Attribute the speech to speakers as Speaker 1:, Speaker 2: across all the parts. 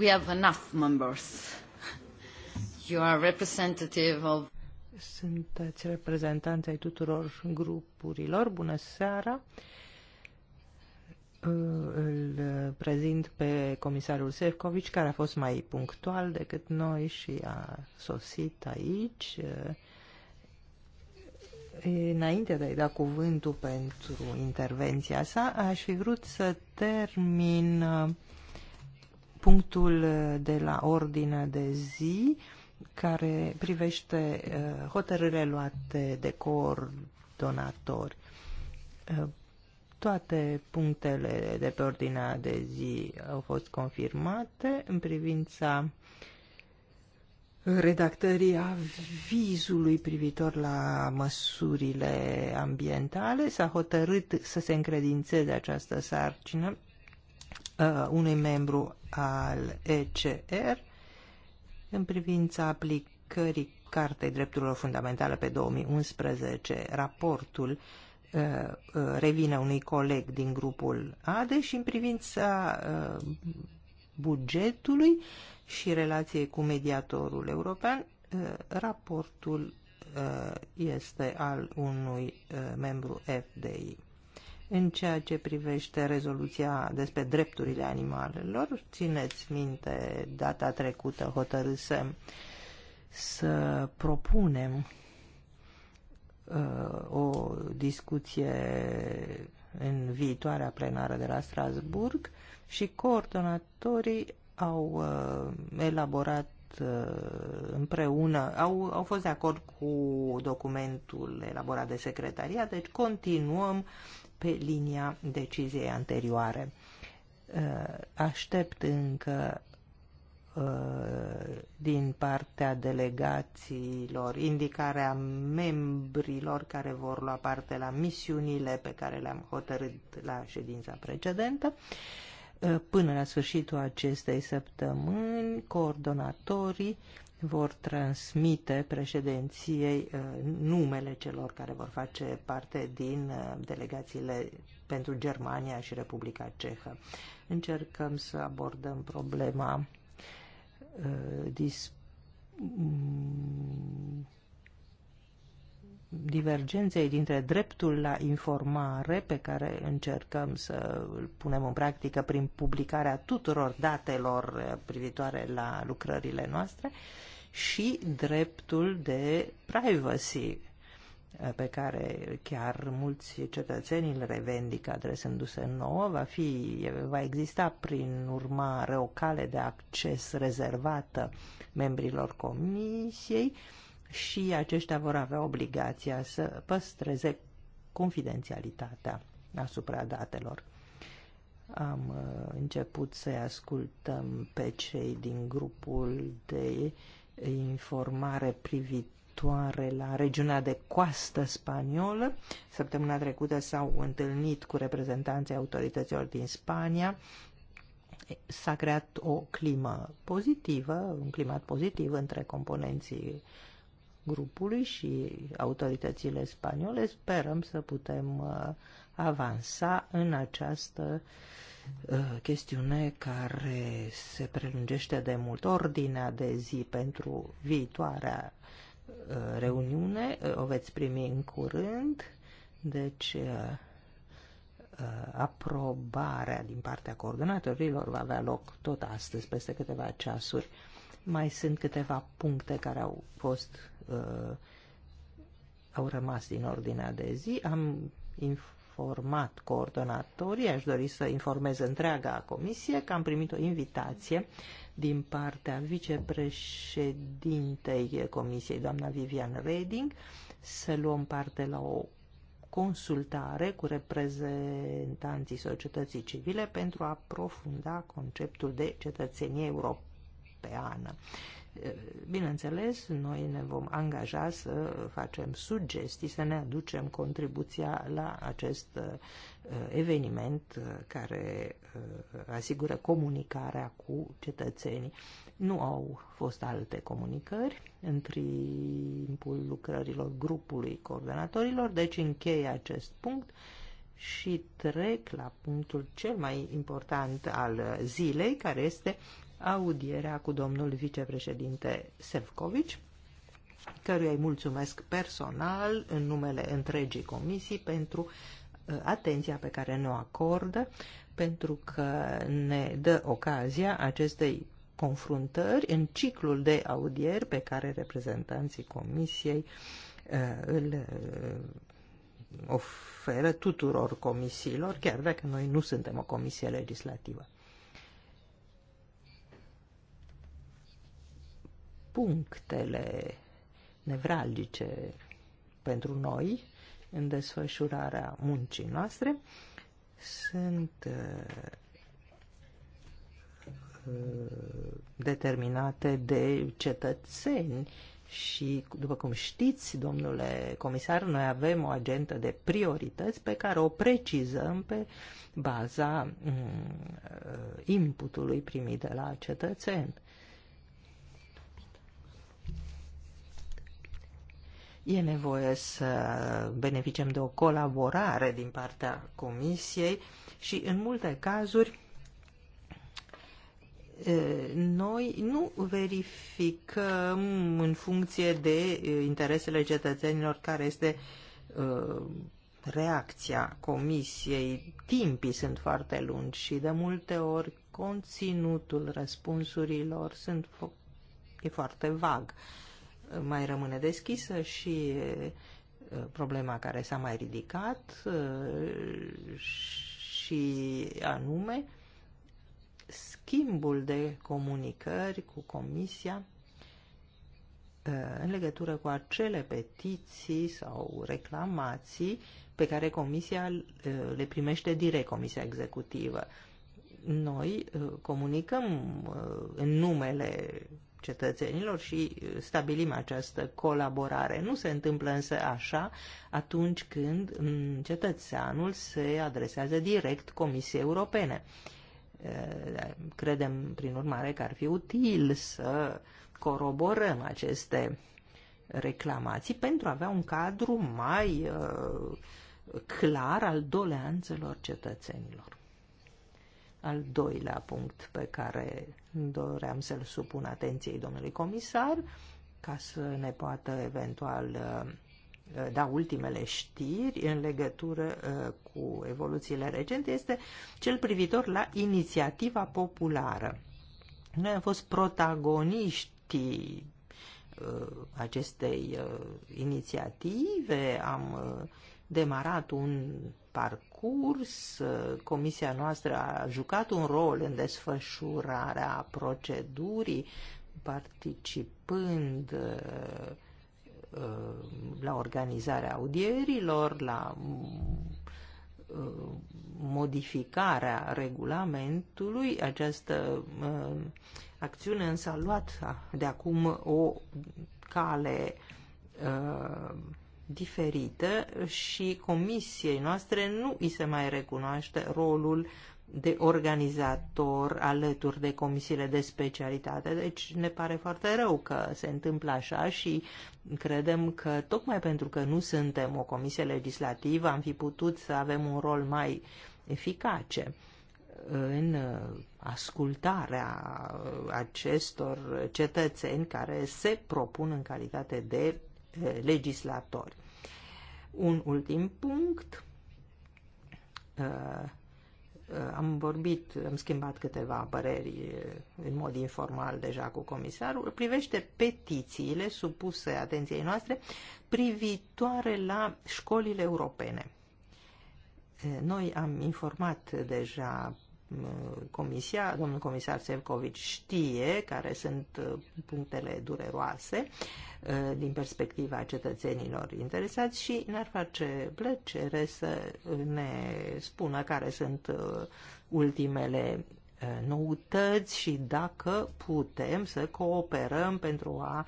Speaker 1: we have enough members. You are representative of...
Speaker 2: Sunteți reprezentanți ai tuturor grupurilor. Bună seara! Îl prezint pe comisarul Sefcovic, care a fost mai punctual decât noi și a sosit aici înainte de a-i da cuvântul pentru intervenția sa, aș fi vrut să termin punctul uh, de la ordine de zi care privește uh, hotărârile luate de coordonatori. Uh, toate punctele de pe ordinea de zi au fost confirmate în privința redactării avizului privitor la măsurile ambientale. S-a hotărât să se încredințeze această sarcină unui membru al ECR în privința aplicării Cartei Drepturilor Fundamentale pe 2011. Raportul uh, uh, revine unui coleg din grupul ADE și în privința uh, bugetului și relației cu mediatorul european, raportul este al unui membru FDI. În ceea ce privește rezoluția despre drepturile animalelor, țineți minte, data trecută hotărâsem să propunem uh, o discuție în viitoarea plenară de la Strasburg și coordonatorii au uh, elaborat uh, împreună, au, au fost de acord cu documentul elaborat de secretariat, deci continuăm pe linia deciziei anterioare. Uh, aștept încă uh, din partea delegațiilor, indicarea membrilor care vor lua parte la misiunile pe care le-am hotărât la ședința precedentă. Uh, până la sfârșitul acestei săptămâni, coordonatorii vor transmite președinției uh, numele celor care vor face parte din uh, delegațiile pentru Germania și Republica Cehă. Încercăm să abordăm problema uh, mm, divergenței dintre dreptul la informare pe care încercăm să îl punem în practică prin publicarea tuturor datelor privitoare la lucrările noastre și dreptul de privacy eh, pe care chiar mulți cetățeni îl revendică adresându-se nouă, va, fi, va exista prin urmare o cale de acces rezervată membrilor comisiei și aceștia vor avea obligația să păstreze confidențialitatea asupra datelor. Am eh, început să-i ascultăm pe cei din grupul de informare privitoare la regiunea de coastă spaniolă. Săptămâna trecută s-au întâlnit cu reprezentanții autorităților din Spania. S-a creat o climă pozitivă, un climat pozitiv între componenții grupului și autoritățile spaniole. Sperăm să putem uh, avansa în această uh, Uh, chestiune care se prelungește de mult. Ordinea de zi pentru viitoarea uh, reuniune uh, o veți primi în curând, deci aprobarea din partea coordonatorilor va avea loc tot astăzi, peste câteva ceasuri. Mai sunt câteva puncte care au fost au rămas din ordinea de zi. Am informat format coordonatorii, aș dori să informez întreaga comisie că am primit o invitație din partea vicepreședintei comisiei, doamna Vivian Reding, să luăm parte la o consultare cu reprezentanții societății civile pentru a aprofunda conceptul de cetățenie europeană. Bineînțeles, noi ne vom angaja să facem sugestii, să ne aducem contribuția la acest uh, eveniment uh, care uh, asigură comunicarea cu cetățenii. Nu au fost alte comunicări în timpul lucrărilor grupului coordonatorilor, deci încheie acest punct și trec la punctul cel mai important al zilei, care este audierea cu domnul vicepreședinte Sevcovici, căruia îi mulțumesc personal în numele întregii comisii pentru uh, atenția pe care ne-o acordă, pentru că ne dă ocazia acestei confruntări în ciclul de audieri pe care reprezentanții comisiei uh, îl uh, oferă tuturor comisiilor, chiar dacă noi nu suntem o comisie legislativă. punctele nevralgice pentru noi în desfășurarea muncii noastre sunt uh, uh, determinate de cetățeni și, după cum știți, domnule comisar, noi avem o agentă de priorități pe care o precizăm pe baza mm, uh, inputului primit de la cetățeni. E nevoie să beneficiem de o colaborare din partea Comisiei și în multe cazuri noi nu verificăm în funcție de interesele cetățenilor care este reacția comisiei. Timpii sunt foarte lungi și de multe ori conținutul răspunsurilor sunt e foarte vag mai rămâne deschisă și problema care s-a mai ridicat și anume schimbul de comunicări cu Comisia în legătură cu acele petiții sau reclamații pe care Comisia le primește direct, Comisia Executivă. Noi comunicăm în numele cetățenilor și uh, stabilim această colaborare. Nu se întâmplă însă așa atunci când mm, cetățeanul se adresează direct Comisiei Europene. Uh, credem, prin urmare, că ar fi util să coroborăm aceste reclamații pentru a avea un cadru mai uh, clar al doleanțelor cetățenilor. Al doilea punct pe care doream să-l supun atenției domnului comisar, ca să ne poată eventual uh, da ultimele știri în legătură uh, cu evoluțiile recente, este cel privitor la inițiativa populară. Noi am fost protagoniștii uh, acestei inițiative, am demarat un parcurs. Comisia noastră a jucat un rol în desfășurarea procedurii, participând uh, la organizarea audierilor, la uh, modificarea regulamentului. Această uh, acțiune însă a luat de acum o cale diferite și comisiei noastre nu îi se mai recunoaște rolul de organizator alături de comisiile de specialitate. Deci ne pare foarte rău că se întâmplă așa și credem că tocmai pentru că nu suntem o comisie legislativă am fi putut să avem un rol mai eficace în ascultarea acestor cetățeni care se propun în calitate de eh, legislatori. Un ultim punct. Uh, uh, am vorbit, am schimbat câteva păreri uh, în mod informal deja cu comisarul. Privește petițiile supuse atenției noastre privitoare la școlile europene. Noi am informat deja comisia, domnul comisar Sevcovici știe care sunt punctele dureroase. Uh, Uh, din perspectiva cetățenilor interesați și ne-ar face plăcere să ne spună care sunt uh, ultimele uh, noutăți și dacă putem să cooperăm pentru a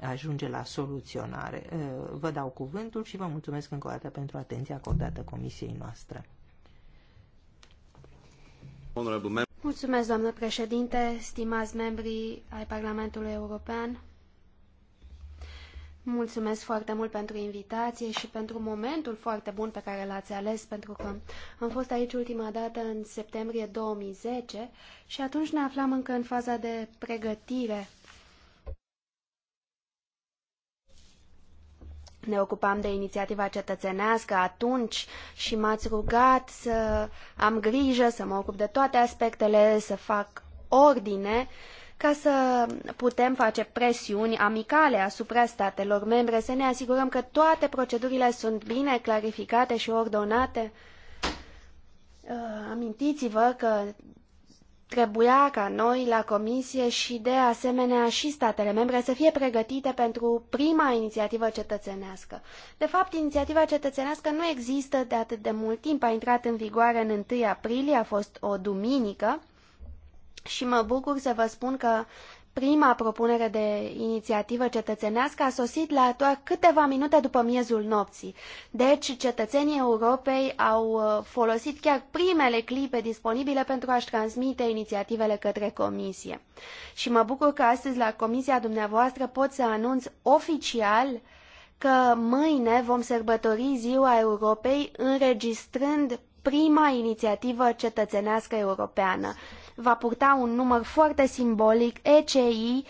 Speaker 2: ajunge la soluționare. Vă dau cuvântul și vă mulțumesc încă o dată pentru atenția acordată comisiei noastre.
Speaker 3: Mulțumesc, doamnă președinte, stimați membrii ai Parlamentului European. Mulțumesc foarte mult pentru invitație și pentru momentul foarte bun pe care l-ați ales, pentru că am fost aici ultima dată în septembrie 2010 și atunci ne aflam încă în faza de pregătire. Ne ocupam de inițiativa cetățenească atunci și m-ați rugat să am grijă, să mă ocup de toate aspectele, să fac ordine uh, ca să putem face presiuni amicale asupra statelor membre, să ne asigurăm că toate procedurile sunt bine clarificate și ordonate. Uh, amintiți-vă că trebuia ca noi la Comisie și de asemenea și statele membre să fie pregătite pentru prima inițiativă cetățenească. De fapt, inițiativa cetățenească nu există de atât de mult timp, a intrat în vigoare în 1 aprilie, a fost o duminică, și mă bucur să vă spun că prima propunere de inițiativă cetățenească a sosit la doar câteva minute după miezul nopții. Deci, cetățenii Europei au uh, folosit chiar primele clipe disponibile pentru a-și transmite inițiativele către Comisie. Și mă bucur că astăzi la Comisia dumneavoastră pot să anunț oficial că mâine vom sărbători Ziua Europei înregistrând prima inițiativă cetățenească europeană va purta un număr foarte simbolic ECI 2012-0001.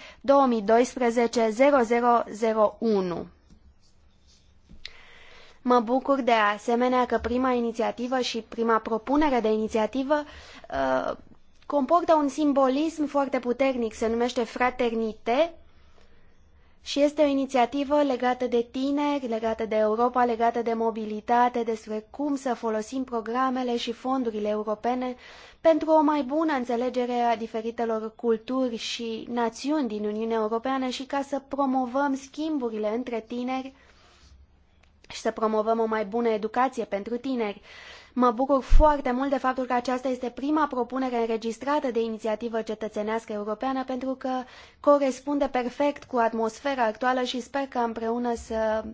Speaker 3: Mă bucur de asemenea că prima inițiativă și prima propunere de inițiativă uh, comportă un simbolism foarte puternic, se numește fraternite și este o inițiativă legată de tineri, legată de Europa, legată de mobilitate, despre cum să folosim programele și fondurile europene pentru o mai bună înțelegere a diferitelor culturi și națiuni din Uniunea Europeană și ca să promovăm schimburile între tineri și să promovăm o mai bună educație pentru tineri. Mă bucur foarte mult de faptul că aceasta este prima propunere înregistrată de inițiativă cetățenească europeană pentru că corespunde perfect cu atmosfera actuală și sper că împreună să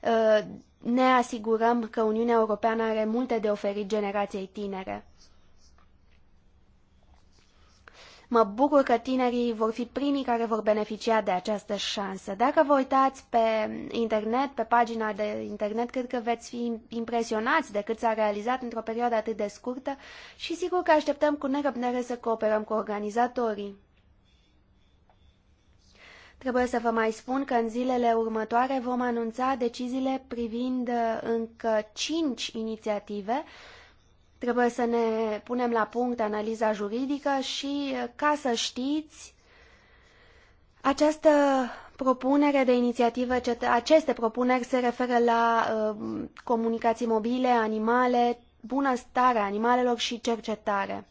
Speaker 3: uh, ne asigurăm că Uniunea Europeană are multe de oferit generației tinere. Mă bucur că tinerii vor fi primii care vor beneficia de această șansă. Dacă vă uitați pe internet, pe pagina de internet, cred că veți fi impresionați de cât s-a realizat într-o perioadă atât de scurtă și sigur că așteptăm cu nerăbdare să cooperăm cu organizatorii. Trebuie să vă mai spun că în zilele următoare vom anunța deciziile privind încă cinci inițiative Trebuie să ne punem la punct analiza juridică și, ca să știți, această propunere de inițiativă, aceste propuneri se referă la uh, comunicații mobile, animale, bunăstarea animalelor și cercetare.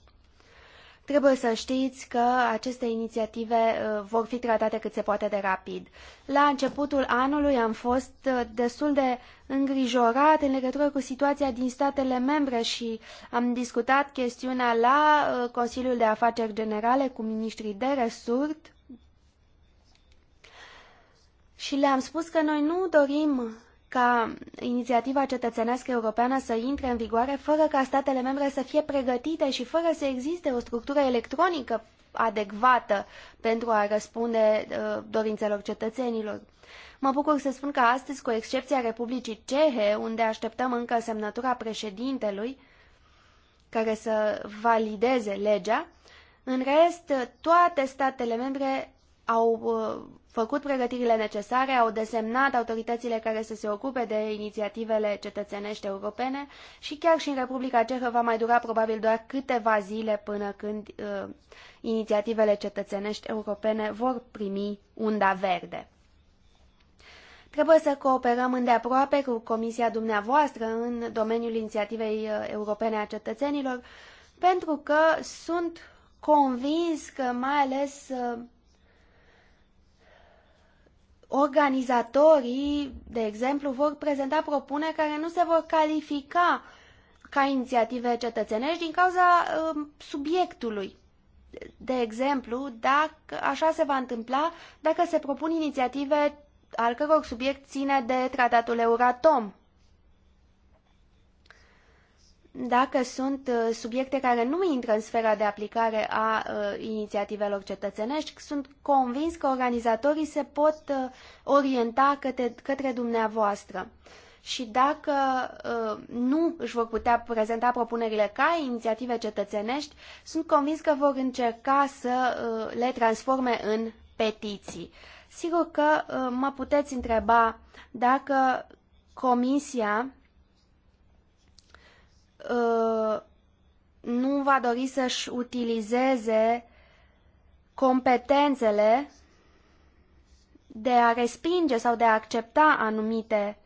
Speaker 3: Trebuie să știți că aceste inițiative uh, vor fi tratate cât se poate de rapid. La începutul anului am fost uh, destul de îngrijorat în legătură cu situația din statele membre și am discutat chestiunea la uh, Consiliul de Afaceri Generale cu ministrii de resurt și le-am spus că noi nu dorim ca inițiativa cetățenească europeană să intre în vigoare fără ca statele membre să fie pregătite și fără să existe o structură electronică adecvată pentru a răspunde uh, dorințelor cetățenilor. Mă bucur să spun că astăzi, cu excepția Republicii Cehe, unde așteptăm încă semnătura președintelui care să valideze legea, în rest, toate statele membre au uh, făcut pregătirile necesare, au desemnat autoritățile care să se ocupe de inițiativele cetățenești europene și chiar și în Republica Cehă va mai dura probabil doar câteva zile până când uh, inițiativele cetățenești europene vor primi unda verde. Trebuie să cooperăm îndeaproape cu Comisia dumneavoastră în domeniul inițiativei uh, europene a cetățenilor, pentru că sunt convins că mai ales uh, organizatorii, de exemplu, vor prezenta propuneri care nu se vor califica ca inițiative cetățenești din cauza uh, subiectului. De exemplu, dacă așa se va întâmpla dacă se propun inițiative al căror subiect ține de tratatul Euratom dacă sunt uh, subiecte care nu intră în sfera de aplicare a uh, inițiativelor cetățenești, sunt convins că organizatorii se pot uh, orienta către, către dumneavoastră. Și dacă nu își vor putea prezenta propunerile ca inițiative cetățenești, sunt convins că vor încerca să le transforme în petiții. Sigur că mă puteți întreba dacă Comisia Uh, nu va dori să-și utilizeze competențele de a respinge sau de a accepta anumite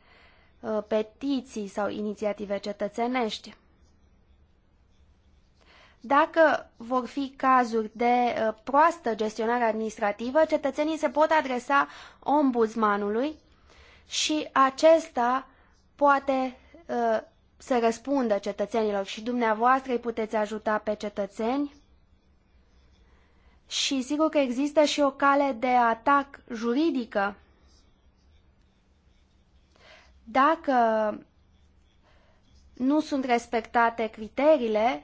Speaker 3: uh, petiții sau inițiative cetățenești. Dacă vor fi cazuri de uh, proastă gestionare administrativă, cetățenii se pot adresa ombudsmanului și acesta poate să răspundă cetățenilor și dumneavoastră îi puteți ajuta pe cetățeni. Și sigur că există și o cale de atac juridică. Dacă nu sunt respectate criteriile,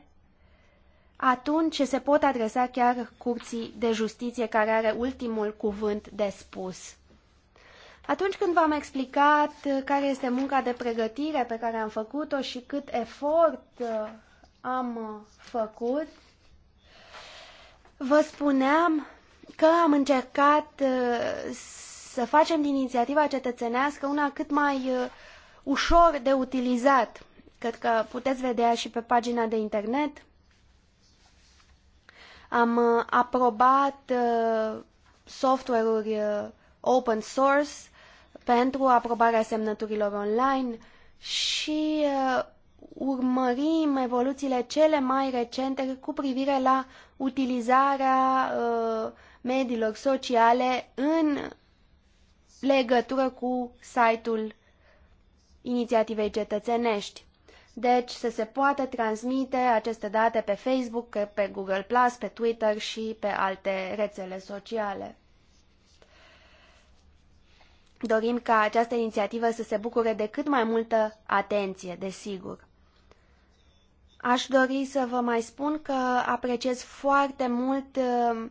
Speaker 3: atunci se pot adresa chiar curții de justiție care are ultimul cuvânt de spus. Atunci când v-am explicat uh, care este munca de pregătire pe care am făcut-o și cât efort uh, am uh, făcut, vă spuneam că am încercat să facem din inițiativa cetățenească una cât mai ușor de utilizat. Cred că puteți vedea și pe pagina de internet. Am aprobat software-uri open source pentru aprobarea semnăturilor online și uh, urmărim evoluțiile cele mai recente cu privire la utilizarea uh, mediilor sociale în legătură cu site-ul inițiativei cetățenești. Deci să se poată transmite aceste date pe Facebook, pe Google+, pe Twitter și pe alte rețele sociale. Dorim ca această inițiativă să se bucure de cât mai multă atenție, desigur. Aș dori să vă mai spun că apreciez foarte mult uh,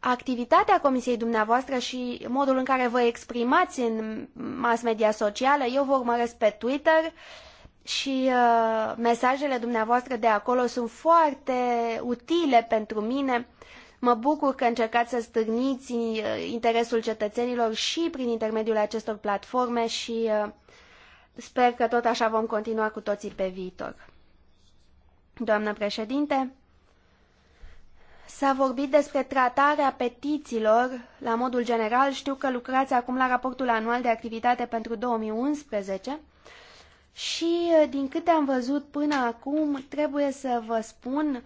Speaker 3: activitatea comisiei dumneavoastră și modul în care vă exprimați în mass media socială. Eu vă urmăresc pe Twitter și uh, mesajele dumneavoastră de acolo sunt foarte utile pentru mine. Uh, Mă bucur că încercați să stârniți uh, interesul cetățenilor și prin intermediul acestor platforme și uh, sper că tot așa vom continua cu toții pe viitor. Doamnă președinte, S-a vorbit despre tratarea petițiilor la modul general. Știu că lucrați acum la raportul anual de activitate pentru 2011 și, uh, din câte am văzut până acum, trebuie să vă spun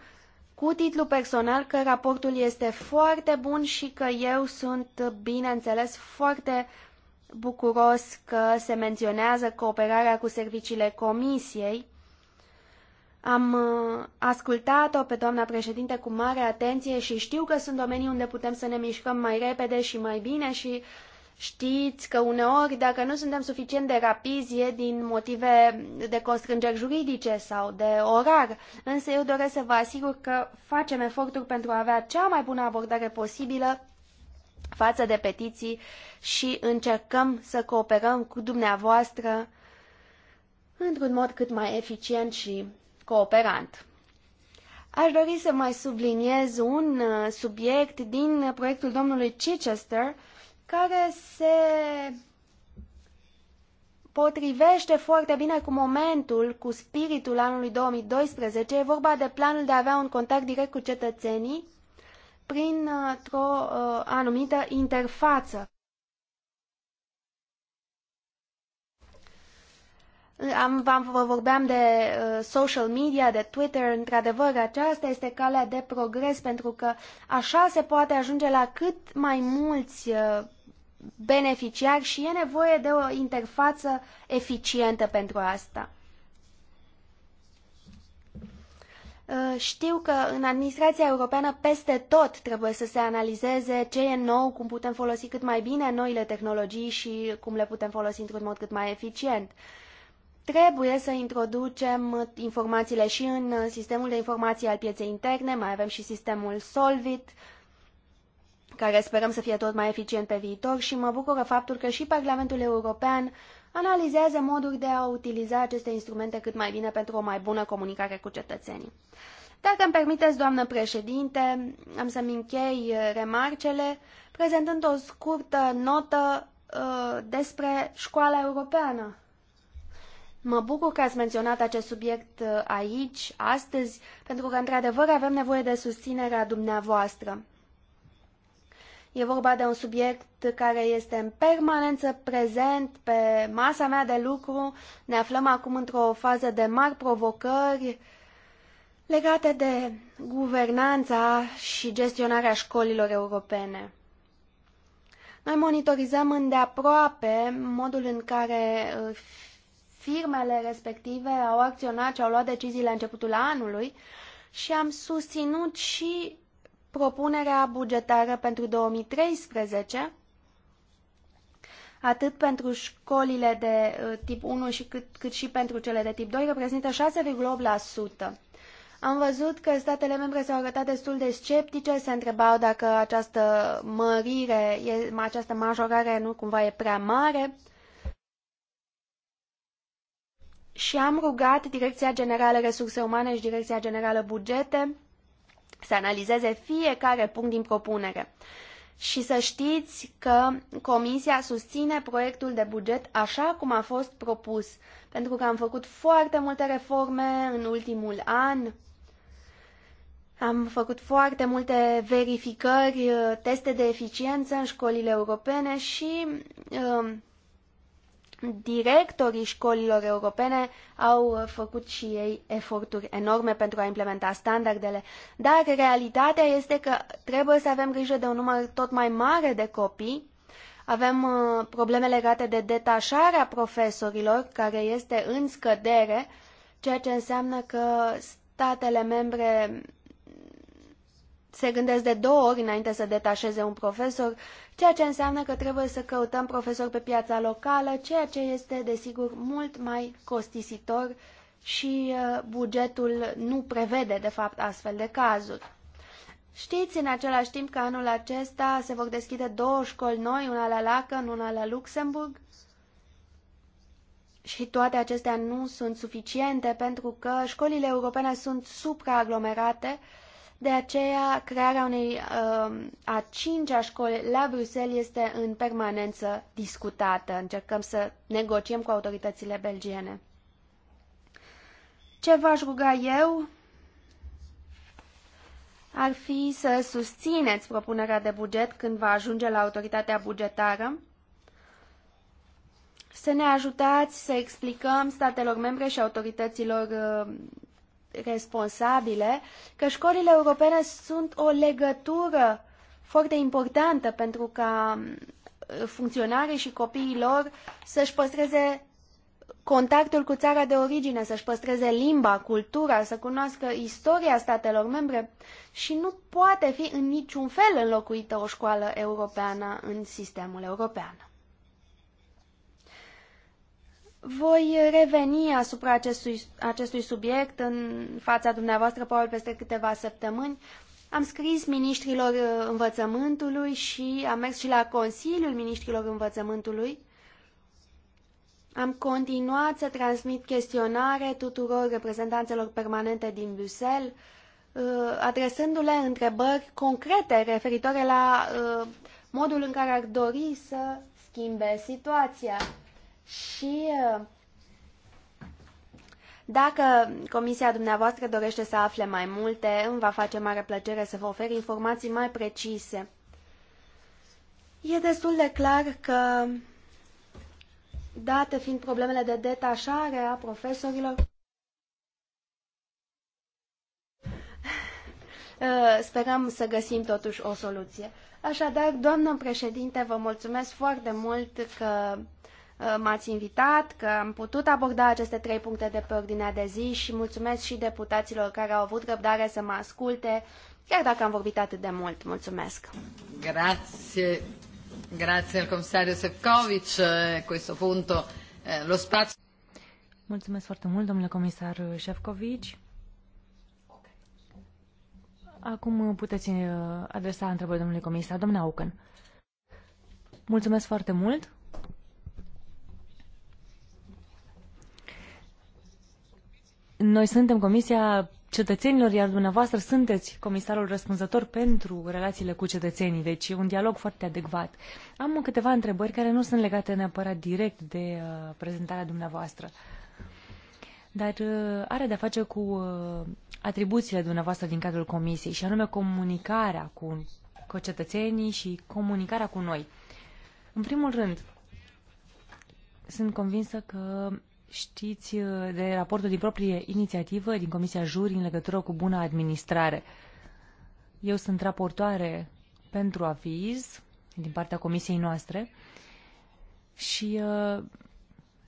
Speaker 3: cu titlu personal că raportul este foarte bun și că eu sunt, bineînțeles, foarte bucuros că se menționează cooperarea cu serviciile comisiei. Am uh, ascultat-o pe doamna președinte cu mare atenție și știu că sunt domenii unde putem să ne mișcăm mai repede și mai bine și Știți că uneori, dacă nu suntem suficient de rapizi, e din motive de constrângeri juridice sau de orar, însă eu doresc să vă asigur că facem eforturi pentru a avea cea mai bună abordare posibilă față de petiții și încercăm să cooperăm cu dumneavoastră într-un mod cât mai eficient și cooperant. Aș dori să mai subliniez un uh, subiect din proiectul domnului Chichester, care se potrivește foarte bine cu momentul, cu spiritul anului 2012. E vorba de planul de a avea un contact direct cu cetățenii printr-o uh, uh, anumită interfață. Am, am vă vorbeam de uh, social media, de Twitter, într-adevăr, aceasta este calea de progres pentru că așa se poate ajunge la cât mai mulți uh, Beneficiar și e nevoie de o interfață eficientă pentru asta. Uh, știu că în administrația europeană peste tot trebuie să se analizeze ce e nou, cum putem folosi cât mai bine noile tehnologii și cum le putem folosi într-un mod cât mai eficient. Trebuie să introducem informațiile și în sistemul de informații al pieței interne, mai avem și sistemul Solvit, uh, care sperăm să fie tot mai eficient pe viitor și mă bucură faptul că și Parlamentul European analizează moduri de a utiliza aceste instrumente cât mai bine pentru o mai bună comunicare cu cetățenii. Dacă îmi permiteți, doamnă președinte, am să-mi închei uh, remarcele prezentând o scurtă notă uh, despre școala europeană. Mă bucur că ați menționat acest subiect uh, aici, astăzi, pentru că, într-adevăr, avem nevoie de susținerea dumneavoastră. E vorba de un subiect care este în permanență prezent pe masa mea de lucru. Ne aflăm acum într-o fază de mari provocări legate de guvernanța și gestionarea școlilor europene. Noi monitorizăm îndeaproape modul în care uh, firmele respective au acționat și au luat deciziile la începutul anului și am susținut și propunerea bugetară pentru 2013, atât pentru școlile de uh, tip 1 și cât, cât și pentru cele de tip 2, reprezintă 6,8%. Am văzut că statele membre s-au arătat destul de sceptice, se întrebau dacă această mărire, această majorare nu cumva e prea mare. Și am rugat Direcția Generală Resurse Umane și Direcția Generală Bugete să analizeze fiecare punct din propunere. Și să știți că Comisia susține proiectul de buget așa cum a fost propus, pentru că am făcut foarte multe reforme în ultimul an, am făcut foarte multe verificări, teste de eficiență în școlile europene și um, directorii școlilor europene au făcut și ei eforturi enorme pentru a implementa standardele, dar realitatea este că trebuie să avem grijă de un număr tot mai mare de copii. Avem uh, probleme legate de detașarea profesorilor, care este în scădere, ceea ce înseamnă că statele membre se gândesc de două ori înainte să detașeze un profesor, ceea ce înseamnă că trebuie să căutăm profesori pe piața locală, ceea ce este, desigur, mult mai costisitor și uh, bugetul nu prevede, de fapt, astfel de cazuri. Știți în același timp că anul acesta se vor deschide două școli noi, una la Lacan, una la Luxemburg? Și toate acestea nu sunt suficiente pentru că școlile europene sunt supraaglomerate, de aceea, crearea unei um, a cincea școli la Bruxelles este în permanență discutată. Încercăm să negociem cu autoritățile belgiene. Ce v-aș ruga eu ar fi să susțineți propunerea de buget când va ajunge la autoritatea bugetară, să ne ajutați să explicăm statelor membre și autorităților uh, responsabile, că școlile europene sunt o legătură foarte importantă pentru ca mm, funcționarii și copiii lor să-și păstreze contactul cu țara de origine, să-și păstreze limba, cultura, să cunoască istoria statelor membre și nu poate fi în niciun fel înlocuită o școală europeană în sistemul european. Voi reveni asupra acestui, acestui subiect în fața dumneavoastră, probabil peste câteva săptămâni. Am scris ministrilor învățământului și am mers și la Consiliul Ministrilor Învățământului. Am continuat să transmit chestionare tuturor reprezentanțelor permanente din Bruxelles, uh, adresându-le întrebări concrete referitoare la uh, modul în care ar dori să schimbe situația. Și uh, dacă comisia dumneavoastră dorește să afle mai multe, îmi va face mare plăcere să vă ofer informații mai precise. E destul de clar că, date fiind problemele de detașare a profesorilor, uh, sperăm să găsim totuși o soluție. Așadar, doamnă președinte, vă mulțumesc foarte mult că Uh, m-ați invitat, că am putut aborda aceste trei puncte de pe ordinea de zi și mulțumesc și deputaților care au avut răbdare să mă asculte, chiar dacă am vorbit atât de mult. Mulțumesc!
Speaker 1: Grazie, grazie al comisario Sefcovic. Eh, a questo punto eh, lo spazio...
Speaker 4: Mulțumesc foarte mult, domnule comisar Șefcovici. Acum puteți eh, adresa întrebări domnului comisar. Domnule Auken, mulțumesc foarte mult. Noi suntem Comisia Cetățenilor, iar dumneavoastră sunteți comisarul răspunzător pentru relațiile cu cetățenii, deci un dialog foarte adecvat. Am câteva întrebări care nu sunt legate neapărat direct de uh, prezentarea dumneavoastră, dar uh, are de-a face cu uh, atribuțiile dumneavoastră din cadrul Comisiei, și anume comunicarea cu, cu cetățenii și comunicarea cu noi. În primul rând, sunt convinsă că știți uh, de raportul din proprie inițiativă din Comisia Juri în legătură cu buna administrare. Eu sunt raportoare pentru aviz din partea comisiei noastre și uh,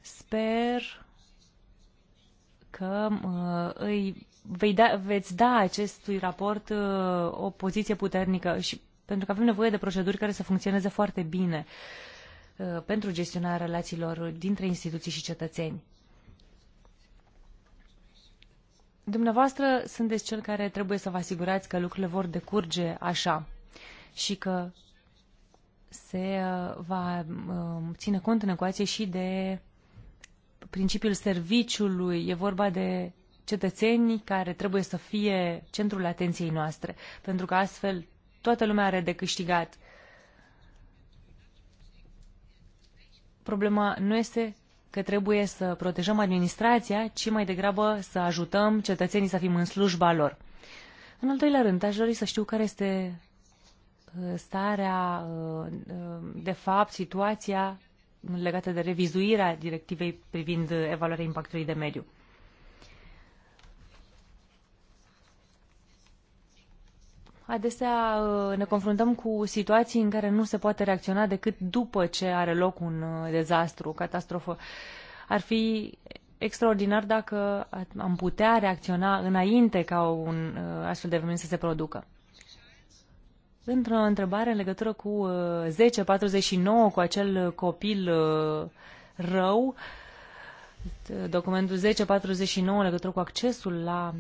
Speaker 4: sper că uh, îi vei da, veți da acestui raport uh, o poziție puternică și pentru că avem nevoie de proceduri care să funcționeze foarte bine. Uh, Uh, pentru gestionarea relațiilor dintre instituții și cetățeni. Dumneavoastră sunteți cel care trebuie să vă asigurați că lucrurile vor decurge așa și că se uh, va um, ține cont în ecuație și de principiul serviciului. E vorba de cetățenii care trebuie să fie centrul atenției noastre, pentru că astfel toată lumea are de câștigat problema nu este că trebuie să protejăm administrația, ci mai degrabă să ajutăm cetățenii să fim în slujba lor. În al doilea rând, aș dori să știu care este uh, starea, uh, uh, de fapt, situația legată de revizuirea directivei privind evaluarea impactului de mediu. Adesea uh, ne confruntăm cu situații în care nu se poate reacționa decât după ce are loc un uh, dezastru, o catastrofă. Ar fi extraordinar dacă am putea reacționa înainte ca un uh, astfel de eveniment să se producă. Într-o întrebare în legătură cu 1049, cu acel copil rău, documentul 1049 în legătură cu accesul la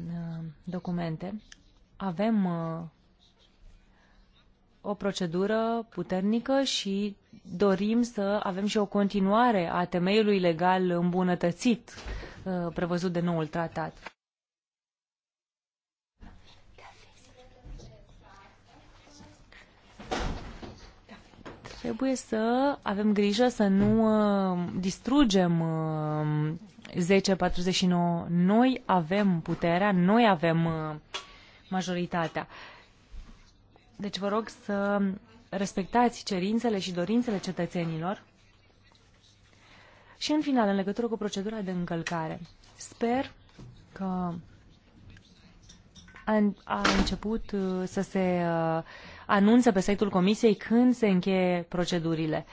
Speaker 4: documente, avem o procedură puternică și dorim să avem și o continuare a temeiului legal îmbunătățit uh, prevăzut de noul tratat. Trebuie să avem grijă să nu uh, distrugem 10.49. Uh, noi avem puterea, noi avem majoritatea. Deci vă rog să respectați cerințele și dorințele cetățenilor. Și în final, în legătură cu procedura de încălcare, sper că a început uh, să se uh, anunță pe site-ul Comisiei când se încheie procedurile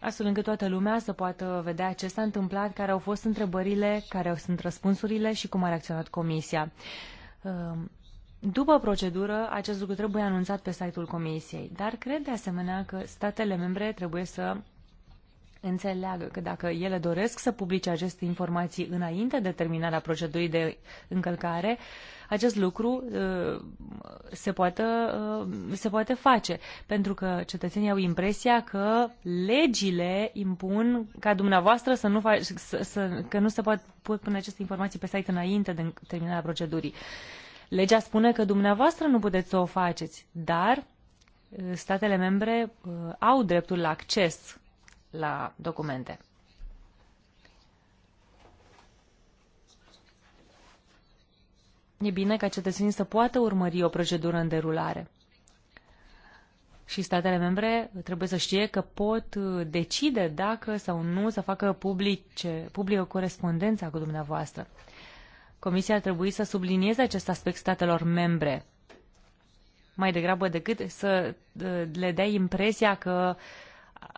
Speaker 4: astfel încât toată lumea să poată vedea ce s-a întâmplat, care au fost întrebările, care sunt răspunsurile și cum a reacționat Comisia. Uh, după procedură, acest lucru trebuie anunțat pe site-ul Comisiei, dar cred de asemenea că statele membre trebuie să înțeleagă că dacă ele doresc să publice aceste informații înainte de terminarea procedurii de încălcare, acest lucru uh, se poate, uh, se poate face, pentru că cetățenii au impresia că legile impun ca dumneavoastră să nu, fac, să, să, că nu se pot, pune aceste informații pe site înainte de terminarea procedurii. Uh, Legea spune că dumneavoastră nu puteți să o faceți, dar uh, statele membre uh, au dreptul la acces la documente. E bine ca cetățenii să poată urmări o procedură în derulare. Și statele membre trebuie să știe că pot uh, decide dacă sau nu să facă publice, publică corespondența cu dumneavoastră. Comisia ar trebui să sublinieze acest aspect statelor membre, mai degrabă decât să uh, le dea impresia că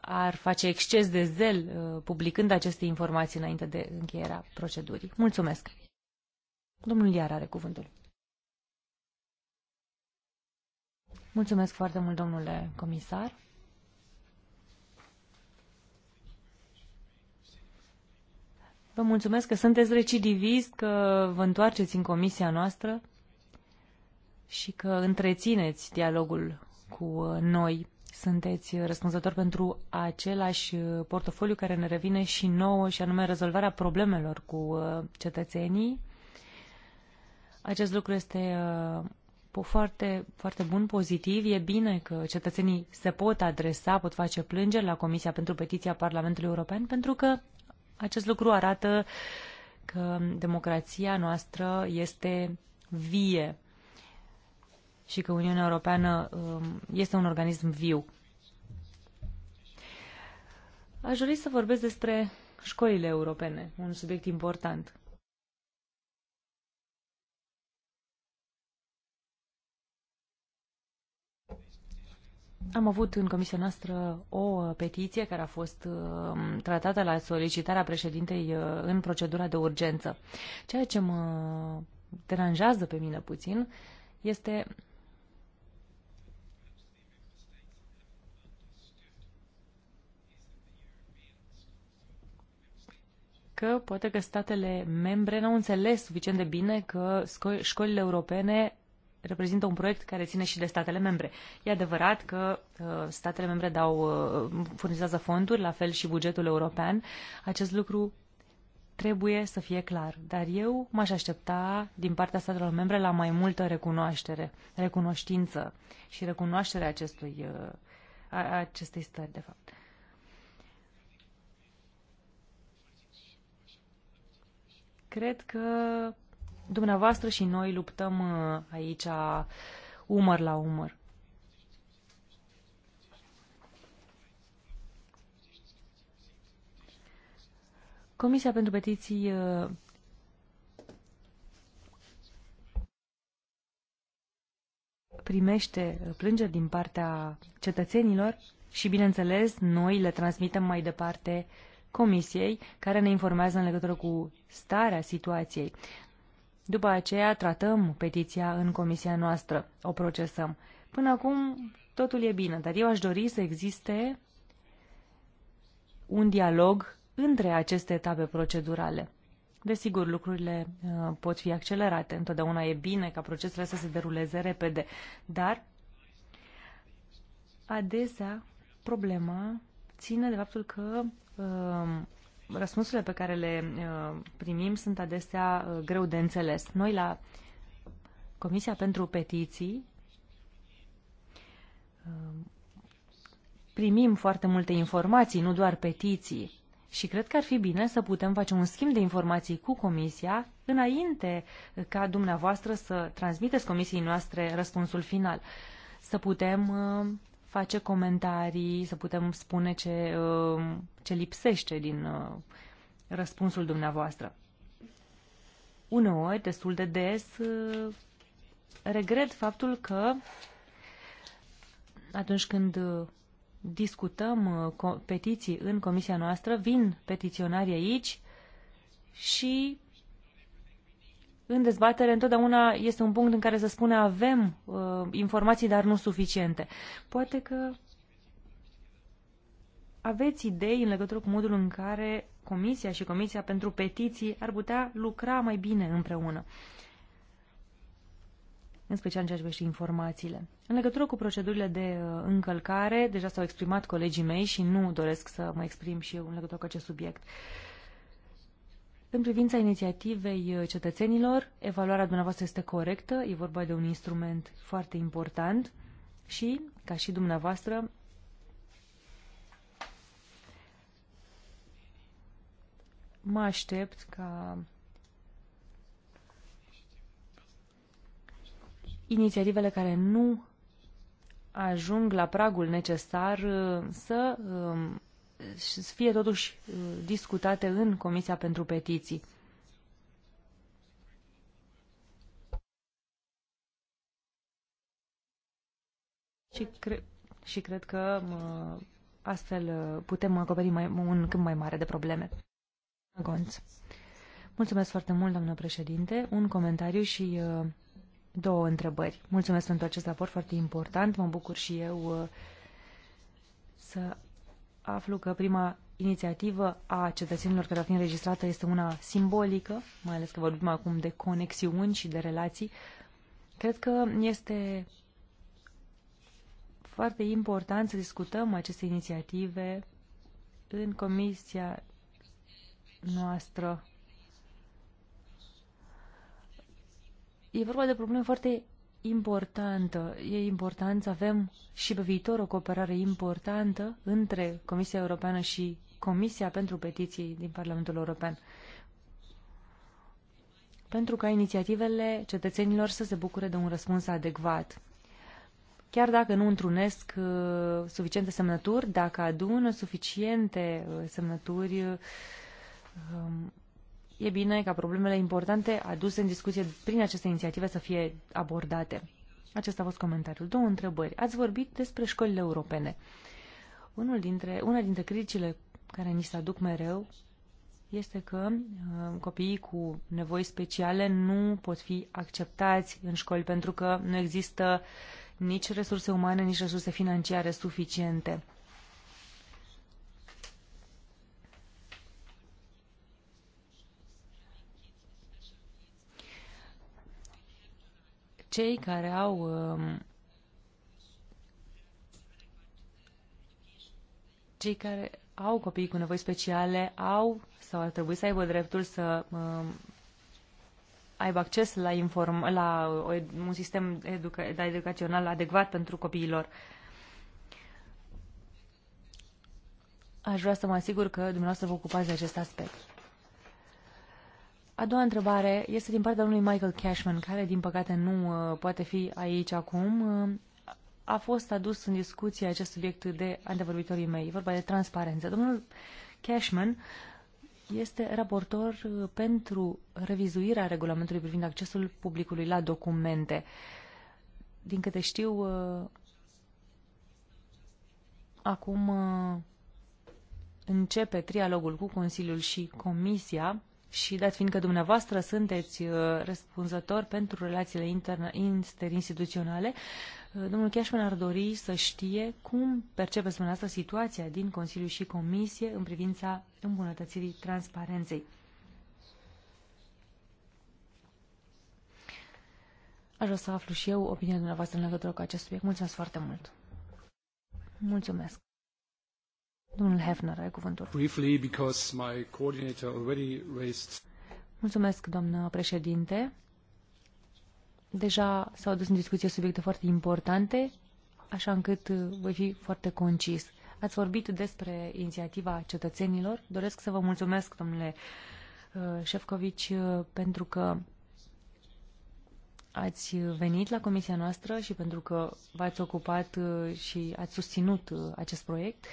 Speaker 4: ar face exces de zel uh, publicând aceste informații înainte de încheierea procedurii. Mulțumesc. Domnul Iar are cuvântul. Mulțumesc foarte mult, domnule comisar. Vă mulțumesc că sunteți recidivist, că vă întoarceți în comisia noastră și că întrețineți dialogul cu noi. Sunteți răspunzător pentru același portofoliu care ne revine și nouă, și anume rezolvarea problemelor cu uh, cetățenii. Acest lucru este uh, foarte, foarte bun, pozitiv. E bine că cetățenii se pot adresa, pot face plângeri la Comisia pentru Petiția Parlamentului European, pentru că acest lucru arată că democrația noastră este vie și că Uniunea Europeană um, este un organism viu. Aș dori să vorbesc despre școlile europene, un subiect important. Am avut în comisia noastră o uh, petiție care a fost uh, tratată la solicitarea președintei uh, în procedura de urgență. Ceea ce mă deranjează pe mine puțin este că poate că statele membre n-au înțeles suficient de bine că școlile europene reprezintă un proiect care ține și de statele membre. E adevărat că uh, statele membre dau, uh, furnizează fonduri, la fel și bugetul european. Acest lucru trebuie să fie clar, dar eu m-aș aștepta din partea statelor membre la mai multă recunoaștere, recunoștință și recunoașterea acestui, uh, acestei stări, de fapt. Cred că dumneavoastră și noi luptăm uh, aici umăr la umăr. Comisia pentru Petiții uh, primește plângeri din partea cetățenilor și, bineînțeles, noi le transmitem mai departe Comisiei, care ne informează în legătură cu starea situației. După aceea tratăm petiția în comisia noastră, o procesăm. Până acum totul e bine, dar eu aș dori să existe un dialog între aceste etape procedurale. Desigur, lucrurile uh, pot fi accelerate. Întotdeauna e bine ca procesele să se deruleze repede, dar adesea problema ține de faptul că uh, răspunsurile pe care le uh, primim sunt adesea uh, greu de înțeles. Noi la Comisia pentru Petiții uh, primim foarte multe informații, nu doar petiții. Și cred că ar fi bine să putem face un schimb de informații cu Comisia înainte ca dumneavoastră să transmiteți Comisiei noastre răspunsul final. Să putem face comentarii, să putem spune ce, uh, ce lipsește din uh, răspunsul dumneavoastră. Uneori, destul de des, uh, regret faptul că atunci când discutăm petiții în comisia noastră, vin petiționari aici și în dezbatere întotdeauna este un punct în care se spune avem uh, informații, dar nu suficiente. Poate că aveți idei în legătură cu modul în care Comisia și Comisia pentru Petiții ar putea lucra mai bine împreună, în special în ceea ce privește informațiile. În legătură cu procedurile de uh, încălcare, deja s-au exprimat colegii mei și nu doresc să mă exprim și eu în legătură cu acest subiect. Uh, în privința inițiativei uh, cetățenilor, evaluarea dumneavoastră este corectă, e vorba de un instrument foarte important și, ca și dumneavoastră, mă aștept ca inițiativele care nu ajung la pragul necesar uh, să um, să fie totuși uh, discutate în Comisia pentru Petiții. Și, cre- și cred că mă, astfel uh, putem acoperi mai, un câmp mai mare de probleme. Gonț. Mulțumesc foarte mult, doamnă președinte. Un comentariu și uh, două întrebări. Mulțumesc pentru acest raport foarte important. Mă bucur și eu să aflu că prima inițiativă a cetățenilor care va fi înregistrată este una simbolică, mai ales că vorbim acum de conexiuni și de relații. Cred că este foarte important să discutăm aceste inițiative în comisia noastră. E vorba de probleme foarte importantă. E important să avem și pe viitor o cooperare importantă între Comisia Europeană și Comisia pentru Petiții din Parlamentul European. Pentru ca inițiativele cetățenilor să se bucure de un răspuns adecvat. Chiar dacă nu întrunesc uh, suficiente semnături, dacă adună suficiente uh, semnături, uh, um, e bine ca problemele importante aduse în discuție prin această inițiativă să fie abordate. Acesta a fost comentariul. Două întrebări. Ați vorbit despre școlile europene. Unul dintre, una dintre criticile care ni se aduc mereu este că uh, copiii cu nevoi speciale nu pot fi acceptați în școli pentru că nu există nici resurse umane, nici resurse financiare suficiente. cei care au um, cei care au copii cu nevoi speciale au sau ar trebui să aibă dreptul să um, aibă acces la, inform, la un sistem educa, da, educațional adecvat pentru copiilor. Aș vrea să mă asigur că dumneavoastră vă ocupați de acest aspect. A doua întrebare este din partea unui Michael Cashman, care din păcate nu uh, poate fi aici acum. Uh, a fost adus în discuție acest subiect de antevorbitorii mei. vorba de transparență. Domnul Cashman este raportor uh, pentru revizuirea regulamentului privind accesul publicului la documente. Din câte știu, uh, acum uh, începe trialogul cu Consiliul și Comisia și dat fiindcă dumneavoastră sunteți uh, răspunzător pentru relațiile interinstituționale, uh, domnul Cashman ar dori să știe cum percepeți dumneavoastră situația din Consiliu și Comisie în privința îmbunătățirii transparenței. Aș vrea să aflu și eu opinia dumneavoastră în legătură cu acest subiect. Mulțumesc foarte mult! Mulțumesc! Domnul Hefner, cuvântul.
Speaker 5: Briefly, because my coordinator already raised...
Speaker 4: Mulțumesc, doamnă președinte. Deja s-au adus în discuție subiecte foarte importante, așa încât uh, voi fi foarte concis. Ați vorbit despre inițiativa cetățenilor. Doresc să vă mulțumesc, domnule uh, Șefcovici, uh, pentru că ați venit la comisia noastră și pentru că v-ați ocupat și ați susținut acest proiect.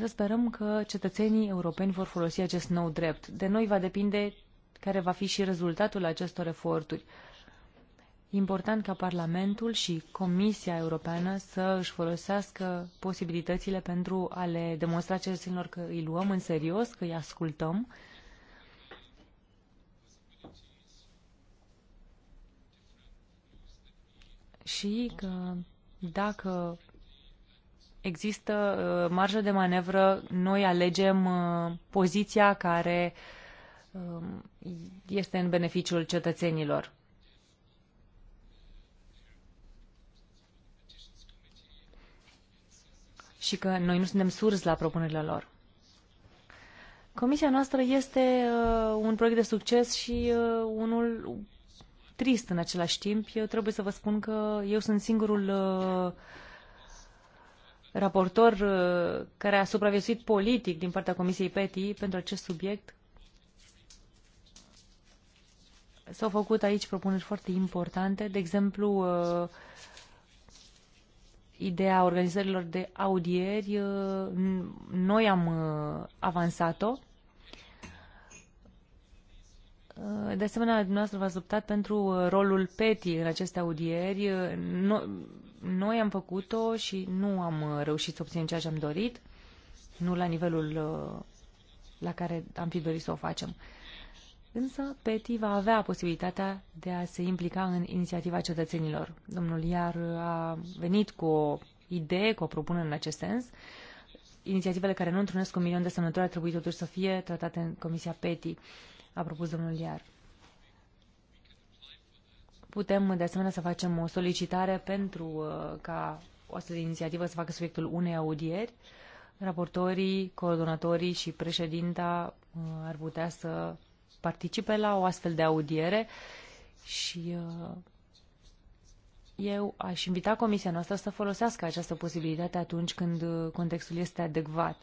Speaker 4: Să sperăm că cetățenii europeni vor folosi acest nou drept. De noi va depinde care va fi și rezultatul acestor eforturi. Important ca Parlamentul și Comisia Europeană să își folosească posibilitățile pentru a le demonstra cetățenilor că îi luăm în serios, că îi ascultăm. Și că dacă există uh, marjă de manevră, noi alegem uh, poziția care uh, este în beneficiul cetățenilor. Și că noi nu suntem surzi la propunerile lor. Comisia noastră este uh, un proiect de succes și uh, unul trist în același timp. Eu trebuie să vă spun că eu sunt singurul uh, raportor uh, care a supraviețuit politic din partea Comisiei PETI pentru acest subiect. S-au făcut aici propuneri foarte importante, de exemplu, uh, ideea organizărilor de audieri, uh, noi am avansat-o de asemenea, dumneavoastră v-ați luptat pentru uh, rolul PETI în aceste audieri. Noi am făcut-o și nu am uh, reușit să obținem ceea ce am dorit, nu la nivelul uh, la care am fi dorit să o facem. Însă, PETI va avea posibilitatea de a se implica în inițiativa cetățenilor. Domnul Iar a venit cu o idee, cu o propunere în acest sens. Inițiativele care nu întrunesc un milion de semnături ar trebui totuși să fie tratate în Comisia PETI. Uh, a propus domnul Iar. Putem, de asemenea, să facem o solicitare pentru uh, ca o astfel de inițiativă să facă subiectul unei audieri. Raportorii, coordonatorii și președinta uh, ar putea să participe la o astfel de audiere și uh, eu aș invita comisia noastră să folosească această posibilitate atunci când contextul este adecvat.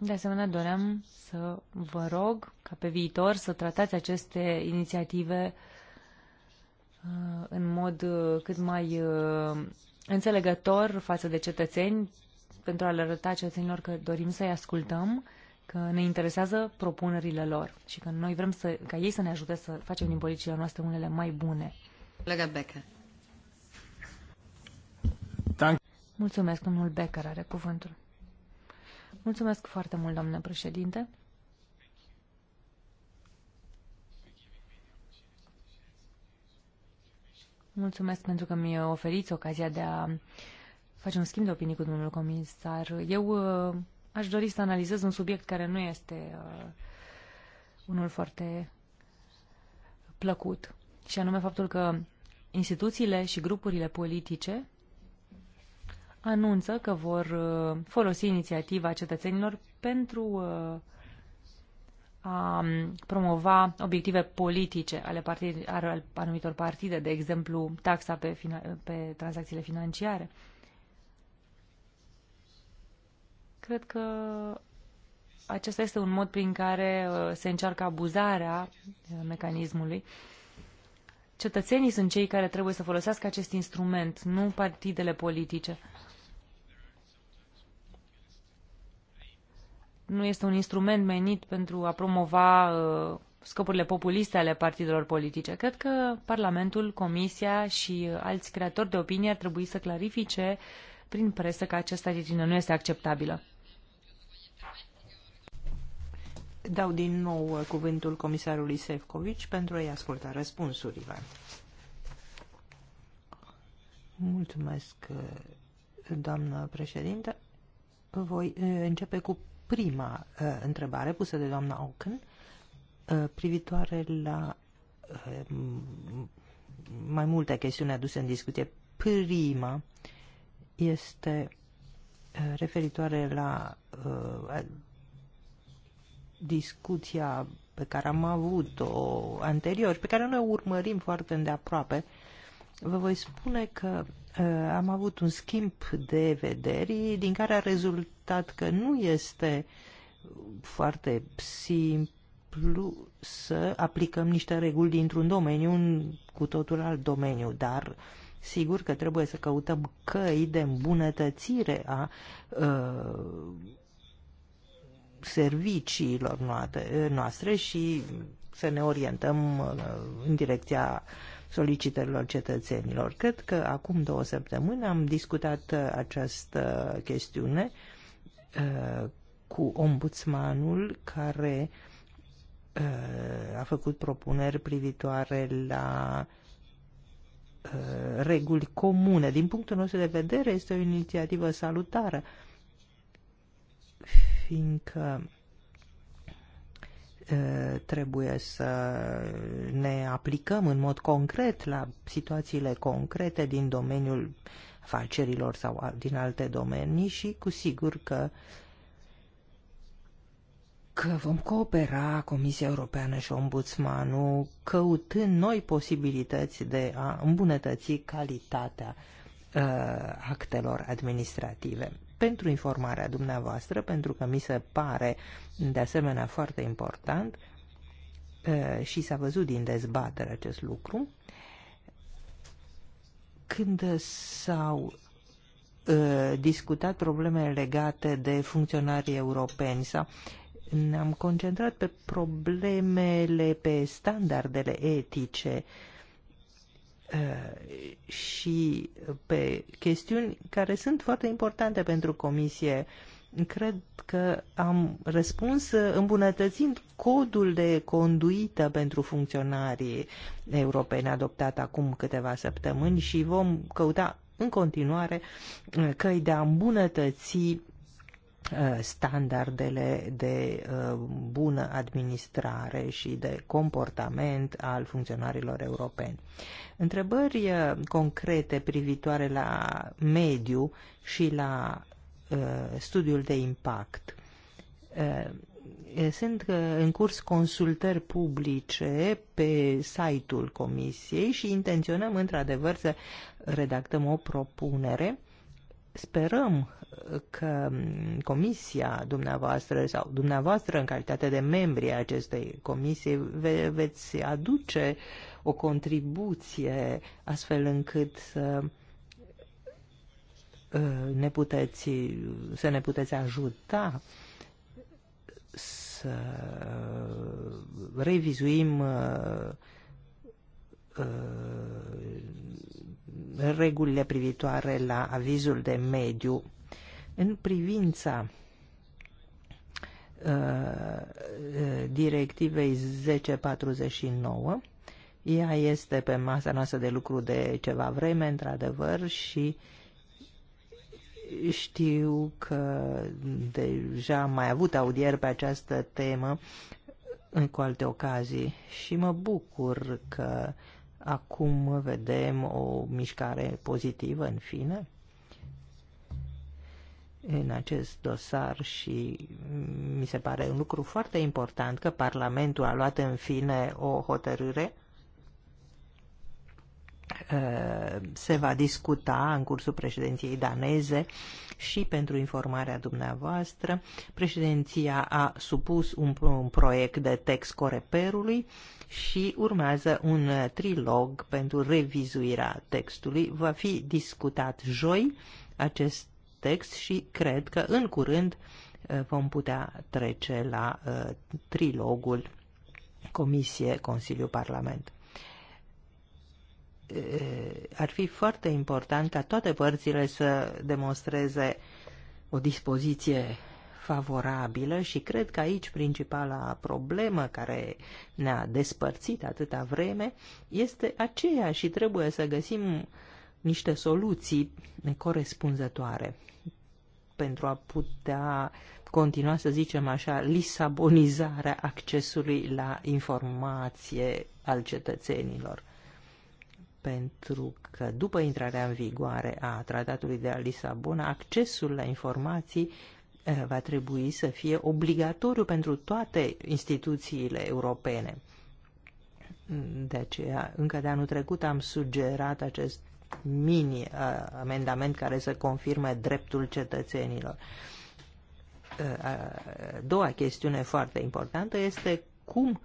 Speaker 4: De asemenea, doream să vă rog ca pe viitor să tratați aceste inițiative uh, în mod uh, cât mai uh, înțelegător față de cetățeni, pentru a le arăta cetățenilor că dorim să-i ascultăm, că ne interesează propunerile lor și că noi vrem să, ca ei să ne ajute să facem din politicile noastre unele mai bune. Colega Becker. Mulțumesc, domnul Becker are cuvântul. Mulțumesc foarte mult, doamnă președinte. Mulțumesc pentru că mi oferiți ocazia de a face un schimb de opinii cu domnul comisar. Eu uh, aș dori să analizez un subiect care nu este uh, unul foarte plăcut, și anume faptul că instituțiile și grupurile politice anunță că vor uh, folosi inițiativa cetățenilor pentru uh, a um, promova obiective politice ale, partide, ale anumitor partide, de exemplu taxa pe, pe tranzacțiile financiare. Cred că acesta este un mod prin care uh, se încearcă abuzarea mecanismului. Cetățenii sunt cei care trebuie să folosească acest instrument, nu partidele politice. nu este un instrument menit pentru a promova uh, scopurile populiste ale partidelor politice. Cred că Parlamentul, Comisia și uh, alți creatori de opinie ar trebui să clarifice prin presă că această atitudine nu este acceptabilă.
Speaker 2: Dau din nou uh, cuvântul comisarului Sefcovici pentru a-i asculta răspunsurile. Mulțumesc, doamnă președinte. Voi începe cu prima uh, întrebare pusă de doamna Auken uh, privitoare la uh, mai multe chestiuni aduse în discuție. Prima este uh, referitoare la uh, discuția pe care am avut-o anterior, pe care noi o urmărim foarte îndeaproape, vă voi spune că Eh, am avut un schimb de vederi din care a rezultat că nu este foarte simplu să aplicăm niște reguli dintr-un domeniu în cu totul alt domeniu, dar sigur că trebuie să căutăm căi de îmbunătățire a eh, serviciilor eh, noastre și să ne orientăm în direcția uh, solicitărilor cetățenilor. Cred că acum două săptămâni am discutat uh, această chestiune uh, cu ombudsmanul care uh, a făcut propuneri privitoare la reguli comune. Din punctul nostru de vedere este o inițiativă salutară, fiindcă Uh, trebuie să ne aplicăm în mod concret la situațiile concrete din domeniul facerilor sau din alte domenii și cu sigur că că vom coopera Comisia Europeană și Ombudsmanul căutând noi posibilități de a îmbunătăți calitatea uh, actelor administrative pentru informarea dumneavoastră, pentru că mi se pare de asemenea foarte important și s-a văzut din dezbatere acest lucru, când s-au discutat probleme legate de funcționarii europeni sau ne-am concentrat pe problemele, pe standardele etice uh, Uh, și pe chestiuni care sunt foarte importante pentru Comisie. Cred că am răspuns îmbunătățind codul de conduită pentru funcționarii europeni adoptat acum câteva săptămâni și vom căuta în continuare uh, căi de a îmbunătăți Uh, standardele de uh, bună administrare și de comportament al funcționarilor europeni. Întrebări uh, concrete privitoare la mediu și la studiul de impact. Sunt în curs consultări publice pe site-ul Comisiei și intenționăm într-adevăr să redactăm o propunere Sperăm uh, că mm, comisia dumneavoastră sau dumneavoastră în calitate de membri a acestei comisii ve- veți aduce o contribuție astfel încât să uh, ne puteți, să ne puteți ajuta să revizuim uh, regulile privitoare la avizul de mediu în privința uh, uh directivei 1049. Ea este pe masa noastră de lucru de ceva vreme, într-adevăr, și știu că deja am mai avut audieri pe această temă cu alte ocazii și mă bucur că uh, Acum vedem o mișcare pozitivă, în fine, în acest dosar și mi se pare un lucru foarte important că Parlamentul a luat în fine o hotărâre uh, se va discuta în cursul președinției daneze și pentru informarea dumneavoastră, președinția a supus un, un proiect de text coreperului și urmează un trilog pentru revizuirea textului. Va fi discutat joi acest text și cred că în curând uh, vom putea trece la uh, trilogul Comisie, Consiliu, Parlament. Uh, ar fi foarte important ca toate părțile să demonstreze o dispoziție favorabilă și cred că aici principala problemă care ne-a despărțit atâta vreme este aceea și trebuie să găsim niște soluții corespunzătoare pentru a putea continua, să zicem așa, lisabonizarea accesului la informație al cetățenilor pentru că după intrarea în vigoare a Tratatului de la Lisabona, accesul la informații Eh, va trebui să fie obligatoriu pentru toate instituțiile europene. De aceea, încă de anul trecut am sugerat acest mini-amendament eh, care să confirme dreptul cetățenilor. Eh, a doua chestiune foarte importantă este cum uh,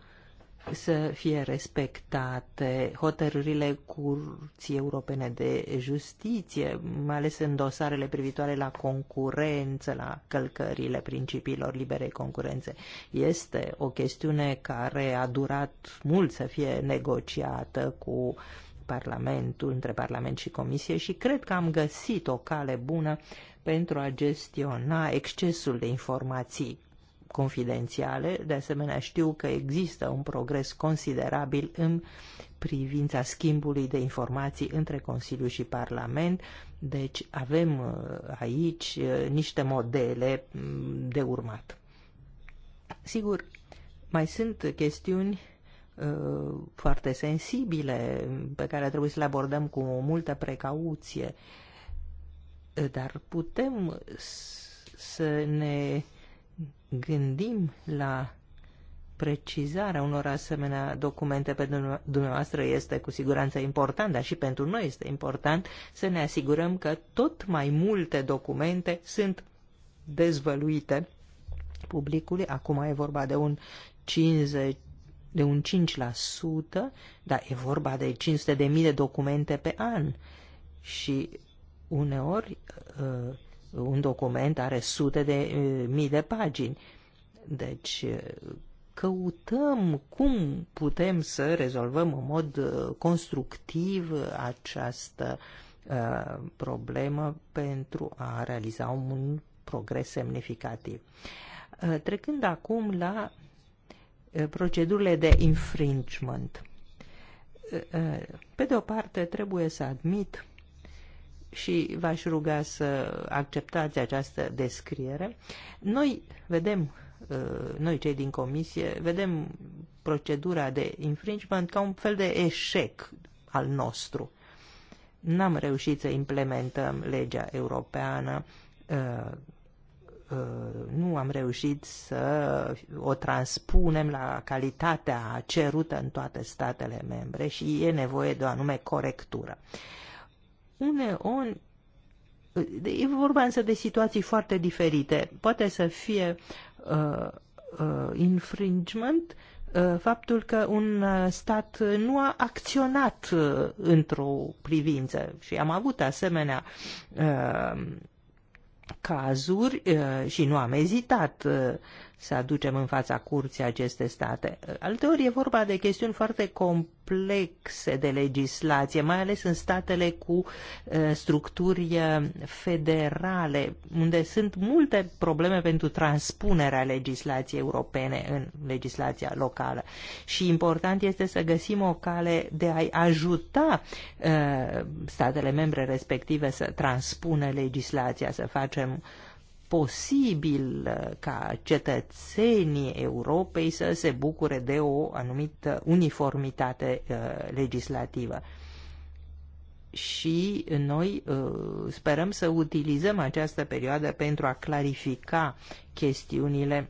Speaker 2: să fie respectate hotărârile Curții Europene de Justiție, mai ales în dosarele privitoare la concurență, la călcările principiilor liberei concurențe. Este o chestiune care a durat mult să fie negociată cu Parlamentul, între Parlament și Comisie și cred că am găsit o cale bună pentru a gestiona excesul de informații confidențiale. De asemenea, știu că există un progres considerabil în privința schimbului de informații între Consiliu și Parlament, deci avem uh, aici uh, niște modele mm, de urmat. Sigur, mai sunt chestiuni uh, foarte sensibile pe care trebuie să le abordăm cu multă precauție, dar putem să ne gândim la precizarea unor asemenea documente pentru dumneavoastră este cu siguranță important, dar și pentru noi este important să ne asigurăm că tot mai multe documente sunt dezvăluite publicului. Acum e vorba de un 50 de un 5%, dar e vorba de 500.000 de, de documente pe an. Și uneori uh, un document are sute de mii de pagini. Deci căutăm cum putem să rezolvăm în mod constructiv această problemă pentru a realiza un progres semnificativ. trecând acum la procedurile de infringement. Pe de o parte, trebuie să admit și v-aș ruga să acceptați această descriere. Noi vedem, uh, noi cei din comisie, vedem procedura de infringement ca un fel de eșec al nostru. N-am reușit să implementăm legea europeană, uh, uh, nu am reușit să o transpunem la calitatea cerută în toate statele membre și e nevoie de o anume corectură uneori e vorba însă de situații foarte diferite. Poate să fie uh, uh, infringement uh, faptul că un uh, stat nu a acționat uh, într-o privință și am avut asemenea uh, cazuri uh, și nu am ezitat uh, să aducem în fața curții aceste state. Alteori e vorba de chestiuni foarte complexe de legislație, mai ales în statele cu structuri federale, unde sunt multe probleme pentru transpunerea legislației europene în legislația locală. Și important este să găsim o cale de a-i ajuta statele membre respective să transpună legislația, să facem uh, posibil uh, ca cetățenii Europei să se bucure de o anumită uniformitate uh, legislativă. Și noi uh, sperăm să utilizăm această perioadă pentru a clarifica chestiunile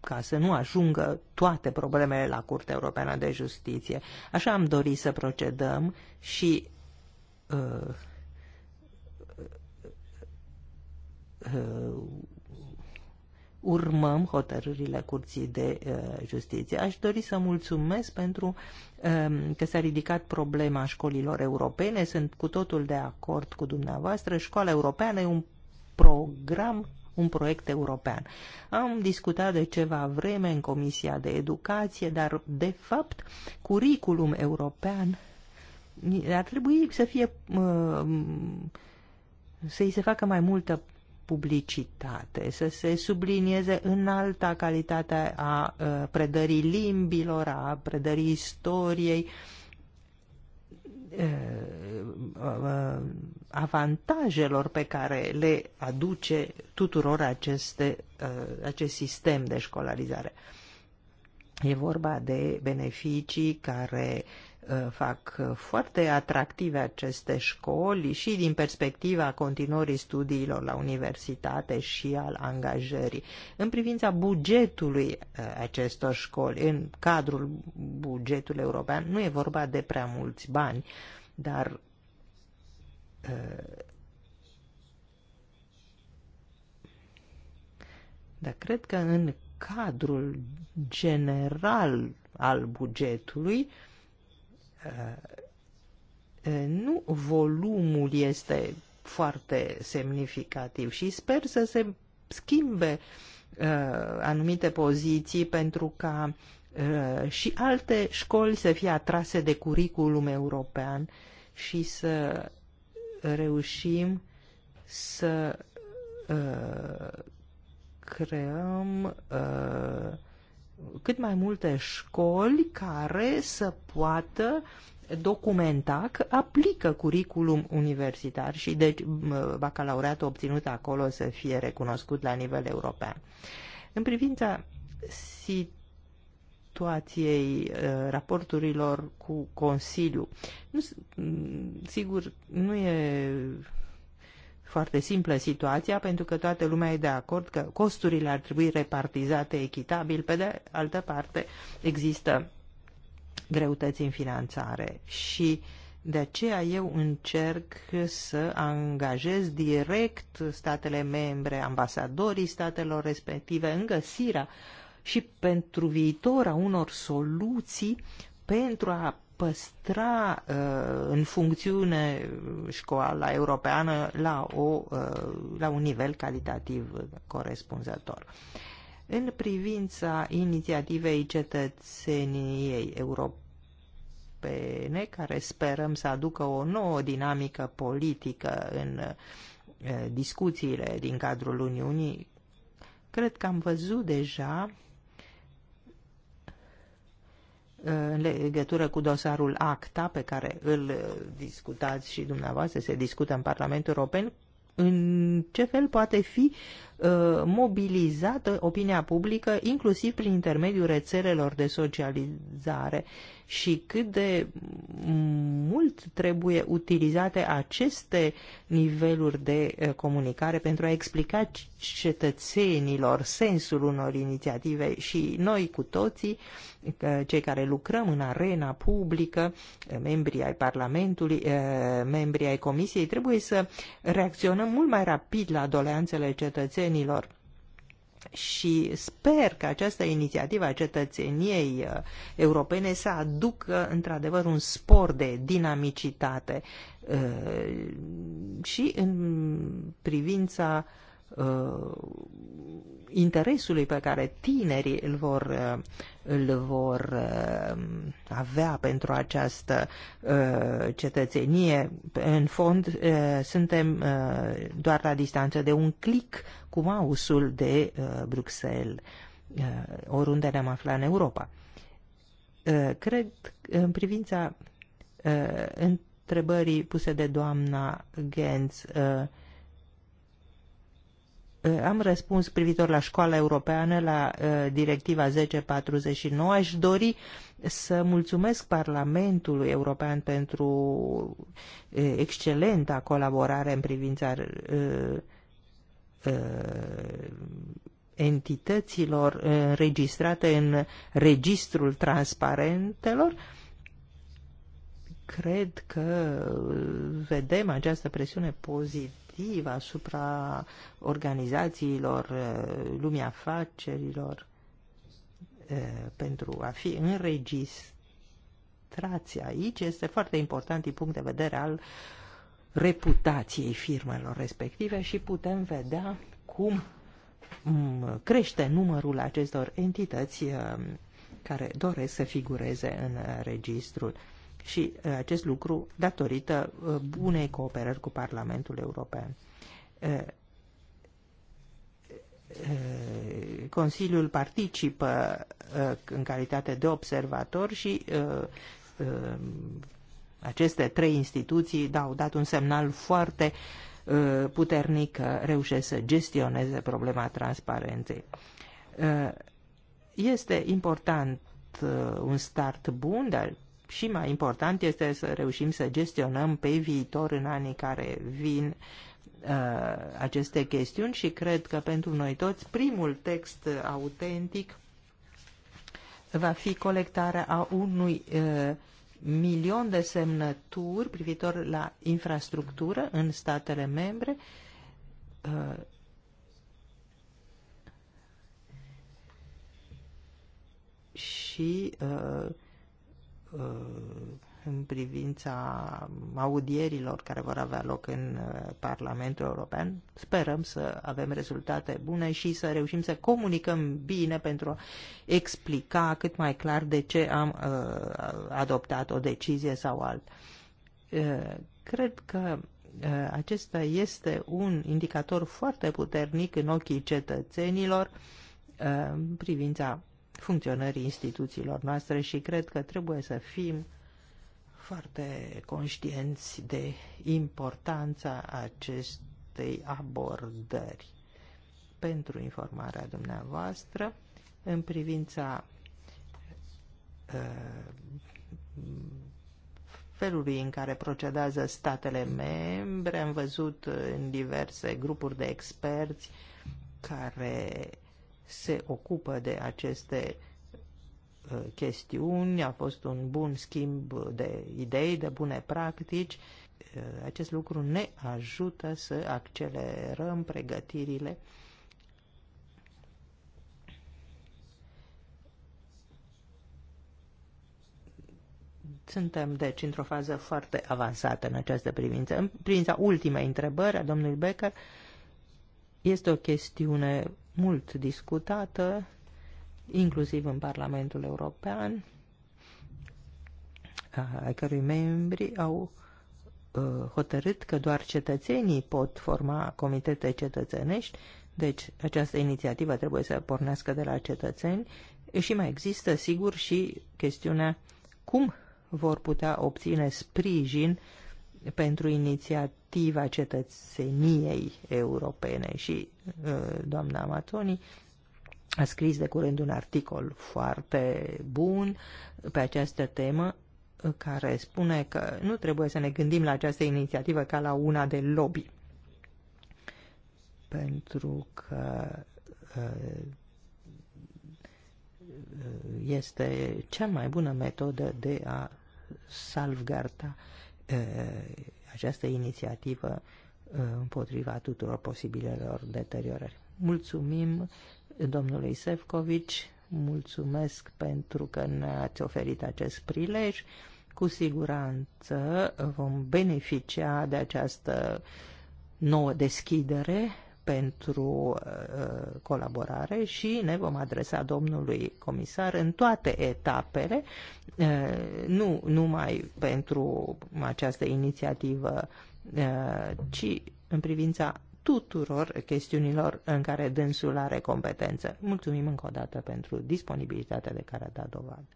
Speaker 2: ca să nu ajungă toate problemele la Curtea Europeană de Justiție. Așa am dorit să procedăm și Uh, uh, uh, urmăm hotărârile Curții de uh, Justiție. Aș dori să mulțumesc pentru um, că s-a ridicat problema școlilor europene. Sunt cu totul de acord cu dumneavoastră. Școala europeană e un program un proiect european. Am discutat de ceva vreme în Comisia de Educație, dar, de fapt, curiculum european ar trebui să fie uh, să îi se facă mai multă publicitate, să se sublinieze în alta calitatea a uh, predării limbilor, a predării istoriei, uh, avantajelor pe care le aduce tuturor aceste, acest sistem de școlarizare. E vorba de beneficii care Uh, fac uh, foarte atractive aceste școli și din perspectiva continuării studiilor la universitate și al angajării. În privința bugetului uh, acestor școli, în cadrul bugetului european, nu e vorba de prea mulți bani, dar dar cred că în cadrul general al bugetului uh, Uh, uh, nu volumul este foarte semnificativ și sper să se schimbe uh, anumite poziții pentru ca și alte școli să fie atrase de curiculum european și să reușim să creăm uh, cât mai multe școli care să poată documenta că aplică curiculum universitar și deci bacalaureatul obținut acolo să fie recunoscut la nivel european. În privința situației uh, raporturilor cu Consiliu, nu, sigur, nu e foarte simplă situația, pentru că toată lumea e de acord că costurile ar trebui repartizate echitabil. Pe de altă parte, există greutăți în finanțare și de aceea eu încerc să angajez direct statele membre, ambasadorii statelor respective în găsirea și pentru viitor a unor soluții pentru a păstra uh, în funcțiune școala europeană la, o, uh, la un nivel calitativ corespunzător. În privința inițiativei cetățeniei europene, care sperăm să aducă o nouă dinamică politică în uh, discuțiile din cadrul Uniunii, cred că am văzut deja în legătură cu dosarul ACTA pe care îl discutați și dumneavoastră, se discută în Parlamentul European, în ce fel poate fi Uh, mobilizată opinia publică, inclusiv prin intermediul rețelelor de socializare și cât de mult trebuie utilizate aceste niveluri de uh, comunicare pentru a explica cetățenilor sensul unor inițiative și noi cu toții, uh, cei care lucrăm în arena publică, membrii ai Parlamentului, membrii ai Comisiei, trebuie să reacționăm mult mai rapid la doleanțele cetățenilor cetățenilor. Și sper că această inițiativă a cetățeniei uh, europene să aducă într-adevăr un spor de dinamicitate uh, și în privința uh, uh, interesului pe care tinerii îl vor, uh, îl vor uh, avea pentru această uh, cetățenie. În fond, uh, suntem uh, doar la distanță de un clic cu mausul de uh, Bruxelles, uh, oriunde ne-am aflat în Europa. Uh, cred, în privința uh, întrebării puse de doamna Gens, uh, Eh, am răspuns privitor la școala europeană, la eh, directiva 1049. Aș dori să mulțumesc Parlamentului European pentru eh, excelenta colaborare în privința entităților înregistrate în registrul transparentelor cred că vedem această presiune pozitivă colectiv, asupra organizațiilor, eh, lumii afacerilor, eh, pentru a fi înregistrați aici, este foarte important din punct de vedere al reputației firmelor respective și putem vedea cum mm, crește numărul acestor entități eh, care doresc să figureze în registrul și uh, acest lucru datorită uh, bunei cooperări cu Parlamentul European. Uh, Consiliul participă în calitate de observator și aceste trei instituții dau dat un semnal foarte puternic că reușesc să gestioneze problema transparenței. Este important un start bun, dar și mai important este să reușim să gestionăm pe viitor în anii care vin uh, aceste chestiuni și cred că pentru noi toți primul text autentic va fi colectarea a unui uh, milion de semnături privitor la infrastructură în statele membre uh, și uh, Uh, în privința audierilor care vor avea loc în uh, Parlamentul European. Sperăm să avem rezultate bune și să reușim să comunicăm bine pentru a explica cât mai clar de ce am uh, adoptat o decizie sau alt. Cred că acesta este un indicator foarte puternic în ochii cetățenilor în privința funcționării instituțiilor noastre și cred că trebuie să fim foarte conștienți de importanța acestei abordări pentru informarea dumneavoastră în privința uh, felului în care procedează statele membre. Am văzut în diverse grupuri de experți care se ocupă de aceste uh, chestiuni, a fost un bun schimb de idei, de bune practici. Uh, acest lucru ne ajută să accelerăm pregătirile Suntem, deci, într-o fază foarte avansată în această privință. În privința ultimei întrebări a domnului Becker, este o chestiune mult discutată, inclusiv în Parlamentul European, ai cărui membri au uh, hotărât că doar cetățenii pot forma comitete cetățenești, deci această inițiativă trebuie să pornească de la cetățeni și mai există, sigur, și chestiunea cum vor putea obține sprijin uh, pentru inițiativa cetățeniei europene și uh, doamna Matoni a scris de curând un articol foarte bun pe această temă uh, care spune că nu trebuie să ne gândim la această inițiativă ca la una de lobby. Pentru că uh, este cea mai bună metodă de a salvgarda uh, Uh, această inițiativă uh, împotriva tuturor posibilelor deteriorări. Mulțumim domnului Sefcovici, mulțumesc pentru că ne-ați oferit acest prilej. Cu siguranță vom beneficia de această nouă deschidere pentru uh, uh, colaborare și ne vom adresa domnului comisar în toate etapele, uh, nu numai pentru această inițiativă, ci în privința tuturor chestiunilor în care dânsul are competență. Mulțumim încă o dată pentru disponibilitatea de care a dat dovadă.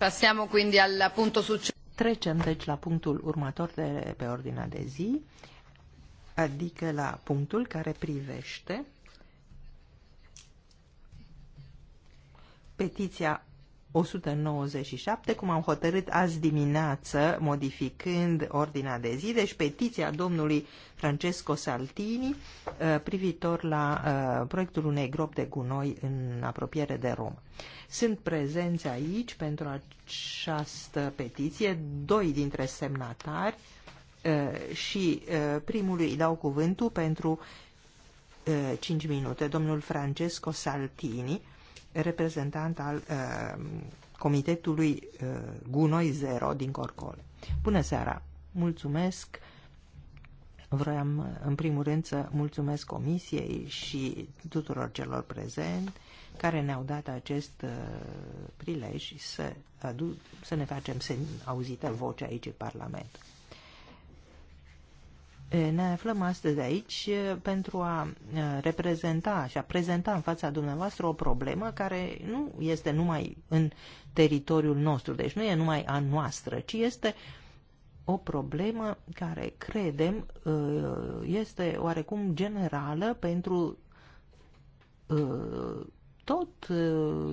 Speaker 2: Passiamo quindi al punto successivo. Trecem deci la punctul următor de pe ordinea de zi, adică la punctul care privește petiția 197, cum am hotărât azi dimineață, modificând ordinea de zi, deci petiția domnului Francesco Saltini uh, privitor la uh, proiectul unei gropi de gunoi în apropiere de Roma. Sunt prezenți aici pentru această petiție doi dintre semnatari uh, și primului îi dau cuvântul pentru 5 minute, domnul Francesco Saltini, reprezentant al uh, Comitetului uh, Gunoi Zero din Corcol. Bună seara! Mulțumesc! Vroiam în primul rând să mulțumesc Comisiei și tuturor celor prezenți care ne-au dat acest uh, prilej să, adu- să ne facem auzită voce aici în Parlament. Ne aflăm astăzi aici pentru a reprezenta și a prezenta în fața dumneavoastră o problemă care nu este numai în teritoriul nostru, deci nu e numai a noastră, ci este o problemă care credem este oarecum generală pentru tot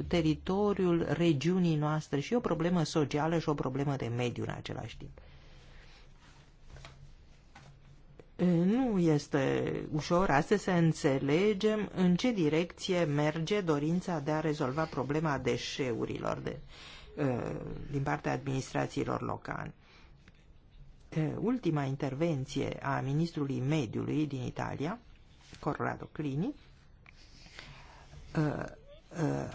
Speaker 2: teritoriul regiunii noastre și o problemă socială și o problemă de mediu în același timp. nu este ușor astăzi să înțelegem în ce direcție merge dorința de a rezolva problema deșeurilor de, uh, din partea administrațiilor locale. Uh, ultima intervenție a ministrului mediului din Italia, Corrado Clini, uh,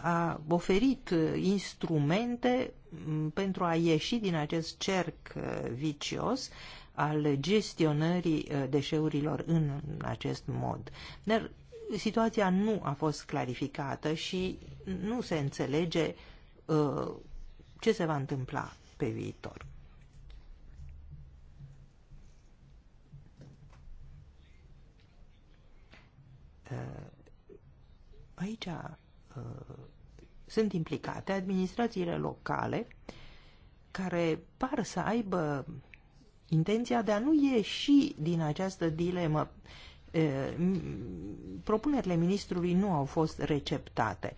Speaker 2: a oferit instrumente mm, pentru a ieși din acest cerc vicios al gestionării uh, deșeurilor în acest mod. Dar situația nu a fost clarificată și nu se înțelege uh, ce se va întâmpla pe viitor. Uh, aici sunt implicate administrațiile locale care par să aibă intenția de a nu ieși din această dilemă. Propunerile ministrului nu au fost receptate.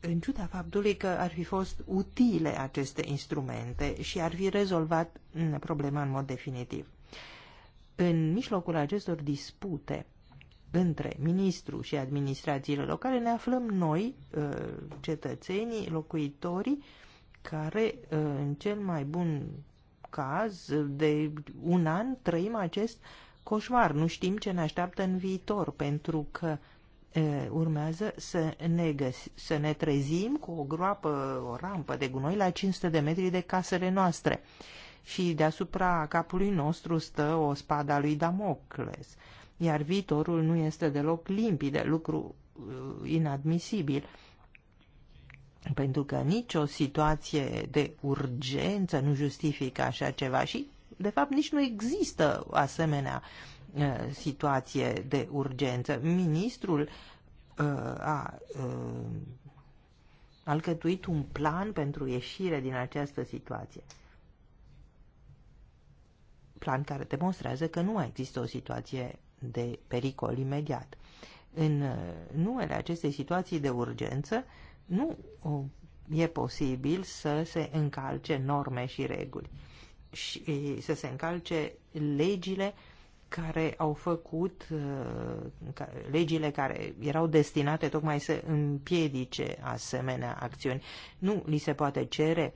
Speaker 2: În ciuda faptului că ar fi fost utile aceste instrumente și ar fi rezolvat problema în mod definitiv. În mijlocul acestor dispute, între ministru și administrațiile locale, ne aflăm noi, uh, cetățenii, locuitorii, care uh, în cel mai bun caz, de un an trăim acest coșmar. Nu știm ce ne așteaptă în viitor, pentru că uh, urmează să ne, găs- să ne trezim cu o groapă, o rampă de gunoi la 500 de metri de casele noastre. Și deasupra capului nostru stă o spada lui Damocles iar viitorul nu este deloc limpide, lucru uh, inadmisibil pentru că nicio situație de urgență nu justifică așa ceva și, de fapt, nici nu există asemenea uh, situație de urgență. Ministrul uh, a uh, alcătuit un plan pentru ieșire din această situație. Plan care demonstrează că nu mai există o situație de pericol imediat. În uh, numele acestei situații de urgență, nu uh, e posibil să se încalce norme și reguli și uh, să se încalce legile care au făcut, legile care erau destinate tocmai să împiedice asemenea acțiuni. Nu li se poate cere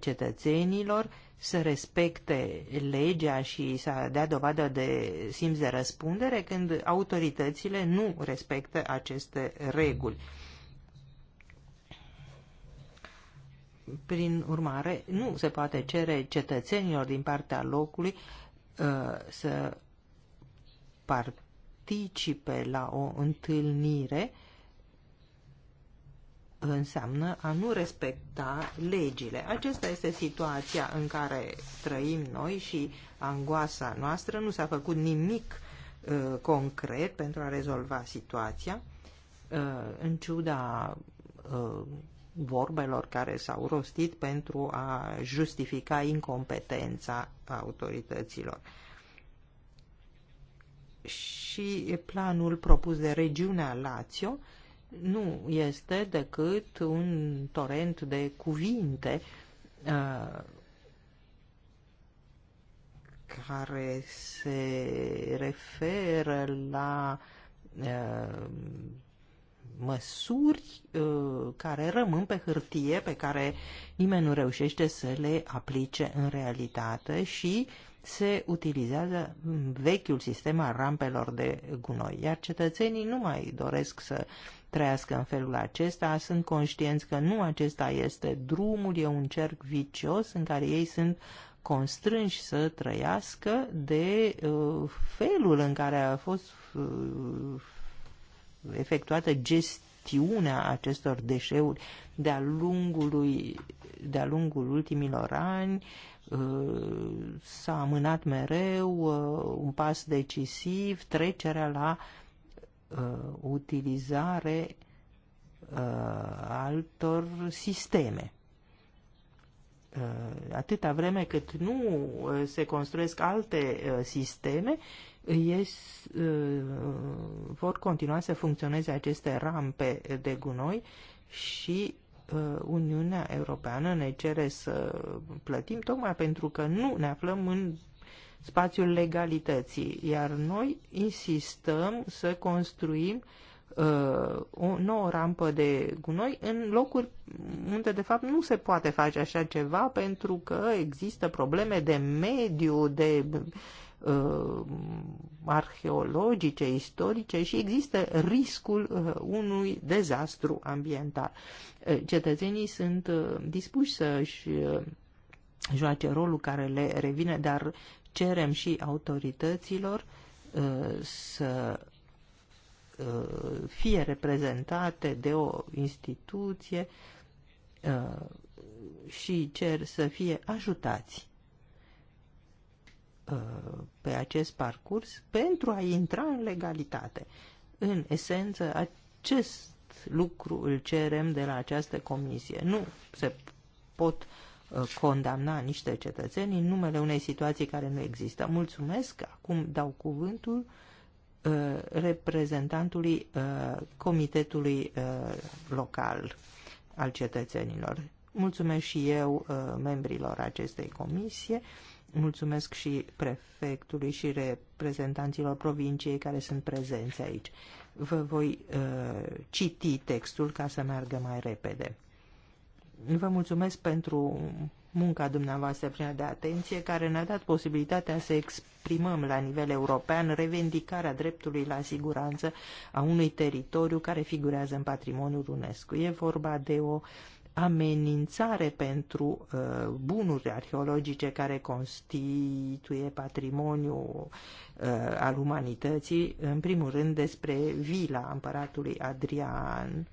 Speaker 2: cetățenilor să respecte legea și să dea dovadă de simț de răspundere când autoritățile nu respectă aceste reguli. Prin urmare, nu se poate cere cetățenilor din partea locului uh, să participe la o întâlnire uh, înseamnă a nu respecta legile. Aceasta este situația în care trăim noi și angoasa noastră. Nu s-a făcut nimic uh, concret pentru a rezolva situația, uh, în ciuda uh, vorbelor care s-au rostit pentru a justifica incompetența autorităților. Și planul propus de regiunea Lazio uh, nu este decât un torent de cuvinte uh, care se referă la uh, măsuri uh, care rămân pe hârtie, pe care nimeni nu reușește să le aplice în realitate și se utilizează vechiul sistem al rampelor de gunoi, iar cetățenii nu mai doresc să trăiască în felul acesta, sunt conștienți că nu acesta este drumul, e un cerc vicios în care ei sunt constrânși să trăiască de uh, felul în care a fost uh, efectuată gestiunea acestor deșeuri de-a lungul, de lungul ultimilor ani, uh, s-a amânat mereu uh, un pas decisiv, trecerea la uh, uh, utilizare uh, altor sisteme. Uh, atâta vreme cât nu uh, se construiesc alte uh, sisteme, ei uh, vor continua să funcționeze aceste rampe de gunoi și uh, Uniunea Europeană ne cere să plătim tocmai pentru că nu ne aflăm în spațiul legalității, iar noi insistăm să construim uh, o nouă rampă de gunoi în locuri unde de fapt nu se poate face așa ceva pentru că există probleme de mediu, de uh, arheologice, istorice și există riscul uh, unui dezastru ambiental. Uh, cetățenii sunt uh, dispuși să-și uh, joace rolul care le revine, dar cerem și autorităților uh, să uh, fie reprezentate de o instituție uh, și cer să fie ajutați pe acest parcurs pentru a intra în legalitate. În esență, acest lucru îl cerem de la această comisie. Nu se pot condamna niște cetățeni în numele unei situații care nu există. Mulțumesc, acum dau cuvântul uh, reprezentantului uh, comitetului uh, local al cetățenilor. Mulțumesc și eu membrilor acestei comisie, mulțumesc și prefectului și reprezentanților provinciei care sunt prezenți aici. Vă voi citi textul ca să meargă mai repede. Vă mulțumesc pentru munca dumneavoastră plină de atenție, care ne-a dat posibilitatea să exprimăm la nivel european revendicarea dreptului la siguranță a unui teritoriu care figurează în patrimoniul UNESCO. E vorba de o amenințare pentru uh, bunuri arheologice care constituie patrimoniu uh, al umanității, în primul rând despre vila împăratului Adrian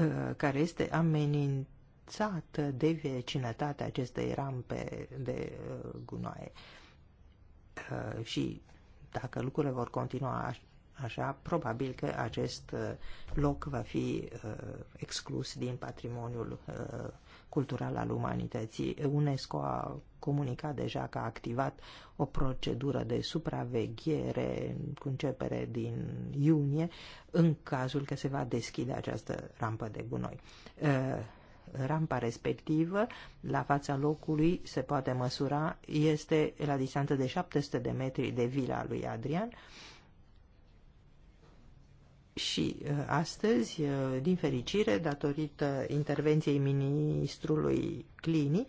Speaker 2: Uh, care este amenințată de vecinătatea acestei rampe de uh, gunoaie. Uh, și dacă lucrurile vor continua așa, probabil că acest loc va fi exclus din patrimoniul cultural al umanității. UNESCO a comunicat deja că a activat o procedură de supraveghere cu începere din iunie în cazul că se va deschide această rampă de gunoi. Uh, rampa respectivă, la fața locului, se poate măsura, este la distanță de 700 de metri de vila lui Adrian, și uh, astăzi, uh, din fericire, datorită intervenției ministrului Clini,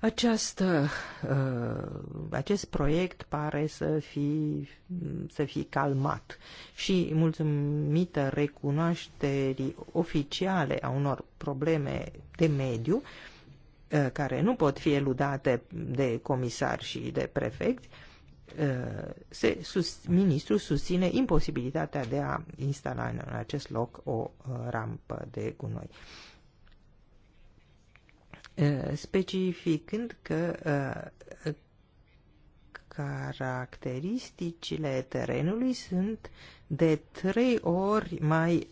Speaker 2: această, uh, acest proiect pare să fi, să fi calmat și mulțumită recunoașterii oficiale a unor probleme de mediu, care nu pot fi eludate de comisari și de prefecți, se sus, ministrul susține imposibilitatea de a instala în acest loc o uh, rampă de gunoi. Uh, specificând că uh, caracteristicile terenului sunt de trei ori mai uh,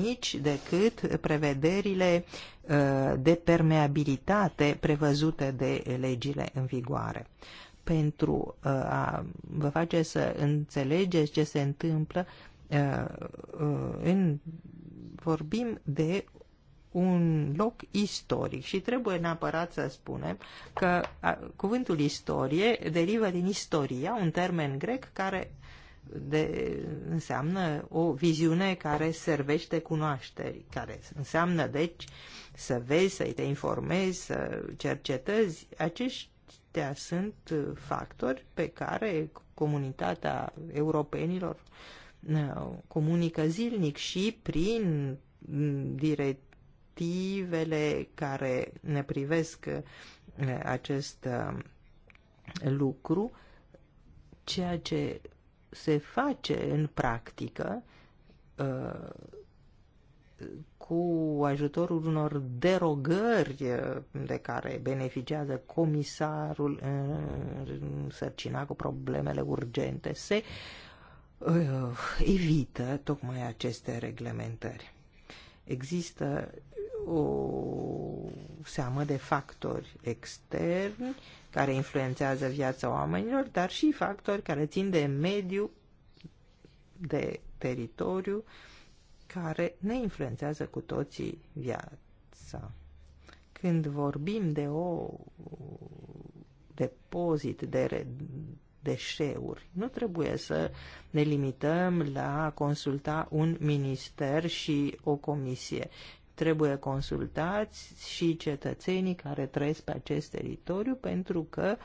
Speaker 2: mici decât prevederile uh, de permeabilitate prevăzute de legile în vigoare. Uh, pentru uh, a vă face să înțelegeți ce se întâmplă, uh, uh, în, vorbim de un loc istoric și trebuie neapărat să spunem că cuvântul istorie derivă din istoria, un termen grec care de, înseamnă o viziune care servește cunoașterii, care înseamnă, deci, să vezi, să te informezi, să cercetezi. Acești Acestea sunt uh, factori pe care comunitatea europenilor uh, comunică zilnic și prin mm, directivele care ne privesc uh, acest lucru, ceea ce se face în practică cu ajutorul unor derogări eh, de care beneficiază comisarul eh, însărcinat cu problemele urgente, se eh, evită tocmai aceste reglementări. Există o seamă de factori externi care influențează viața oamenilor, dar și factori care țin de mediu, de teritoriu, uh, care ne influențează cu toții viața. Când vorbim de o depozit de deșeuri, nu trebuie să ne limităm la a consulta un minister și o comisie. Trebuie consultați și cetățenii care trăiesc pe acest teritoriu pentru că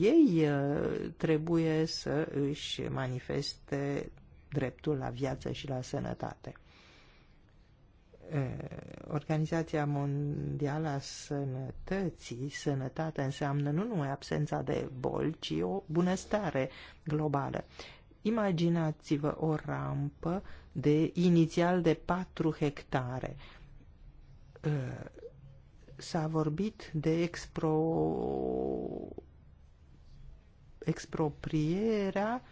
Speaker 2: ei trebuie să își manifeste dreptul la viață și la sănătate. Organizația Mondială a Sănătății, sănătatea înseamnă nu numai absența de boli, ci o bunăstare globală. Imaginați-vă o rampă de inițial de 4 hectare s-a vorbit de expro... exproprierea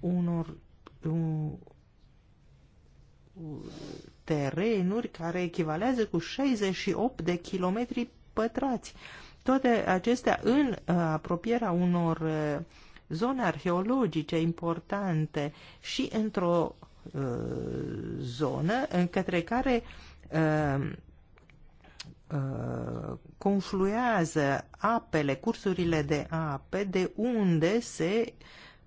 Speaker 2: unor un, terenuri care echivalează cu 68 de kilometri pătrați. Toate acestea în uh, apropierea unor uh, zone arheologice importante și într-o uh, zonă în către care Uh, confluează apele, cursurile de ape, de unde se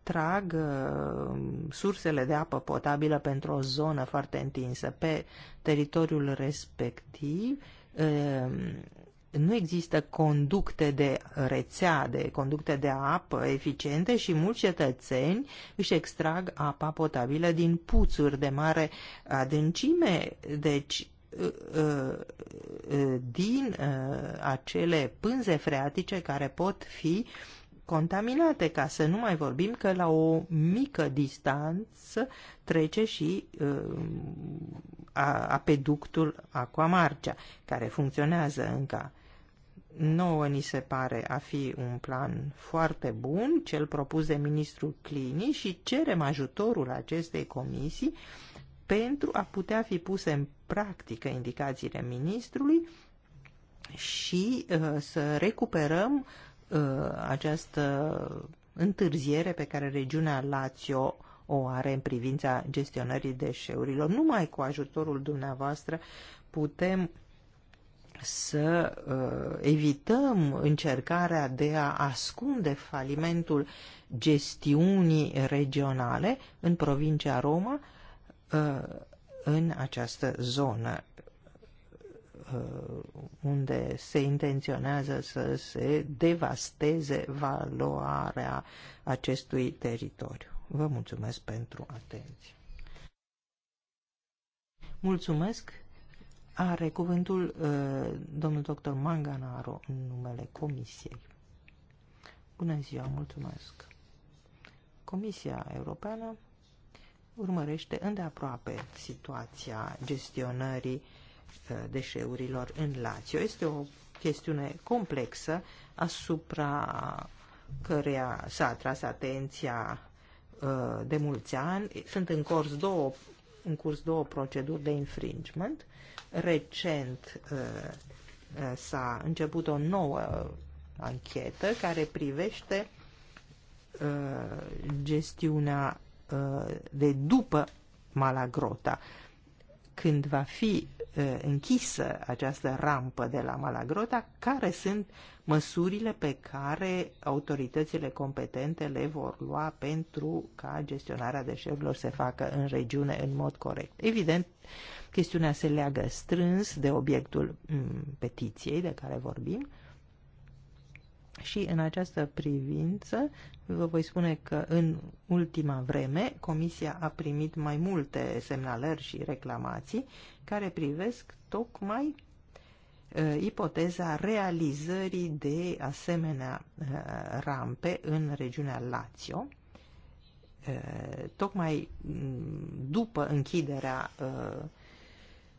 Speaker 2: trag uh, sursele de apă potabilă pentru o zonă foarte întinsă. Pe teritoriul respectiv uh, nu există conducte de rețea, de conducte de apă eficiente și mulți cetățeni își extrag apa potabilă din puțuri de mare adâncime. Deci Uh, uh, din uh, acele pânze freatice care pot fi contaminate, ca să nu mai vorbim că la o mică distanță trece și apeductul Aqua care funcționează încă nouă ni se pare a fi un plan foarte bun, cel propus de ministrul Clini și cerem ajutorul acestei comisii pentru a putea fi puse în practică indicațiile ministrului și uh, să recuperăm uh, această întârziere pe care regiunea Lazio o are în privința gestionării deșeurilor. Numai cu ajutorul dumneavoastră putem să uh, evităm încercarea de a ascunde falimentul gestiunii regionale în provincia Roma în această zonă uh, unde se intenționează să se devasteze valoarea acestui teritoriu. Vă mulțumesc pentru atenție. Mulțumesc. Are cuvântul uh, domnul dr. Manganaro în numele Comisiei. Bună ziua, mulțumesc. Comisia Europeană urmărește îndeaproape situația gestionării uh, deșeurilor în Lazio. Este o chestiune complexă asupra căreia s-a atras atenția uh, de mulți ani. Sunt în curs două, în curs două proceduri de infringement. Recent uh, s-a început o nouă anchetă care privește gestiunea de după Malagrota. Când va fi închisă această rampă de la Malagrota, care sunt măsurile pe care autoritățile competente le vor lua pentru ca gestionarea deșeurilor se facă în regiune în mod corect. Evident, chestiunea se leagă strâns de obiectul petiției de care vorbim, și în această privință vă voi spune că în ultima vreme Comisia a primit mai multe semnalări și reclamații care privesc tocmai uh, ipoteza realizării de asemenea uh, rampe în regiunea Lazio, uh, tocmai mm, după închiderea uh,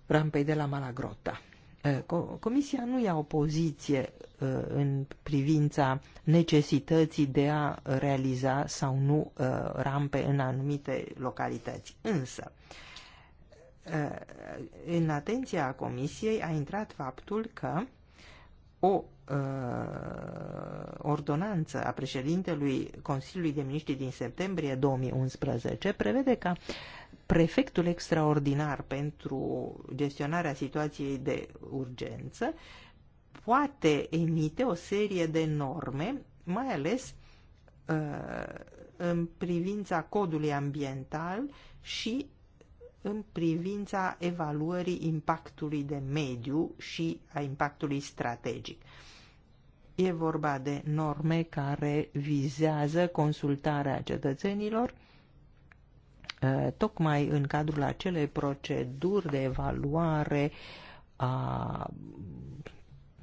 Speaker 2: rampei de la Malagrota. Eh, comisia nu ia o poziție eh, în privința necesității de a realiza sau nu eh, rampe în anumite localități. Însă, în atenția Comisiei a intrat faptul că o ordonanță a președintelui Consiliului de Miniștri din septembrie 2011 prevede ca uh, prefectul extraordinar pentru gestionarea situației de urgență poate emite o serie de norme, mai ales uh, în privința codului ambiental și în privința evaluării impactului de mediu și a impactului strategic. E vorba de norme care vizează consultarea cetățenilor, Eh, tocmai în cadrul acelei proceduri de evaluare a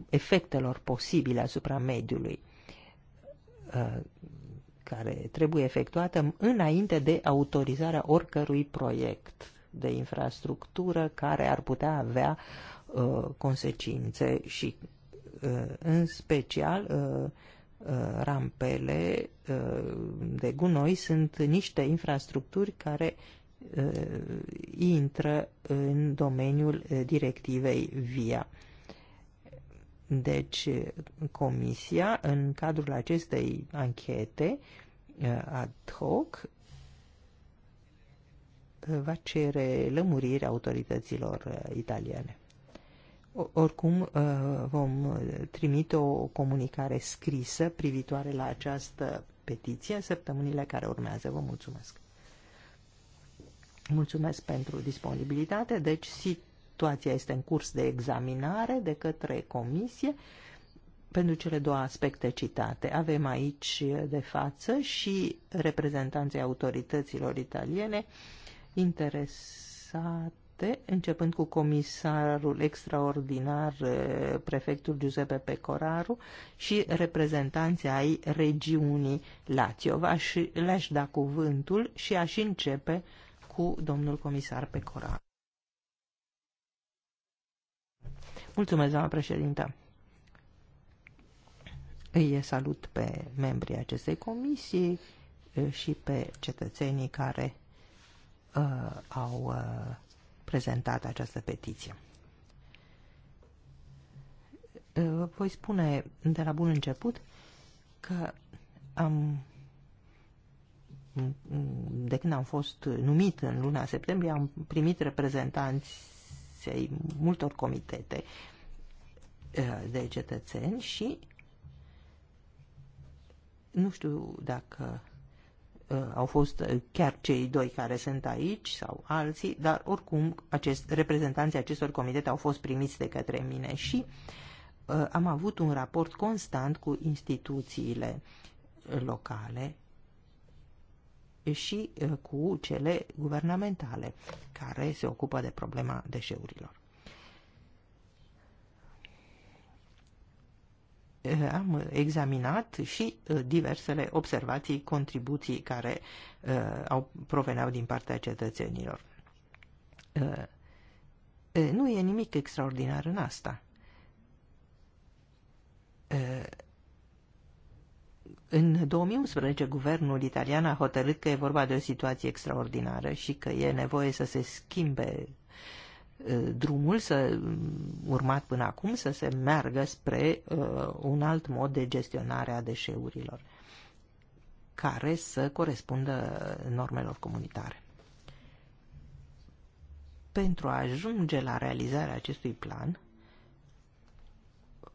Speaker 2: efectelor posibile asupra mediului eh, care trebuie efectuată înainte de autorizarea oricărui proiect de infrastructură care ar putea avea uh, consecințe și uh, în special uh, Uh, rampele uh, de gunoi sunt niște infrastructuri care uh, intră în domeniul directivei VIA. Deci, Comisia, în cadrul acestei anchete ad hoc, va cere lămuriri autorităților italiene. Oricum uh, vom trimite o comunicare scrisă privitoare la această petiție în săptămânile care urmează. Vă mulțumesc! Mulțumesc pentru disponibilitate. Deci situația este în curs de examinare de către comisie pentru cele două aspecte citate. Avem aici de față și reprezentanții autorităților italiene interesate departe, începând cu comisarul extraordinar, eh, prefectul Giuseppe Pecoraru și reprezentanții ai regiunii Lazio. Le-aș da cuvântul și aș începe cu domnul comisar Pecoraru. Mulțumesc, doamna președintă. Îi salut pe membrii acestei comisii eh, și pe cetățenii care uh, au uh, prezentat această petiție. voi spune de la bun început că am de când am fost numit în luna septembrie, am primit reprezentanți ai multor comitete ă, de cetățeni și nu știu dacă Uh, au fost uh, chiar cei doi care sunt aici sau alții, dar oricum acest, reprezentanții acestor comitete au fost primiți de către mine și uh, am avut un raport constant cu instituțiile uh, locale și uh, cu cele guvernamentale care se ocupă de problema deșeurilor. am examinat și uh, diversele observații, contribuții care uh, au, proveneau din partea cetățenilor. Uh, nu e nimic extraordinar în asta. În 2011, guvernul italian a hotărât că e vorba de o situație extraordinară și că e nevoie să se schimbe Uh, drumul să, mm, urmat până acum să se meargă spre uh, un alt mod de gestionare a deșeurilor care să corespundă normelor comunitare. Pentru a ajunge la realizarea acestui plan,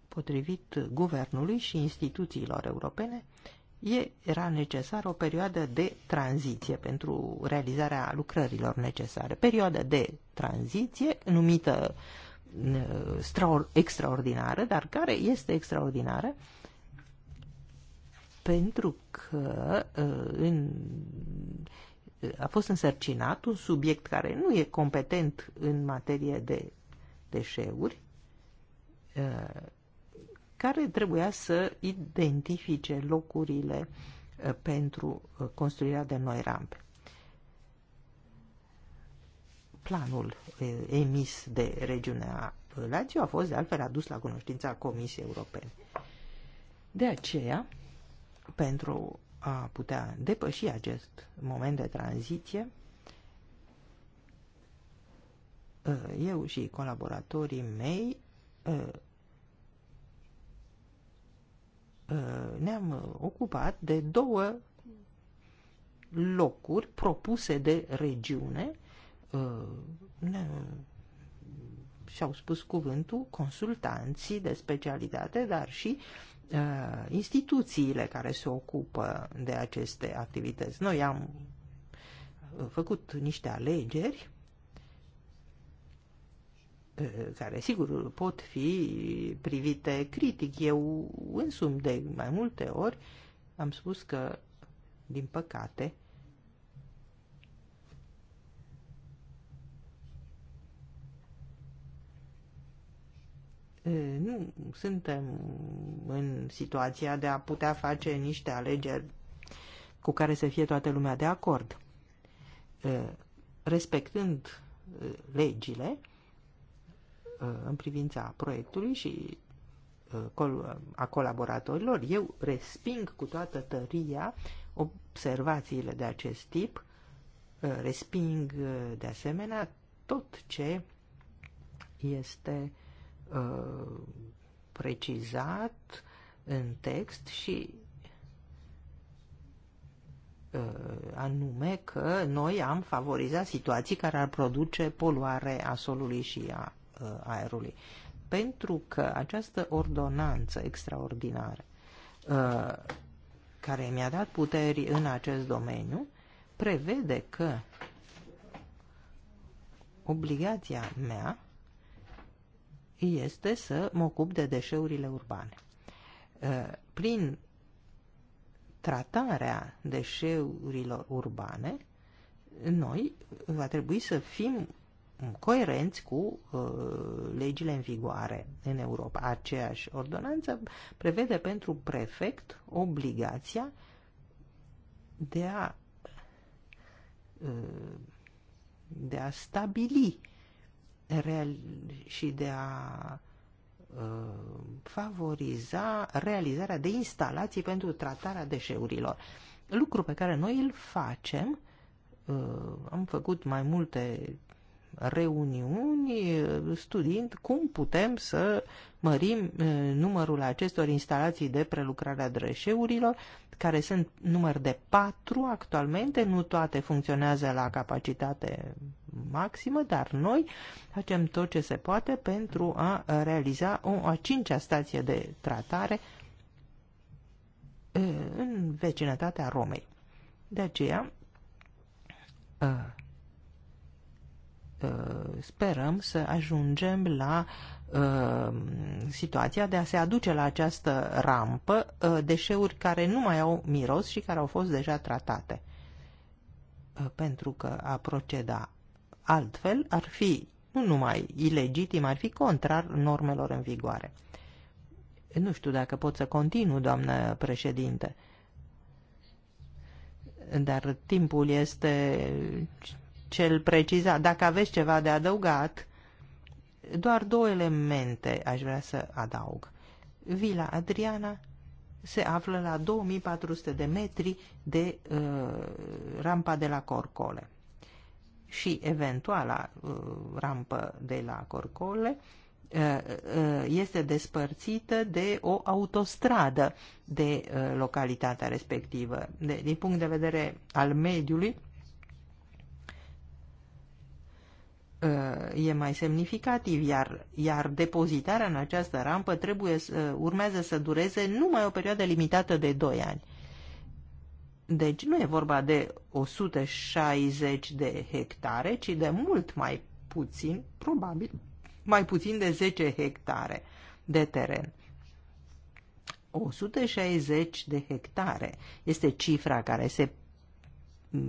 Speaker 2: potrivit guvernului și instituțiilor europene, e, era necesară o perioadă de tranziție pentru realizarea lucrărilor necesare. Perioadă de tranziție numită uh, extraordinară, dar care este extraordinară pentru că uh, în, a fost însărcinat un subiect care nu e competent în materie de deșeuri uh, care trebuia să identifice locurile uh, pentru uh, construirea de noi rampe. Planul uh, emis de regiunea Lazio a fost de altfel adus la cunoștința Comisiei Europene. De aceea, pentru a putea depăși acest moment de tranziție, eu și colaboratorii mei Uh, ne-am uh, ocupat de două locuri propuse de regiune uh, și-au spus cuvântul consultanții de specialitate, dar și uh, instituțiile care se ocupă de aceste activități. Noi am făcut niște alegeri Eh, care sigur pot fi privite critic. Eu însumi de mai multe ori am spus că, din păcate, eh, nu suntem în situația de a putea face niște alegeri cu care să fie toată lumea de acord. Eh, respectând legile, Uh, în privința proiectului și uh, a colaboratorilor. Eu resping cu toată tăria observațiile de acest tip, uh, resping de asemenea tot ce este precizat în text și anume că noi am favorizat situații care ar produce poluare a solului și a Uh, aerului. Pentru că această ordonanță extraordinară uh, care mi-a dat puteri în acest domeniu prevede că obligația mea este să mă ocup de deșeurile urbane. Uh, prin tratarea deșeurilor urbane, noi va trebui să fim coerenți cu uh, legile în vigoare în Europa. Aceeași ordonanță prevede pentru prefect obligația de a, uh, de a stabili real, și de a uh, favoriza realizarea de instalații pentru tratarea deșeurilor. Lucru pe care noi îl facem, uh, am făcut mai multe reuniuni studiind cum putem să mărim eh, numărul acestor instalații de prelucrare a drășeurilor, care sunt număr de patru actualmente, nu toate funcționează la capacitate maximă, dar noi facem tot ce se poate pentru a realiza o a cincea stație de tratare eh, în vecinătatea Romei. De aceea, eh, Uh, sperăm să ajungem la uh, situația de a se aduce la această rampă uh, deșeuri care nu mai au miros și care au fost deja tratate. Pentru că a proceda altfel ar fi nu numai ilegitim, ar fi contrar normelor în vigoare. Nu știu dacă pot să continu, doamnă președinte, dar timpul este cel precizat. Dacă aveți ceva de adăugat, doar două elemente aș vrea să adaug. Vila Adriana se află la 2400 de metri de uh, rampa de la Corcole și eventuala uh, rampă de la Corcole uh, uh, este despărțită de o autostradă de uh, localitatea respectivă. De, din punct de vedere al mediului, Uh, e mai semnificativ, iar, iar depozitarea în această rampă trebuie să, uh, urmează să dureze numai o perioadă limitată de 2 ani. Deci nu e vorba de 160 de hectare, ci de mult mai puțin, probabil mai puțin de 10 hectare de teren. 160 de hectare este cifra care se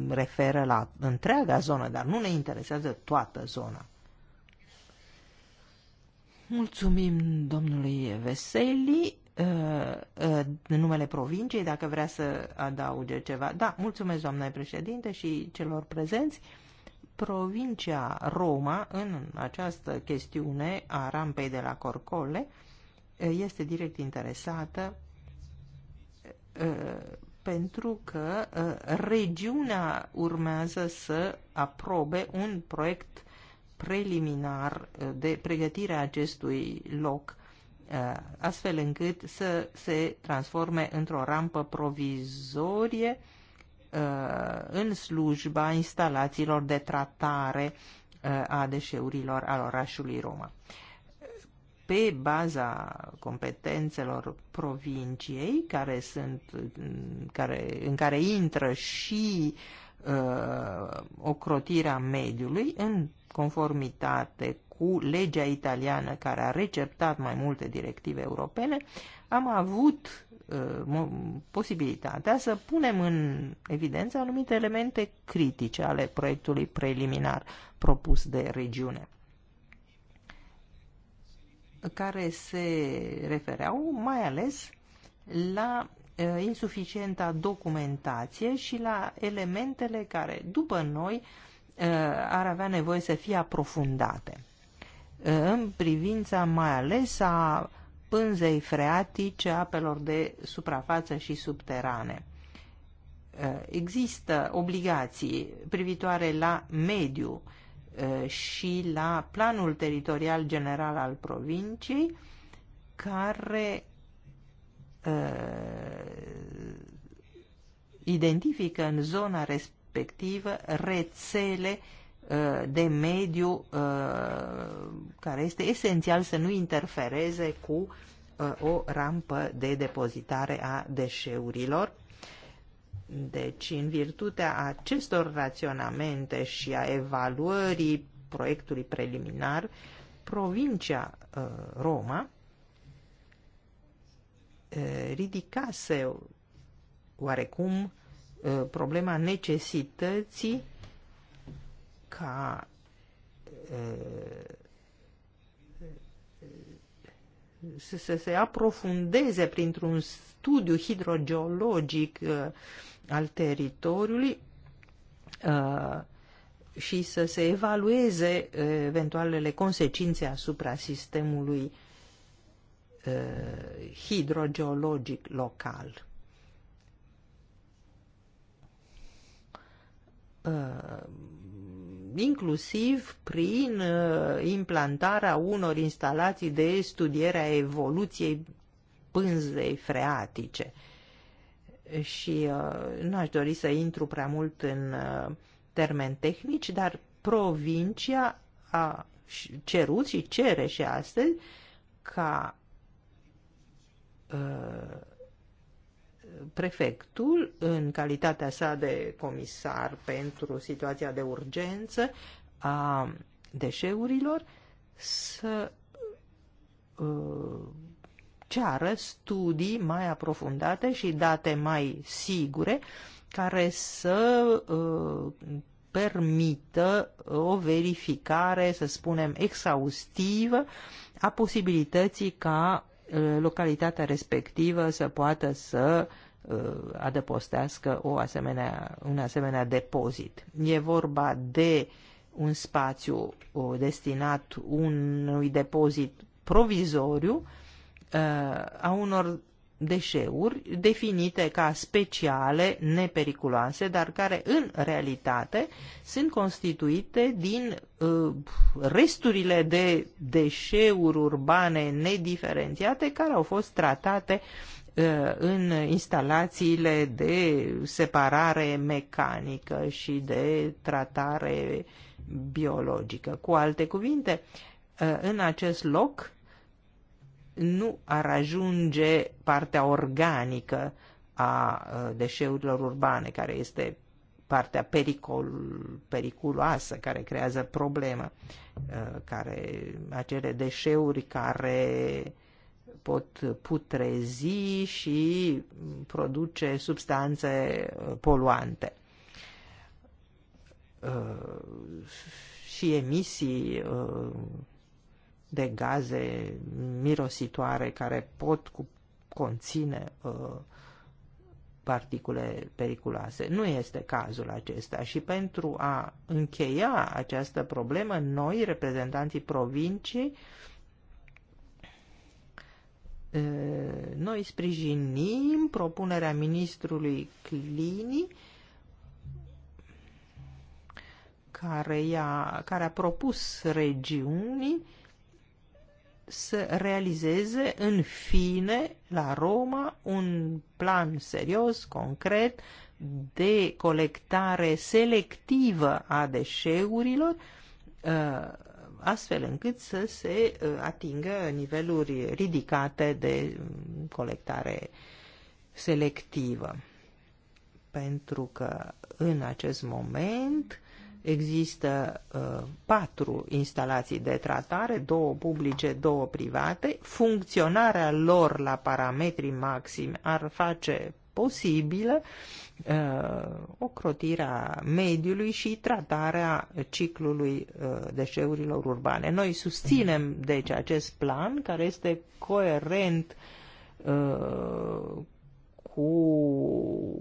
Speaker 2: referă la întreaga zonă, dar nu ne interesează toată zona. Mulțumim domnului Veseli uh, uh, în numele provinciei, dacă vrea să adauge ceva. Da, mulțumesc, doamna președinte, și celor prezenți. Provincia Roma, în această chestiune a rampei de la Corcole, este direct interesată uh, pentru că uh, regiunea urmează să aprobe un proiect preliminar uh, de pregătire a acestui loc, uh, astfel încât să se transforme într-o rampă provizorie în slujba instalațiilor de tratare a deșeurilor al orașului Roma pe baza competențelor provinciei care sunt, care, în care intră și uh, ocrotirea mediului în conformitate cu legea italiană care a receptat mai multe directive europene, am avut uh, posibilitatea să punem în evidență anumite elemente critice ale proiectului preliminar propus de regiune care se refereau mai ales la insuficienta documentație și la elementele care, după noi, ar avea nevoie să fie aprofundate. În privința mai ales a pânzei freatice, apelor de suprafață și subterane. Există obligații privitoare la mediu, Eh, și la planul teritorial general al provinciei, care eh, identifică în zona respectivă rețele eh, de mediu care este esențial să nu interfereze cu o rampă de depozitare a deșeurilor deci, în virtutea acestor raționamente și a evaluării proiectului preliminar, provincia uh, Roma uh, ridicase oarecum uh, problema necesității ca să se aprofundeze printr-un studiu hidrogeologic al teritoriului uh, și să se evalueze uh, eventualele consecințe asupra sistemului uh, hidrogeologic local. inclusiv prin implantarea unor instalații de studiere a evoluției pânzei freatice și uh, nu aș dori să intru prea mult în uh, termeni tehnici, dar provincia a cerut și cere și astăzi ca uh, prefectul, în calitatea sa de comisar pentru situația de urgență a deșeurilor, să ceară studii mai aprofundate și date mai sigure care să uh, permită o verificare, să spunem, exhaustivă a posibilității ca uh, localitatea respectivă să poată să uh, adăpostească o asemenea, un asemenea depozit. E vorba de un spațiu uh, destinat unui depozit provizoriu Uh, a unor deșeuri definite ca speciale, nepericuloase, dar care în realitate sunt constituite din uh, resturile de deșeuri urbane nediferențiate care au fost tratate uh, în instalațiile de separare mecanică și de tratare biologică. Cu alte cuvinte, uh, în acest loc nu ar ajunge partea organică a deșeurilor urbane, care este partea pericol, periculoasă, care creează problemă, care, acele deșeuri care pot putrezi și produce substanțe poluante și emisii de gaze mirositoare care pot cu, conține uh, particule periculoase. Nu este cazul acesta și pentru a încheia această problemă, noi, reprezentanții provincii, uh, noi sprijinim propunerea ministrului Clini care, ia, care a propus regiunii să realizeze în fine la Roma un plan serios, concret, de colectare selectivă a deșeurilor, uh, astfel încât să se uh, atingă niveluri ridicate de um, colectare selectivă. Pentru că în acest moment există uh, patru instalații de tratare, două publice, două private. Funcționarea lor la parametri maxim ar face posibilă uh, ocrotirea mediului și tratarea ciclului uh, deșeurilor urbane. Noi susținem, deci, acest plan care este coerent uh, cu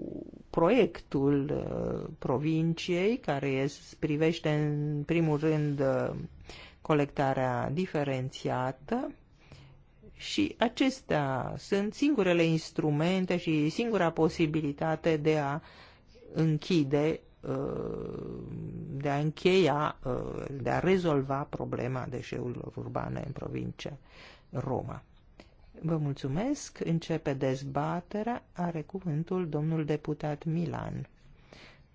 Speaker 2: proiectul uh, provinciei care privește în primul rând uh, colectarea diferențiată și acestea sunt singurele instrumente și singura posibilitate de a închide, uh, de a încheia, de a rezolva problema deșeurilor urbane în provincia Roma. Vă mulțumesc. Începe dezbaterea. Are cuvântul domnul deputat Milan.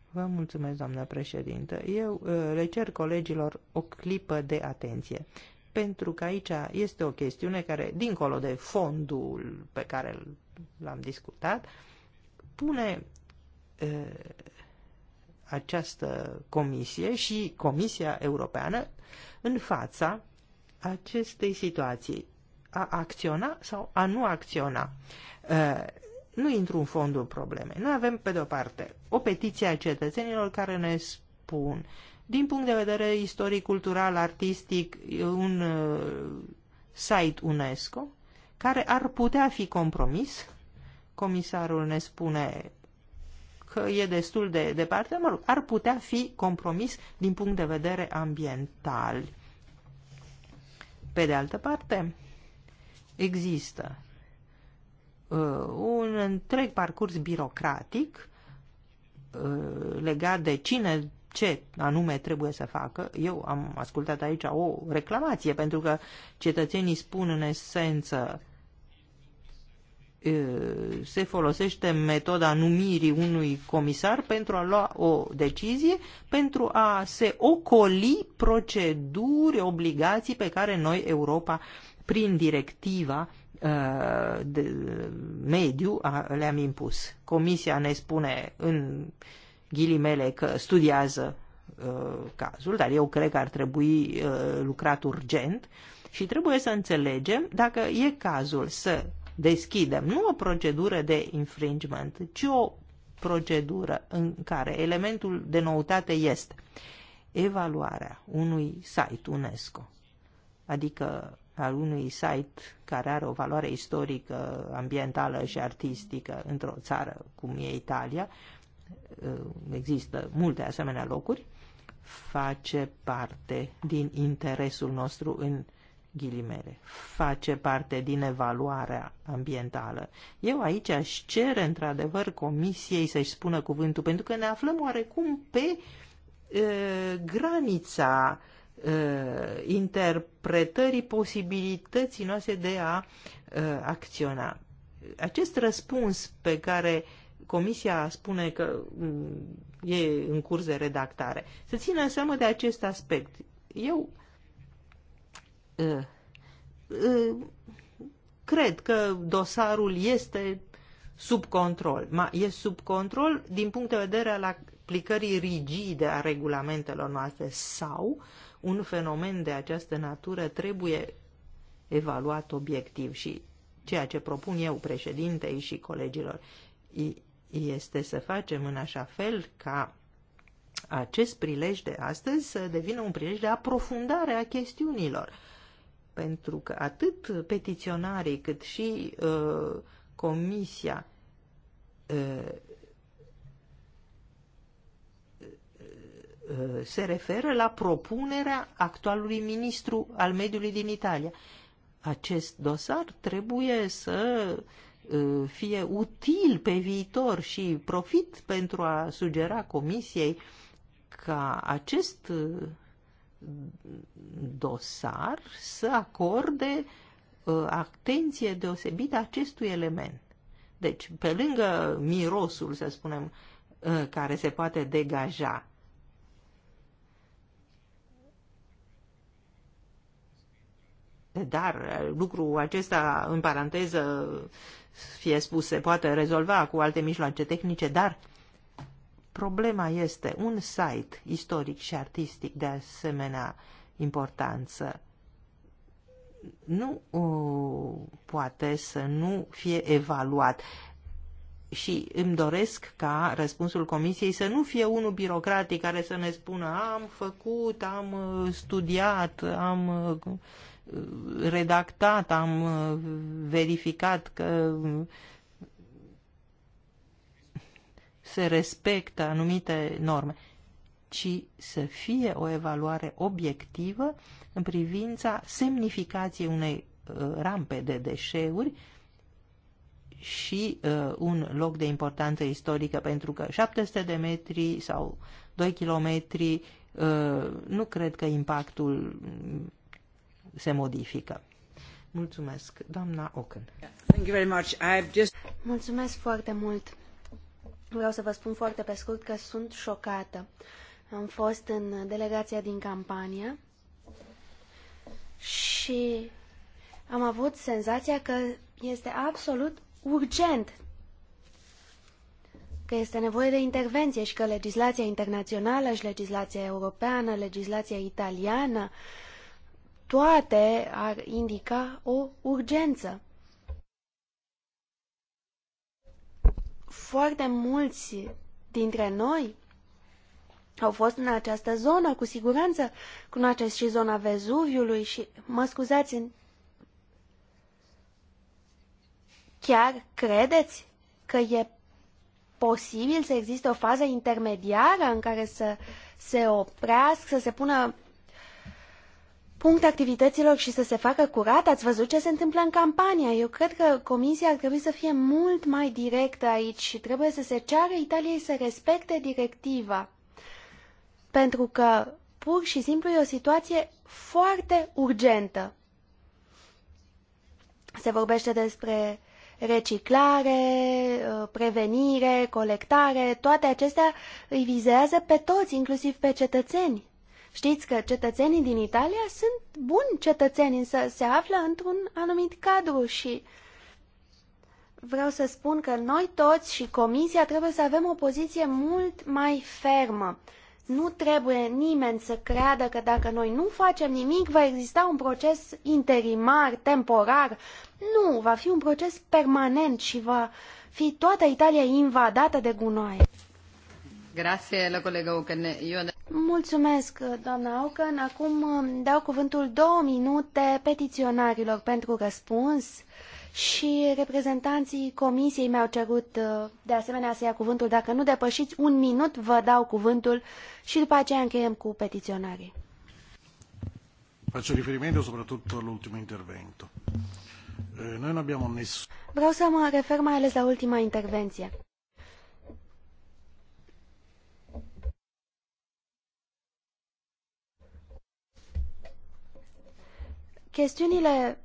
Speaker 2: Vă mulțumesc, doamnă președintă. Eu uh, le cer colegilor o clipă de atenție, pentru că aici este o chestiune care, dincolo de fondul pe care l-am discutat, pune e, uh, această comisie și Comisia Europeană în fața acestei situații a acționa sau a nu acționa. Uh, nu intru în fondul problemei. Noi avem, pe de-o parte, o petiție a cetățenilor care ne spun, din punct de vedere istoric, cultural, artistic, un uh, site UNESCO, care ar putea fi compromis. Comisarul ne spune că e destul de departe, mă rog, ar putea fi compromis din punct de vedere ambiental. Pe de altă parte, Există uh, un întreg parcurs birocratic uh, legat de cine ce anume trebuie să facă. Eu am ascultat aici o reclamație, pentru că cetățenii spun în esență uh, se folosește metoda numirii unui comisar pentru a lua o decizie, pentru a se ocoli proceduri, obligații pe care noi, Europa, prin directiva uh, de mediu le-am impus. Comisia ne spune în ghilimele că studiază uh, cazul, dar eu cred că ar trebui uh, lucrat urgent și trebuie să înțelegem dacă e cazul să deschidem nu o procedură de infringement, ci o procedură în care elementul de noutate este evaluarea unui site UNESCO, adică al unui site care are o valoare istorică, ambientală și artistică într-o țară cum e Italia, uh, există multe asemenea locuri, face parte din interesul nostru în ghilimele, face parte din evaluarea ambientală. Eu aici aș cere într-adevăr comisiei să-și spună cuvântul, pentru că ne aflăm oarecum pe e, uh, granița uh, Uh, interpretării posibilității noastre de a uh, acționa. Acest răspuns pe care Comisia spune că mm, e în curs de redactare, să țină seama de acest aspect. Eu uh, cred că dosarul este sub control. Ma, e sub control din punct de vedere al aplicării rigide a regulamentelor noastre sau uh, un fenomen de această natură trebuie evaluat obiectiv și ceea ce propun eu președintei și colegilor este să facem în așa fel ca acest prilej de astăzi să devină un prilej de aprofundare a chestiunilor. Pentru că atât petiționarii cât și uh, comisia uh, Uh, se referă la propunerea actualului ministru al mediului din Italia. Acest dosar trebuie să uh, fie util pe viitor și profit pentru a sugera Comisiei ca acest uh, dosar să acorde atenție deosebită acestui element. Deci, pe lângă mirosul, să spunem, care se poate degaja Dar uh, lucru acesta, în paranteză, fie spus, se poate rezolva cu alte mijloace tehnice, dar problema este un site istoric și artistic de asemenea importanță nu uh, poate să nu fie evaluat. Și îmi doresc ca răspunsul comisiei să nu fie unul birocratic care să ne spună am făcut, am uh, studiat, am uh, redactat, am uh, verificat că um, se respectă anumite norme, ci să fie o evaluare obiectivă în privința semnificației unei uh, rampe de deșeuri și uh, un loc de importanță istorică, pentru că 700 de metri sau 2 kilometri uh, nu cred că impactul se modifică. Mulțumesc, doamna Ocken.
Speaker 3: Thank you very much. just... Mulțumesc foarte mult. Vreau să vă spun foarte pe scurt că sunt șocată. Am fost în delegația din campania și am avut senzația că este absolut urgent că este nevoie de intervenție și că legislația internațională și legislația europeană, legislația italiană, uh, toate ar indica o urgență. Foarte mulți dintre noi au fost în această zonă, cu siguranță cunoașteți și zona Vezuviului și, mă scuzați, chiar credeți că e posibil să existe o fază intermediară în care să se oprească, să se pună punct activităților și să se facă curat? Ați văzut ce se întâmplă în campania? Eu cred că comisia ar trebui să fie mult mai directă aici și trebuie să se ceară Italiei să respecte directiva. Pentru că pur și simplu e o situație foarte urgentă. Se vorbește despre reciclare, prevenire, colectare, toate acestea îi vizează pe toți, inclusiv pe cetățeni. Știți că cetățenii din Italia sunt buni cetățeni, însă se află într-un anumit cadru și vreau să spun că noi toți și Comisia trebuie să avem o poziție mult mai fermă. Nu trebuie nimeni să creadă că dacă noi nu facem nimic, va exista un proces interimar, temporar. Nu, va fi un proces permanent și va fi toată Italia invadată de gunoaie. Mulțumesc, doamna Ocan. Acum um, dau cuvântul două minute petiționarilor pentru răspuns și reprezentanții comisiei mi-au cerut uh, de asemenea să ia cuvântul. Dacă nu depășiți un minut, vă dau cuvântul și după aceea încheiem cu petiționarii.
Speaker 5: Faccio riferimento soprattutto all'ultimo intervento. Eh, noi nu abbiamo nessun...
Speaker 3: Vreau să mă refer mai ales la ultima intervenție. Chestiunile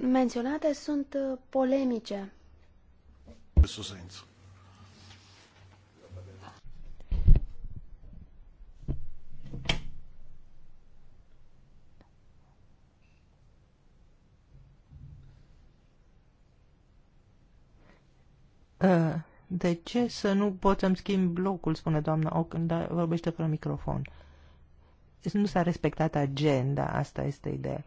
Speaker 3: menționate sunt uh, polemice.
Speaker 2: Uh, de ce să nu pot să-mi schimb blocul, spune doamna Oc, dar vorbește fără microfon? Deci nu s-a respectat agenda, asta este ideea.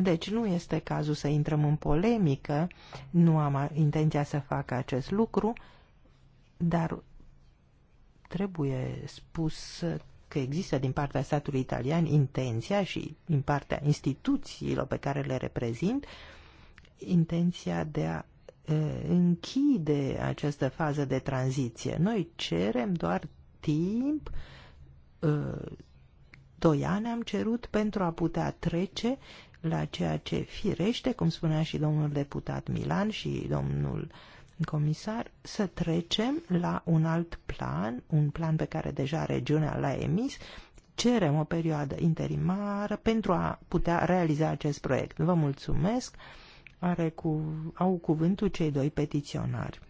Speaker 2: Deci nu este cazul să intrăm în polemică, nu am intenția să fac acest lucru, dar trebuie spus că există din partea statului italian intenția și din partea instituțiilor pe care le reprezint intenția de a închide această fază de tranziție. Noi cerem doar timp, doi ani am cerut pentru a putea trece la ceea ce firește, cum spunea și domnul deputat Milan și domnul comisar, să trecem la un alt plan, un plan pe care deja regiunea l-a emis, cerem o perioadă interimară pentru a putea realiza acest proiect. Vă mulțumesc! Are cu, au cuvântul cei doi petiționari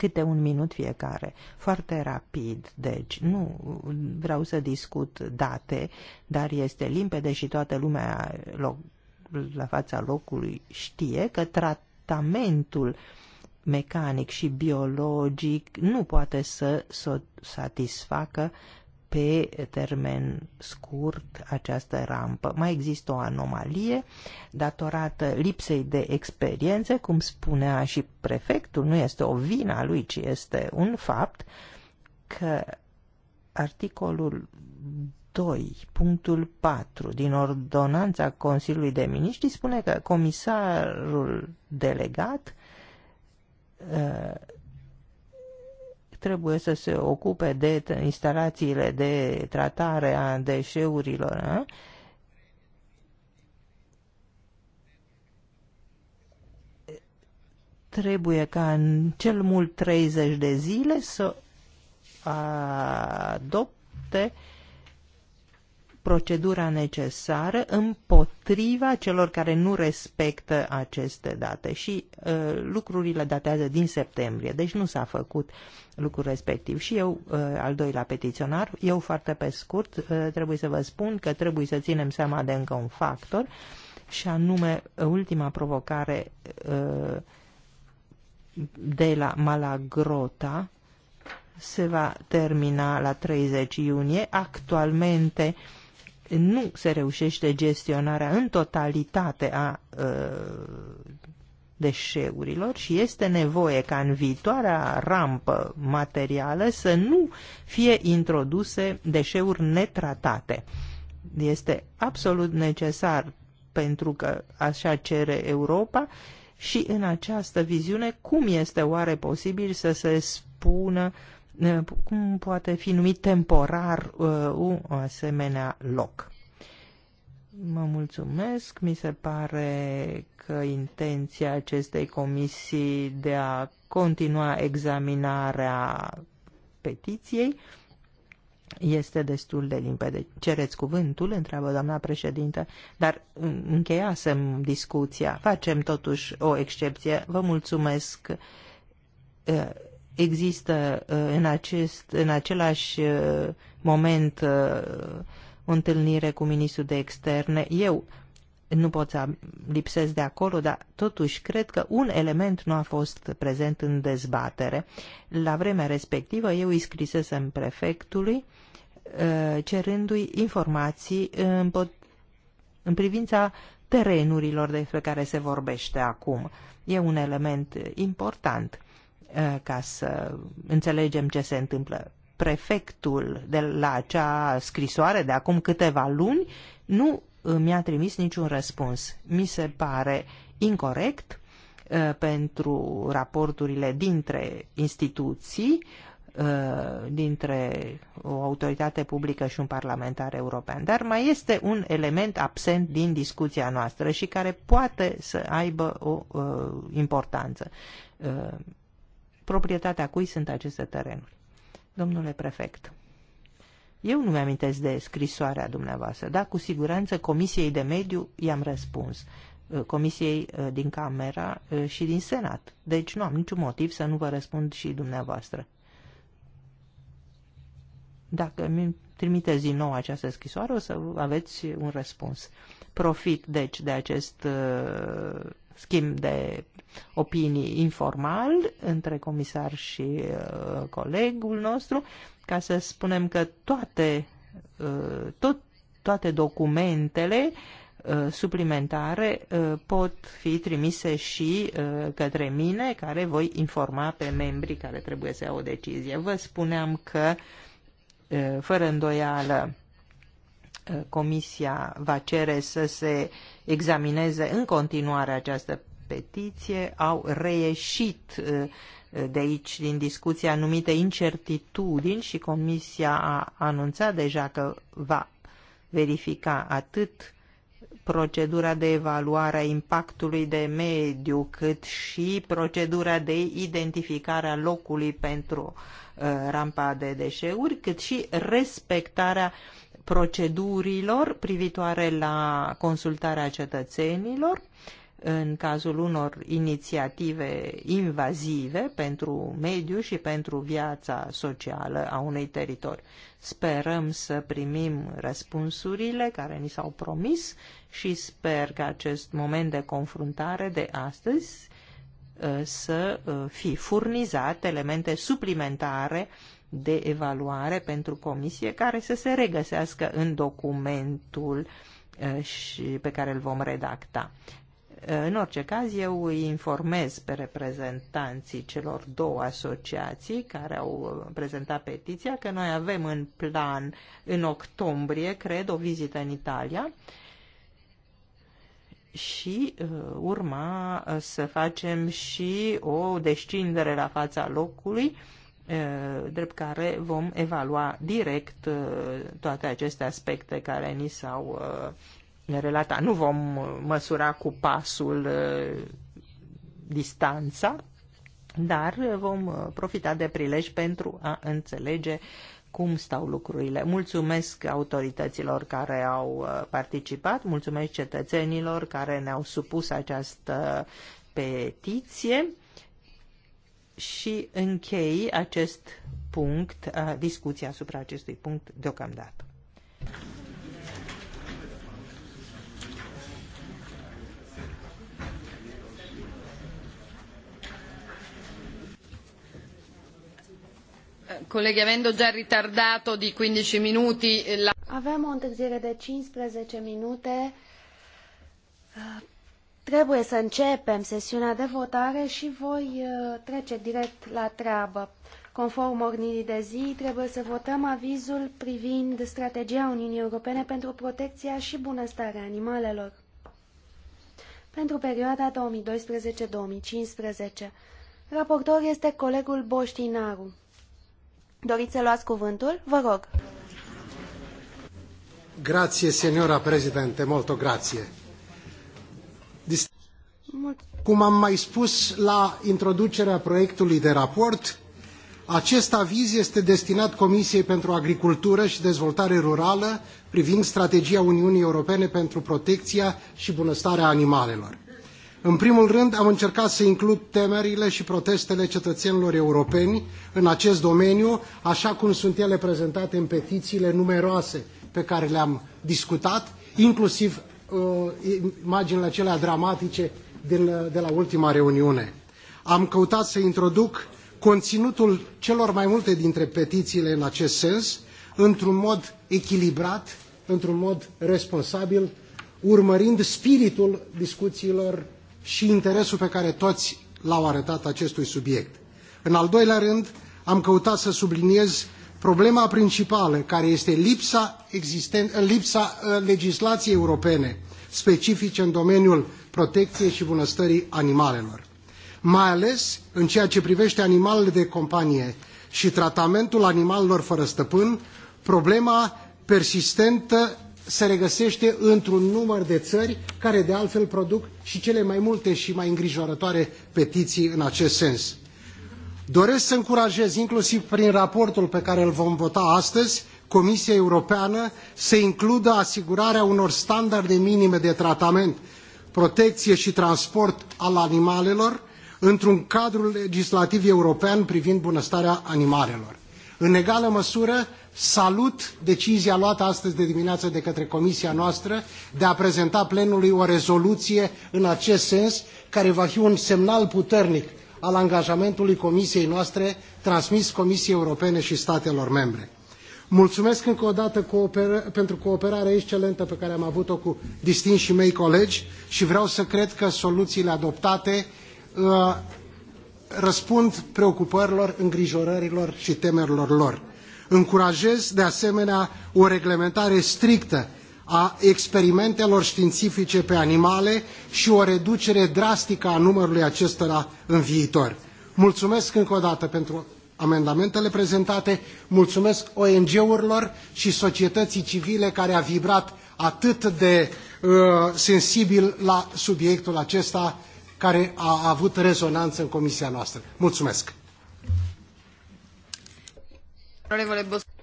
Speaker 2: câte un minut fiecare. Foarte rapid, deci nu vreau să discut date, dar este limpede și toată lumea la fața locului știe că tratamentul mecanic și biologic nu poate să, să satisfacă pe termen scurt această rampă. Mai există o anomalie datorată lipsei de experiențe, cum spunea și prefectul, nu este o vina lui, ci este un fapt că articolul 2, punctul 4 din ordonanța Consiliului de Miniștri spune că comisarul delegat uh, trebuie să se ocupe de instalațiile de tratare a deșeurilor. A? Trebuie ca în cel mult 30 de zile să adopte uh, procedura necesară împotriva celor care nu respectă aceste date și uh, lucrurile datează din septembrie, deci nu s-a făcut lucrul respectiv. Și eu, uh, al doilea petiționar, eu foarte pe scurt uh, trebuie să vă spun că trebuie să ținem seama de încă un factor și anume ultima provocare uh, de la Malagrota, se va termina la 30 iunie. Actualmente nu se reușește gestionarea în totalitate a ă, deșeurilor și este nevoie ca în viitoarea rampă materială să nu fie introduse deșeuri netratate. Este absolut necesar pentru că așa cere Europa și în această viziune cum este oare posibil să se spună uh, cum poate fi numit temporar uh, un asemenea loc. Mă mulțumesc, mi se pare că intenția acestei comisii de a continua examinarea petiției este destul de limpede. Cereți cuvântul, întreabă doamna președintă, dar încheiasem discuția. Facem totuși o excepție. Vă mulțumesc uh, există uh, în, acest, în același uh, moment uh, o întâlnire cu ministrul de externe. Eu nu pot să lipsesc de acolo, dar totuși cred că un element nu a fost prezent în dezbatere. La vremea respectivă eu îi scrisesem prefectului cerându-i informații în, în privința terenurilor despre care se vorbește acum. E un element important Eh, ca să înțelegem ce se întâmplă. Prefectul de la acea scrisoare de acum câteva luni nu mi-a trimis niciun răspuns. Mi se pare incorrect eh, pentru raporturile dintre instituții, eh, dintre o autoritate publică și un parlamentar european. Dar mai este un element absent din discuția noastră și care poate să aibă o importanță proprietatea cui sunt aceste terenuri. Domnule prefect, eu nu mi-amintesc de scrisoarea dumneavoastră, dar cu siguranță Comisiei de Mediu i-am răspuns, uh, Comisiei uh, din Camera uh, și din Senat. Deci nu am niciun motiv să nu vă răspund și dumneavoastră. Dacă mi trimiteți din nou această scrisoare, o să aveți un răspuns. Profit, deci, de acest schimb de opinii informal între comisar și uh, colegul nostru, ca să spunem că toate, uh, tot, toate documentele uh, suplimentare pot fi trimise și către mine, care voi informa pe membrii care trebuie să iau o decizie. Vă spuneam că, fără îndoială, Comisia va cere să se examineze în continuare această petiție au reieșit eh, de aici din discuție anumite incertitudini și Comisia a anunțat deja că va verifica atât procedura de evaluare a impactului de mediu, cât și procedura de identificare a locului pentru eh, rampa de deșeuri, cât și respectarea procedurilor privitoare la consultarea cetățenilor în cazul unor inițiative invazive pentru mediu și pentru viața socială a unui teritoriu. Sperăm să primim răspunsurile care ni s-au promis și sper că acest moment de confruntare de astăzi uh, să uh, fi furnizat elemente suplimentare de evaluare pentru comisie care să se regăsească în documentul uh, și pe care îl vom redacta. În orice caz, eu îi informez pe reprezentanții celor două asociații care au uh, prezentat petiția că noi avem în plan în octombrie, cred, o vizită în Italia și uh, urma uh, să facem și o descindere la fața locului uh, drept care vom evalua direct toate aceste aspecte care ni s-au relata. Nu vom uh, măsura cu pasul uh, distanța, dar uh, vom profita de prilej pentru a înțelege cum stau lucrurile. Mulțumesc autorităților care au participat, mulțumesc cetățenilor care ne-au supus această petiție și închei acest punct, discuția asupra acestui punct deocamdată.
Speaker 1: colleghi, avendo già ritardato di
Speaker 3: 15 minuti eh, la... Avem o întârziere de 15 minute. Eh, trebuie să începem sesiunea de votare și voi eh, trece direct la treabă. Conform ordinii de zi, trebuie să votăm avizul privind strategia Uniunii Europene pentru protecția și bunăstarea animalelor pentru perioada 2012-2015. Raportor este colegul Boștinaru. Doriți să luați cuvântul? Vă rog.
Speaker 5: Grazie, signora Presidente, molto grazie. Dist Cum am mai spus la introducerea proiectului de raport, acest aviz este destinat Comisiei pentru Agricultură și Dezvoltare Rurală privind strategia Uniunii Europene pentru protecția și bunăstarea animalelor. În primul rând, am încercat să includ temerile și protestele cetățenilor europeni în acest domeniu, așa cum sunt ele prezentate în petițiile numeroase pe care le-am discutat, inclusiv uh, imaginile acelea dramatice din, de la ultima reuniune. Am căutat să introduc conținutul celor mai multe dintre petițiile în acest sens, într-un mod echilibrat, într-un mod responsabil, urmărind spiritul discuțiilor și interesul pe care toți l-au arătat acestui subiect. În al doilea rând, am căutat să subliniez problema principală, care este lipsa, existen- lipsa uh, legislației europene specifice în domeniul protecției și bunăstării animalelor, mai ales în ceea ce privește animalele de companie și tratamentul animalelor fără stăpân, problema persistentă se regăsește într-un număr de țări care de altfel produc și cele mai multe și mai îngrijorătoare petiții în acest sens. Doresc să încurajez, inclusiv prin raportul pe care îl vom vota astăzi, Comisia Europeană să includă asigurarea unor standarde minime de tratament, protecție și transport al animalelor într-un cadru legislativ european privind bunăstarea animalelor. În egală măsură, Salut decizia luată astăzi de dimineață de către comisia noastră de a prezenta plenului o rezoluție în acest sens, care va fi un semnal puternic al angajamentului comisiei noastre transmis Comisiei Europene și statelor membre. Mulțumesc încă o dată cooper pentru cooperarea excelentă pe care am avut-o cu distinșii mei colegi și vreau să cred că soluțiile adoptate uh, răspund preocupărilor, îngrijorărilor și temerilor lor. Încurajez, de asemenea, o reglementare strictă a experimentelor științifice pe animale și o reducere drastică a numărului acestora în viitor. Mulțumesc încă o dată pentru amendamentele prezentate, mulțumesc ONG-urilor și societății civile care a vibrat atât de uh, sensibil la subiectul acesta care a avut rezonanță în comisia noastră. Mulțumesc!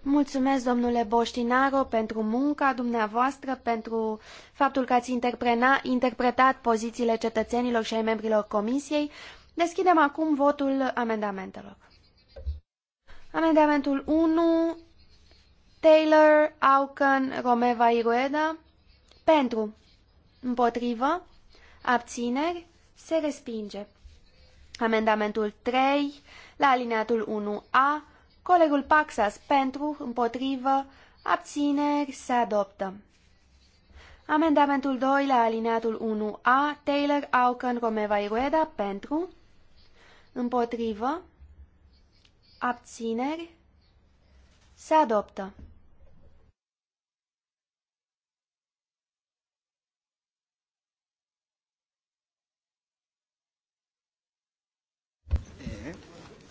Speaker 3: Mulțumesc, domnule Boștinaru, pentru munca dumneavoastră, pentru faptul că ați interpretat pozițiile cetățenilor și ai membrilor comisiei. Deschidem acum votul amendamentelor. Amendamentul 1, Taylor, Aucan, Romeva, Irueda, pentru, împotrivă, abțineri, se respinge. Amendamentul 3, la alineatul 1A, Colegul Paxas pentru, împotrivă, abțineri se adoptă. Amendamentul 2 la alineatul 1A, Taylor, Aucan, Romeva, Irueda, pentru, împotrivă, abțineri, se adoptă.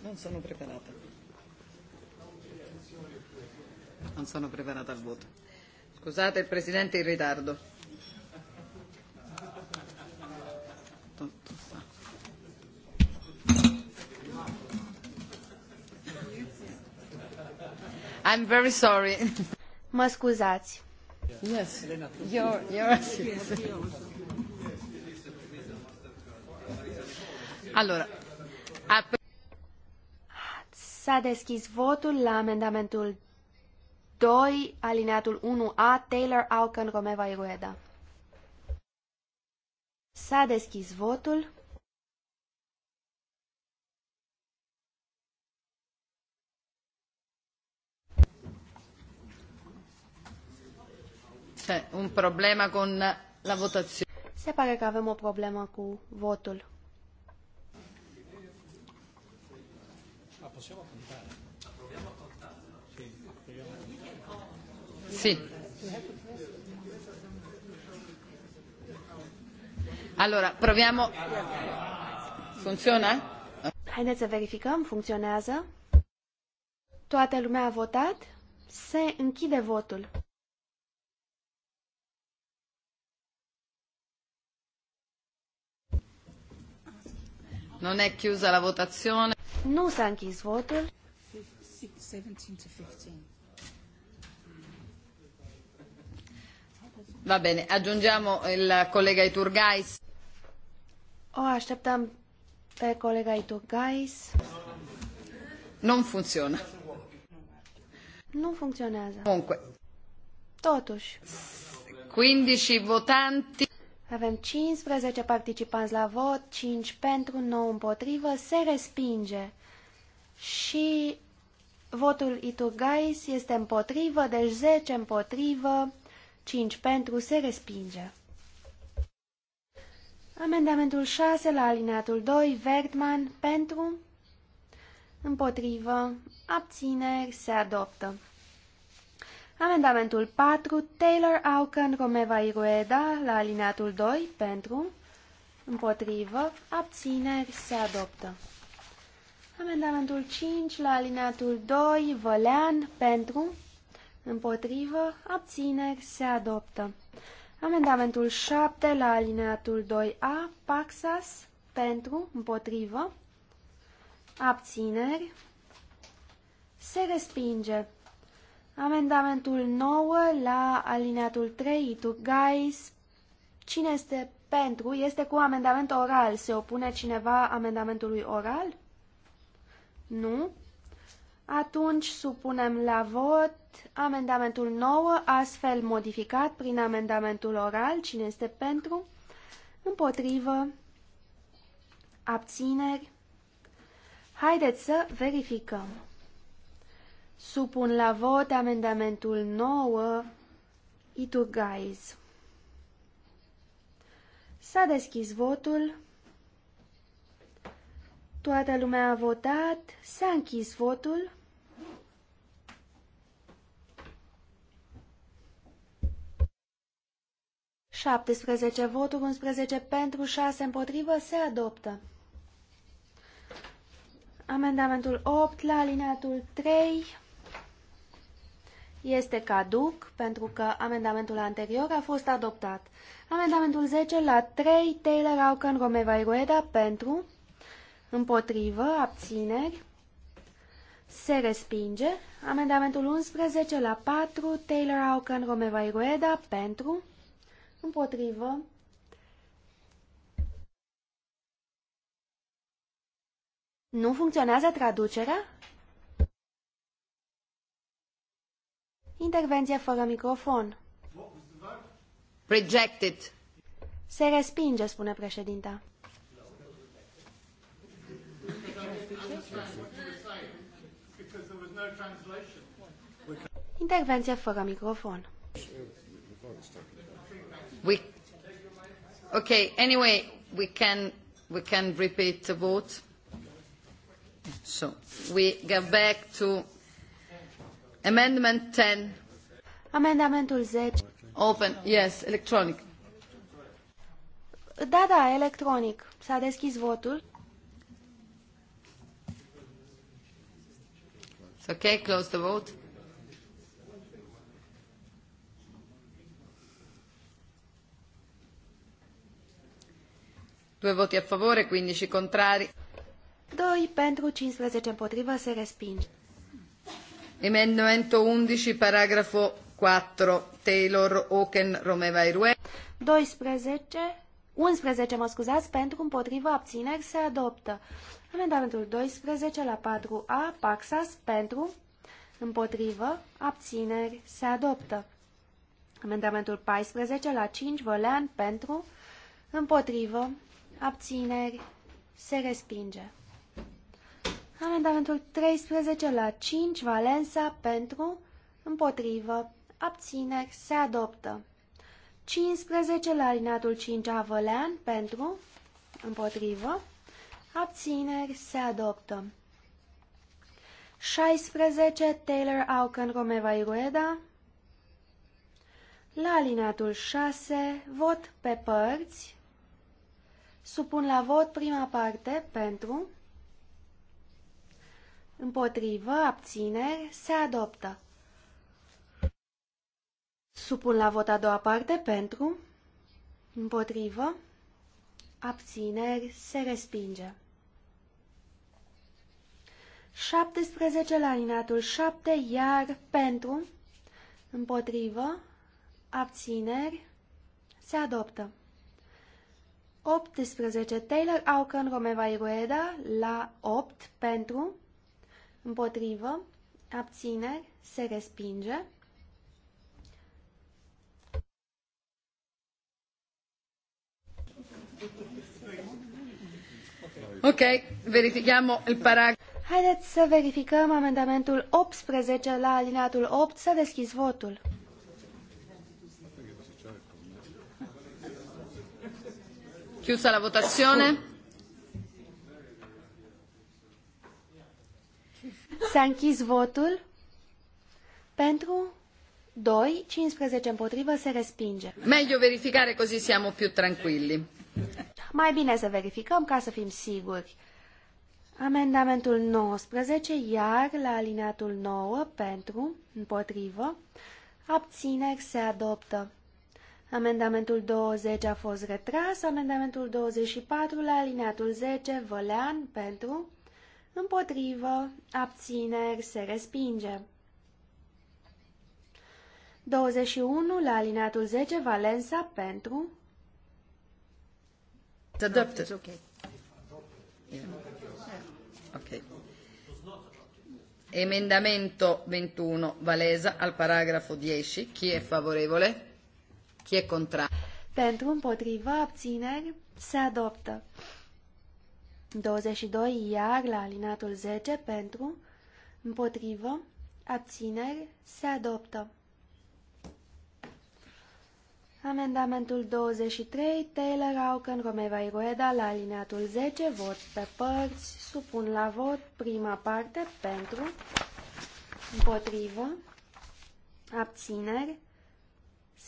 Speaker 1: Non sono preparata. non sono preparata al voto. Scusate il Presidente in ritardo. I'm very sorry.
Speaker 3: Mă scuzați. Yes. You're,
Speaker 6: you're... Allora,
Speaker 3: S-a deschis votul la amendamentul 2, alineatul 1A, Taylor Auken Romeva Irueda. S-a deschis votul.
Speaker 1: un problema con la votazione.
Speaker 3: Se pare că avem o problemă cu votul.
Speaker 5: Ah, possiamo Sì.
Speaker 1: Allora, proviamo. Funziona?
Speaker 3: Haideți să verificăm, funcționează. Toată lumea a votat? Se închide votul.
Speaker 1: Non è chiusa la votazione. Nu s-a închis votul. 17 to 15. Va bene, aggiungiamo il collega
Speaker 3: Iturgais. O așteptăm pe colega Iturgais.
Speaker 1: Non funziona.
Speaker 3: Nu funcționează. Comunque. Totuși. 15 votanti. Avem 15 participanți la vot, 5 pentru, 9 împotrivă, se respinge. Și votul Iturgais este împotrivă, deci 10 împotrivă. 5 pentru se respinge. Amendamentul 6 la alineatul 2, Verdman, pentru, împotrivă, abțineri, se adoptă. Amendamentul 4, Taylor Auken Romeva Irueda, la alineatul 2, pentru, împotrivă, abțineri, se adoptă. Amendamentul 5, la alineatul 2, Vălean, pentru, Împotrivă, abțineri, se adoptă. Amendamentul 7 la alineatul 2A, Paxas, pentru, împotrivă, abțineri, se respinge. Amendamentul 9 la alineatul 3, Iturgais, cine este pentru, este cu amendament oral. Se opune cineva amendamentului oral? Nu? Atunci supunem la vot amendamentul 9, astfel modificat prin amendamentul oral. Cine este pentru? Împotrivă? Abțineri? Haideți să verificăm. Supun la vot amendamentul 9, Iturgaiz. S-a deschis votul. Toată lumea a votat. S-a închis votul. 17 voturi, 11 pentru, 6 împotrivă, se adoptă. Amendamentul 8 la alineatul 3 este caduc pentru că amendamentul anterior a fost adoptat. Amendamentul 10 la 3, Taylor Aucan Romeva Irueda pentru, împotrivă, abțineri, se respinge. Amendamentul 11 la 4, Taylor Aucan Romeva Irueda pentru, Împotrivă. Nu funcționează traducerea? Intervenție fără microfon.
Speaker 1: Rejected.
Speaker 3: Se respinge, spune președinta. Intervenție fără microfon.
Speaker 6: We,
Speaker 5: okay,
Speaker 1: anyway, we can, we can repeat the vote. So, we go back to amendment 10.
Speaker 3: Amendamentul 10. Open, yes, electronic. Da, da, electronic. S-a deschis votul. It's okay, close the vote.
Speaker 1: Due voti a favore, 15 contrari. 2 pentru, 15 împotrivă, se respinge. Emendamento 11, paragrafo
Speaker 3: 4, Taylor, Oken, Romeva e Rueda. 12, 11, mă scuzați, pentru, împotrivă, abțineri, se adoptă. Amendamentul 12 la 4A, Paxas, pentru, împotrivă, abțineri, se adoptă. Amendamentul 14 la 5, Vălean, pentru, împotrivă, abțineri, se respinge. Amendamentul 13 la 5, Valența, pentru, împotrivă, abțineri, se adoptă. 15 la alineatul 5, Avălean, pentru, împotrivă, abțineri, se adoptă. 16, Taylor Aucan Romeva Irueda, la alineatul 6, vot pe părți, Supun la vot prima parte pentru, împotrivă, abțineri, se adoptă. Supun la vot a doua parte pentru, împotrivă, abțineri, se respinge. 17 la linatul 7, iar pentru, împotrivă, abțineri, se adoptă. 18. Taylor Aucan Romeva Irueda la 8 pentru, împotrivă, abțineri, se respinge.
Speaker 5: Ok,
Speaker 1: verifichiamo il paragrafo.
Speaker 3: Haideți să verificăm amendamentul 18 la alineatul 8. să a deschis votul.
Speaker 5: Chiusa la votazione.
Speaker 3: S-a închis votul. Pentru 2, 15 împotrivă se respinge. Meglio
Speaker 1: verificare così siamo più tranquilli.
Speaker 3: Mai bine să verificăm ca să fim siguri. Amendamentul 19, iar la alineatul 9, pentru, împotrivă, abțineri se adoptă. Amendamentul 20 a fost retras. Amendamentul 24 la alineatul 10, Vălean, pentru. Împotrivă, abțineri, se respinge. 21 la alineatul 10, Valensa, pentru.
Speaker 1: It's adopted. No, okay. Yeah. Okay. Emendamento 21, Valesa, al paragrafo 10. Chi è favorevole? Chi e contra?
Speaker 3: Pentru împotriva abțineri se adoptă. 22 iar la alinatul 10 pentru împotrivă abțineri se adoptă. Amendamentul 23, Taylor Auken, Romeva Irueda, la alineatul 10, vot pe părți, supun la vot prima parte pentru, împotrivă, abțineri,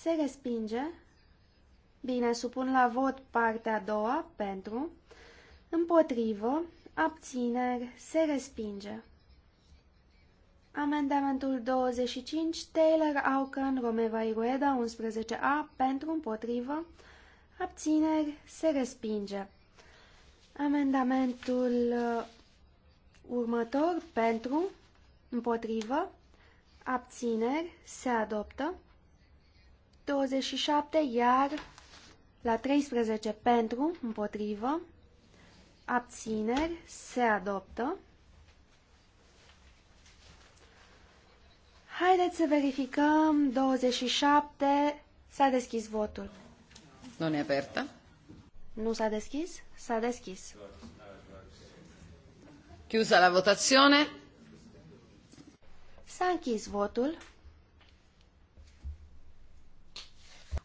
Speaker 3: se respinge. Bine, supun la vot partea a doua, pentru. Împotrivă, abțineri, se respinge. Amendamentul 25, Taylor, Aucan, Romeva Irueda, 11A, pentru, împotrivă, abțineri, se respinge. Amendamentul uh, următor, pentru, împotrivă, abțineri, se adoptă. 27, iar la 13 pentru, împotrivă, abțineri, se adoptă. Haideți să verificăm 27, s-a deschis votul.
Speaker 1: Nu ne apertă.
Speaker 3: Nu s-a deschis? S-a deschis. Chiusa la votazione. S-a închis votul.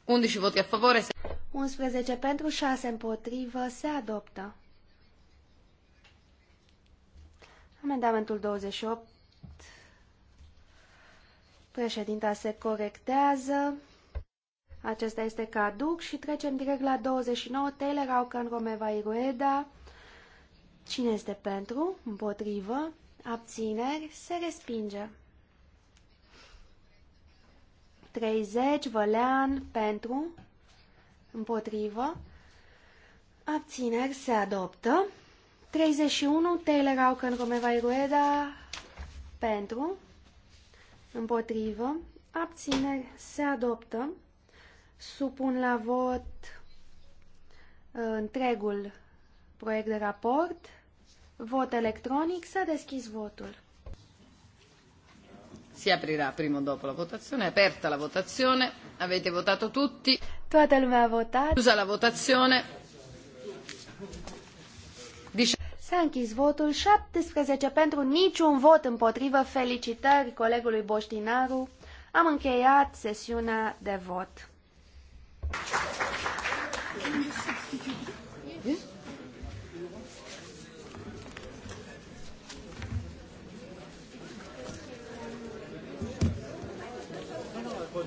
Speaker 1: 11 voti a favore.
Speaker 3: 11 pentru, 6 împotrivă, se adoptă. Amendamentul 28. Președinta se corectează. Acesta este caduc și trecem direct la 29. Taylor Aucan Romeva Irueda. Cine este pentru? Împotrivă? Abțineri? Se respinge. 30, Vălean, pentru, împotrivă, abțineri, se adoptă. 31, Taylor în Romeva Irueda, pentru, împotrivă, abțineri, se adoptă. Supun la vot uh, întregul proiect de raport. Vot electronic, s-a deschis votul.
Speaker 1: Si aprirà prima o dopo la votazione. È aperta la votazione. Avete votato tutti.
Speaker 3: Toată lumea a votat.
Speaker 1: Chiusa la votazione.
Speaker 3: Dice... S-a închis votul 17 pentru niciun vot împotrivă. Felicitări colegului Boștinaru. Am încheiat sesiunea de vot.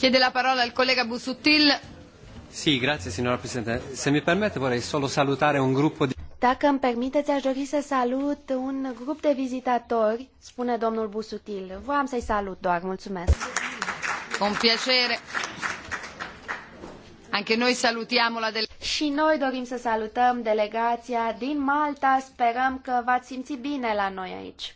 Speaker 3: Chiede la parola il collega Busuttil.
Speaker 5: Sì, grazie signora Presidente. Se mi permette vorrei solo salutare un gruppo di...
Speaker 3: Dacă îmi permiteți, aș dori să salut un grup de vizitatori, spune domnul Busutil. Voiam să-i salut doar, mulțumesc. Con piacere. Anche noi salutiamo la dele- Și noi dorim să salutăm delegația din Malta. Sperăm că v-ați simțit bine la noi aici.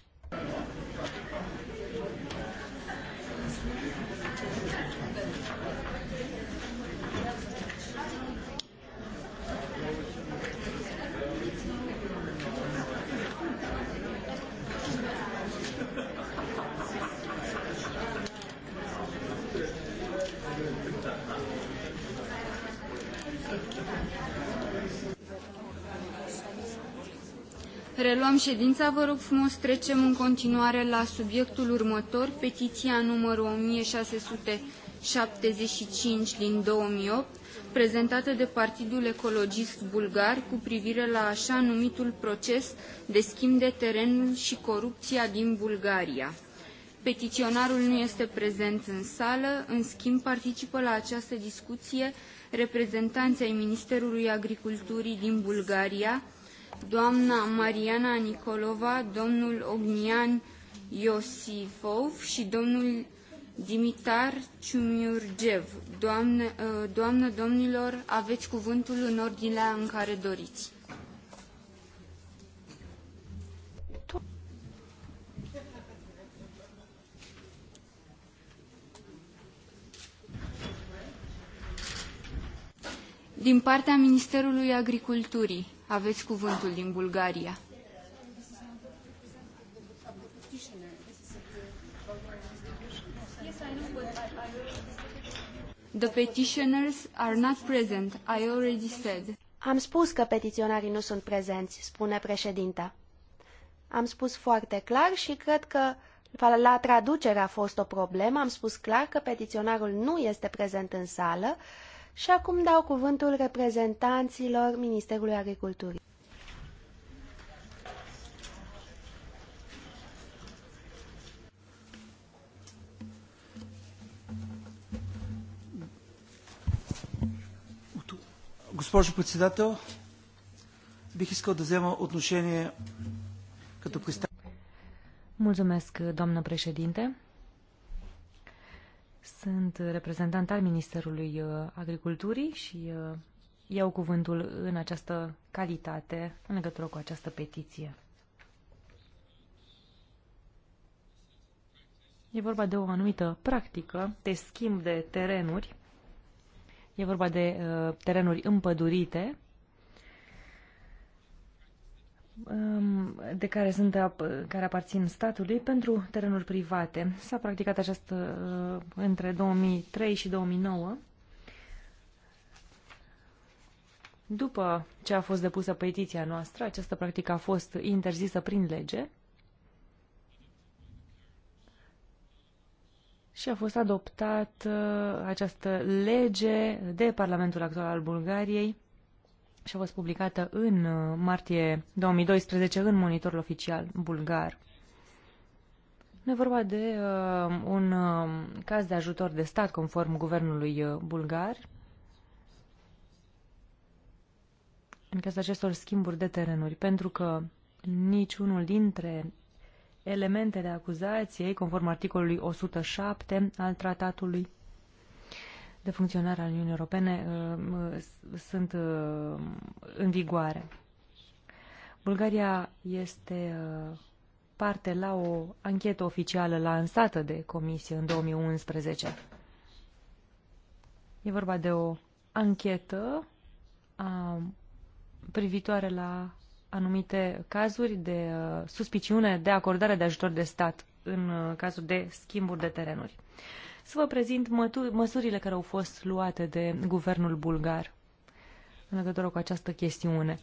Speaker 6: Reluăm ședința. Vă rog frumos, trecem în continuare la subiectul următor, petiția numărul 1675 din 2008, prezentată de Partidul Ecologist Bulgar cu privire la așa numitul proces de schimb de terenul și corupția din Bulgaria. Petiționarul nu este prezent în sală, în schimb participă la această discuție reprezentanții ai Ministerului Agriculturii din Bulgaria, doamna Mariana Nicolova, domnul Ognian Iosifov și domnul Dimitar Ciumiurgev. Doamne, ă, doamnă, domnilor, aveți cuvântul în ordinea în care doriți. Din partea Ministerului Agriculturii. Aveți cuvântul din Bulgaria.
Speaker 3: The petitioners are not present, I already said. Am spus că petiționarii nu sunt prezenți, spune președinta. Am spus foarte clar și cred că la traducere a fost o problemă. Am spus clar că petiționarul nu este prezent în sală și acum dau cuvântul reprezentanților Ministerului Agriculturii.
Speaker 5: Госпожо председател, бих искал да взема отношение като представител.
Speaker 4: Mulțumesc, doamnă președinte. Sunt reprezentant al Ministerului uh, Agriculturii și uh, iau cuvântul în această calitate în legătură cu această petiție. E vorba de o anumită practică de schimb de terenuri. E vorba de uh, terenuri împădurite Um, de care, sunt, care aparțin statului pentru terenuri private. S-a practicat această uh, între 2003 și 2009. După ce a fost depusă petiția noastră, această practică a fost interzisă prin lege și a fost adoptată această lege de Parlamentul actual al Bulgariei și a fost publicată în uh, martie 2012 în monitorul oficial bulgar. Nu e vorba de uh, un uh, caz de ajutor de stat conform guvernului uh, bulgar. În cazul acestor schimburi de terenuri, pentru că niciunul dintre elementele acuzației, conform articolului 107 al tratatului de funcționare al Uniunii Europene uh, sunt uh, în vigoare. Bulgaria este uh, parte la o anchetă oficială lansată de Comisie în 2011. E vorba de o anchetă a, privitoare la anumite cazuri de suspiciune de acordare de ajutor de stat în cazul de schimburi de terenuri. Uh, să vă prezint măsurile care au fost luate de guvernul bulgar în legătură cu această chestiune.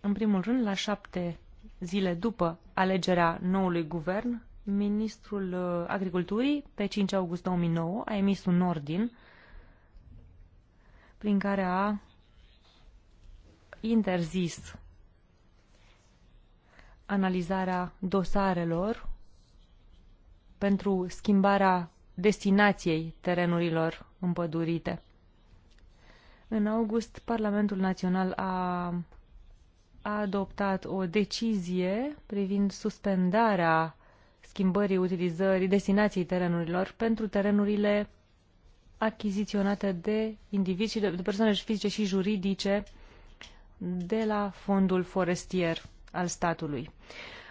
Speaker 4: În primul rând, la șapte zile după alegerea noului guvern, ministrul uh, agriculturii, pe 5 august 2009, a emis un ordin prin care a interzis analizarea dosarelor pentru schimbarea destinației terenurilor împădurite. În august, Parlamentul Național a, a adoptat o decizie privind suspendarea schimbării utilizării destinației terenurilor pentru terenurile achiziționate de indivizi de, de persoane fizice și juridice de la fondul forestier al statului.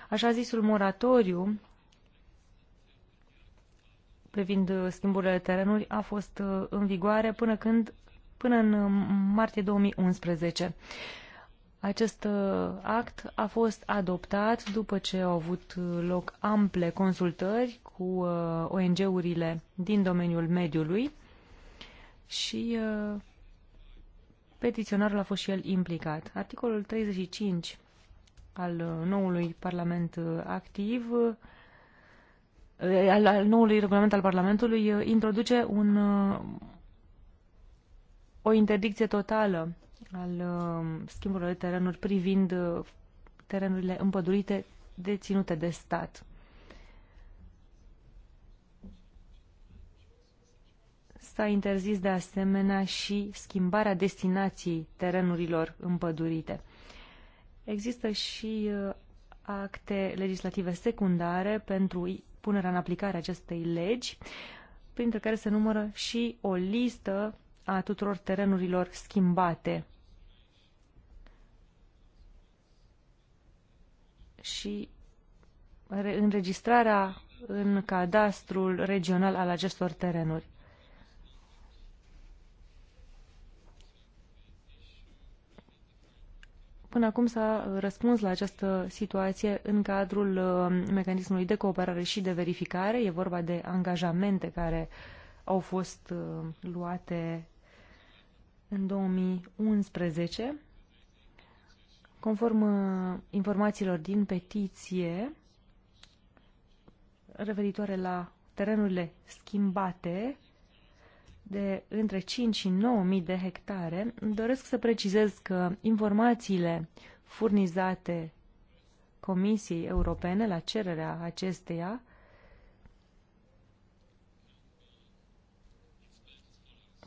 Speaker 4: Așa zisul moratoriu privind uh, schimburile terenuri a fost uh, în vigoare până când până în uh, martie 2011. Acest act a fost adoptat după ce au avut loc ample consultări cu ONG-urile din domeniul mediului și petiționarul a fost și el implicat. Articolul 35 al noului Parlament activ Eh, al, al noului regulament al Parlamentului eh, introduce un, eh, o interdicție totală al schimburilor de terenuri privind terenurile împădurite deținute de stat. S-a interzis de asemenea și schimbarea destinației terenurilor împădurite. Există și acte legislative secundare pentru punerea în aplicare acestei legi, printre care se numără și o listă a tuturor terenurilor schimbate și înregistrarea în cadastrul regional al acestor terenuri. Până acum s-a răspuns la această situație în cadrul uh, mecanismului de cooperare și de verificare. E vorba de angajamente care au fost uh, luate în 2011. Conform uh, informațiilor din petiție referitoare la terenurile schimbate, de între 5 și 9.000 de hectare, doresc să precizez că informațiile furnizate Comisiei Europene la cererea acesteia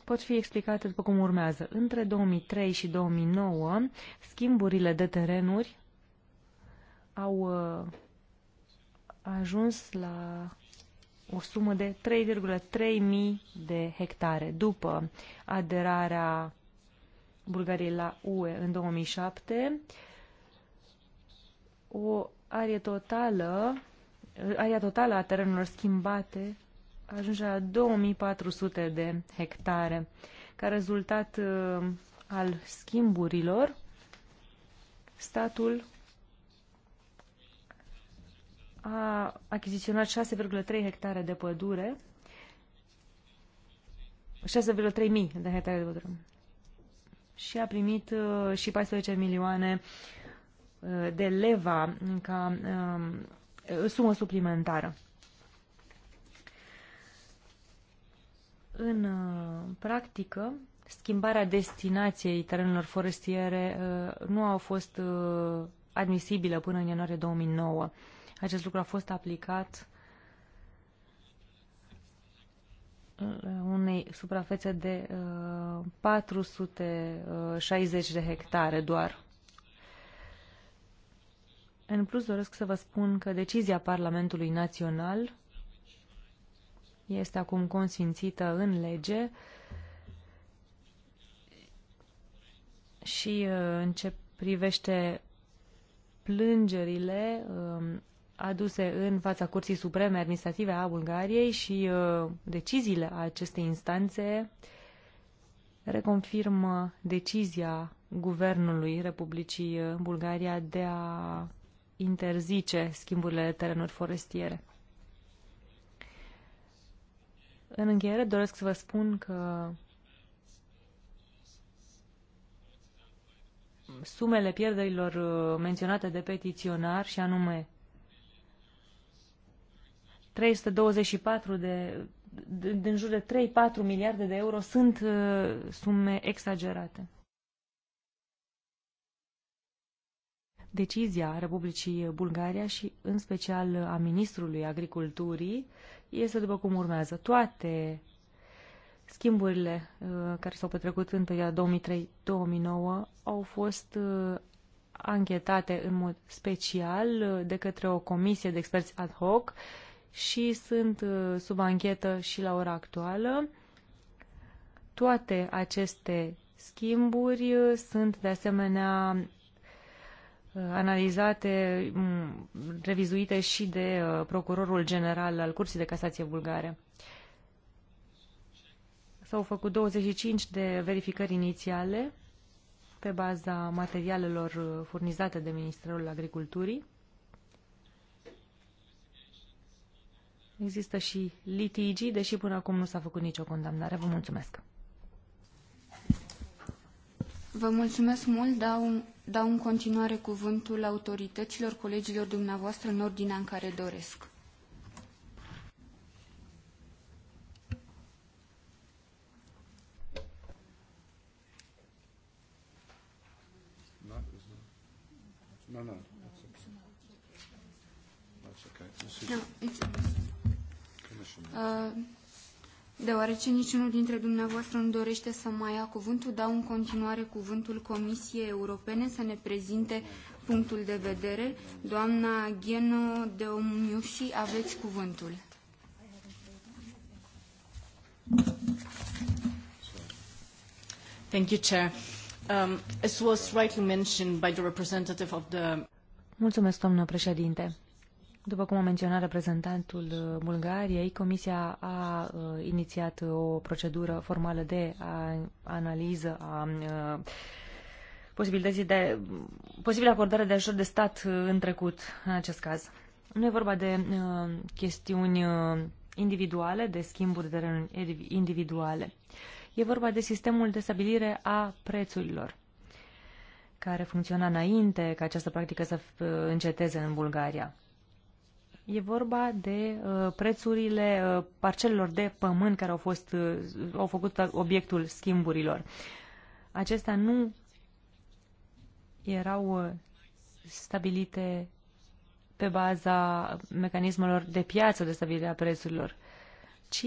Speaker 4: pot fi explicate după cum urmează. Între 2003 și 2009, schimburile de terenuri au uh, ajuns la o sumă de 3,3 mii de hectare. După aderarea Bulgariei la UE în 2007, o arie totală, aria totală a terenurilor schimbate ajunge la 2400 de hectare. Ca rezultat uh, al schimburilor, statul a achiziționat 6,3 hectare de pădure, 6,3 mii de hectare de pădure și a primit uh, și 14 milioane uh, de leva ca uh, sumă suplimentară. În uh, practică, schimbarea destinației terenurilor forestiere uh, nu a fost uh, admisibilă până în ianuarie 2009. Acest lucru a fost aplicat uh, unei suprafețe de uh, 460 uh, de hectare doar. În plus, doresc să vă spun că decizia Parlamentului Național este acum consfințită în lege și uh, în ce privește plângerile, uh, aduse în fața Curții Supreme Administrative a Bulgariei și uh, deciziile acestei instanțe reconfirmă decizia Guvernului Republicii uh, Bulgaria de a interzice schimburile de terenuri forestiere. În încheiere doresc să vă spun că sumele pierderilor uh, menționate de petiționar, și anume 324 de, din jur de 3-4 miliarde de euro sunt uh, sume exagerate. Decizia Republicii Bulgaria și în special a Ministrului Agriculturii este după cum urmează. Toate schimburile uh, care s-au petrecut în perioada 2003-2009 au fost uh, anchetate în mod special uh, de către o comisie de experți ad hoc uh, și sunt uh, sub anchetă și la ora actuală. Toate aceste schimburi uh, sunt de asemenea uh, analizate, mm, revizuite și de Procurorul General al Curții de Casație Bulgare. S-au făcut 25 de verificări inițiale pe baza materialelor furnizate de Ministerul Agriculturii. Există și litigii, deși până acum nu s-a făcut nicio condamnare. Vă mulțumesc.
Speaker 6: Vă mulțumesc mult. Dau, dau în continuare cuvântul autorităților, colegilor dumneavoastră, în ordinea în care doresc.
Speaker 5: No, no. That's okay. No,
Speaker 6: it's... Uh, deoarece niciunul dintre dumneavoastră nu dorește să mai ia cuvântul, dau în continuare cuvântul Comisiei Europene să ne prezinte punctul de vedere. Doamna Gheno de Omumiuși, aveți cuvântul.
Speaker 4: Thank you, Chair. Um, as was rightly mentioned by the representative of the... Mulțumesc, doamnă președinte. După cum a menționat reprezentantul uh, Bulgariei, Comisia a uh, inițiat uh, o procedură formală de analiză a posibilității de posibilă acordare de ajutor de stat în trecut, în acest caz. Nu e vorba de chestiuni individuale, de schimburi de terenuri individuale. E vorba de sistemul de stabilire a prețurilor care funcționa înainte ca această practică să înceteze în Bulgaria. E vorba de uh, prețurile uh, parcelelor de pământ care au, fost, uh, au făcut obiectul schimburilor. Acestea nu erau uh, stabilite pe baza mecanismelor de piață de stabilire a prețurilor, ci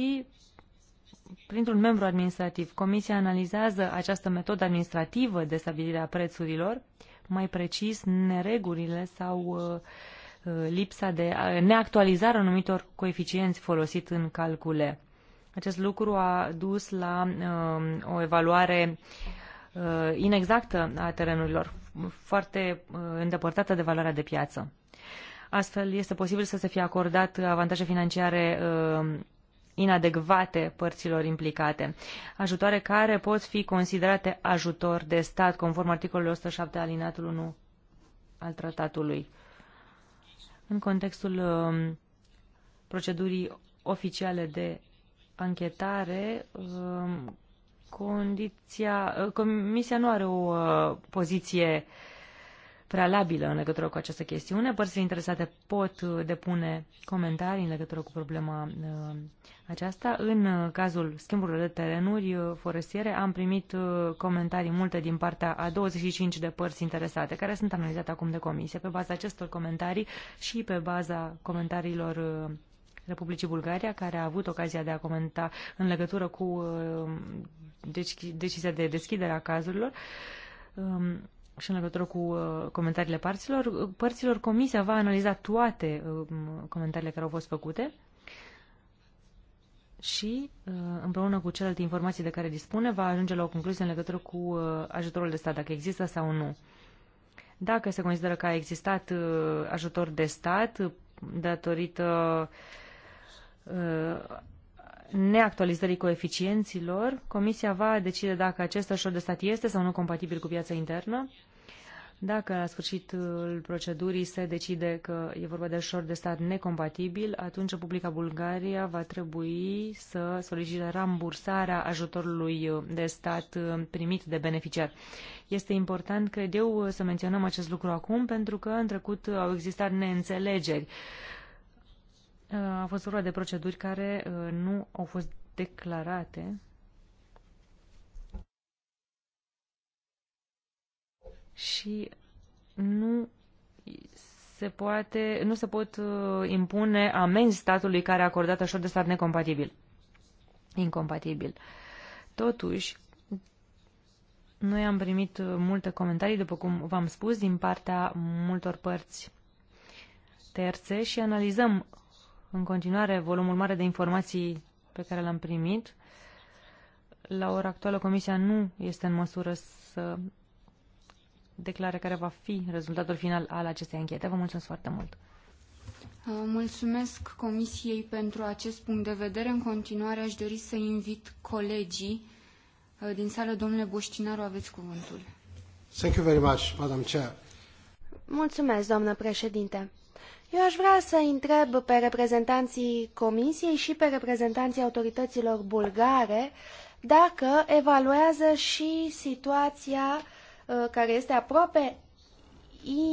Speaker 4: printr-un membru administrativ. Comisia analizează această metodă administrativă de stabilire a prețurilor, mai precis neregurile sau uh, Uh, lipsa de uh, neactualizare anumitor coeficienți folosit în calcule. Acest lucru a dus la uh, o evaluare inexactă a terenurilor, foarte îndepărtată de valoarea de piață. Astfel, este posibil să se fie acordat avantaje financiare inadecvate părților implicate, ajutoare care pot fi considerate ajutor de stat, conform articolului 107 alinatul 1 al tratatului în contextul um, procedurii oficiale de anchetare, um, condiția, uh, Comisia nu are o uh, poziție uh, prealabilă în legătură cu această chestiune. Părțile interesate pot uh, depune comentarii în legătură cu problema uh, aceasta. În uh, cazul schimburilor de terenuri forestiere am primit comentarii multe din partea a 25 de părți interesate, care sunt analizate acum de comisie. Pe baza acestor comentarii și pe baza comentariilor Republicii Bulgaria, care a avut ocazia de a comenta în legătură cu deci, decizia de deschidere a cazurilor, um, și în legătură cu uh, comentariile părților, uh, părților, comisia va analiza toate uh, comentariile care au fost făcute și, împreună cu celelalte informații de care dispune, va ajunge la o concluzie în legătură cu ajutorul de stat, dacă există sau nu. Dacă se consideră că a existat ajutor de stat datorită neactualizării coeficienților, Comisia va decide dacă acest ajutor de stat este sau nu compatibil cu piața internă. Dacă la sfârșitul procedurii se decide că e vorba de ajutor de stat necompatibil, atunci Republica Bulgaria va trebui să solicite rambursarea ajutorului de stat primit de beneficiar. Este important, cred eu, să menționăm acest lucru acum, pentru că în trecut au existat neînțelegeri a fost vorba de proceduri care uh, nu au fost declarate și nu se poate, nu se pot uh, impune amenzi statului care a acordat așa de stat necompatibil. Incompatibil. Totuși, noi am primit uh, multe comentarii, după cum v-am spus, din partea multor părți terțe și analizăm în continuare volumul mare de informații pe care l-am primit. La ora actuală, Comisia nu este în măsură să declare care va fi rezultatul final al acestei anchete. Vă mulțumesc foarte mult!
Speaker 6: Mulțumesc Comisiei pentru acest punct de vedere. În continuare aș dori să invit colegii
Speaker 3: uh, din sală. Domnule Boștinaru, aveți cuvântul.
Speaker 5: Thank you very much, Madam Chair.
Speaker 3: Mulțumesc, doamnă președinte. Eu aș vrea să întreb pe reprezentanții Comisiei și pe reprezentanții autorităților bulgare dacă evaluează și situația uh, care este aproape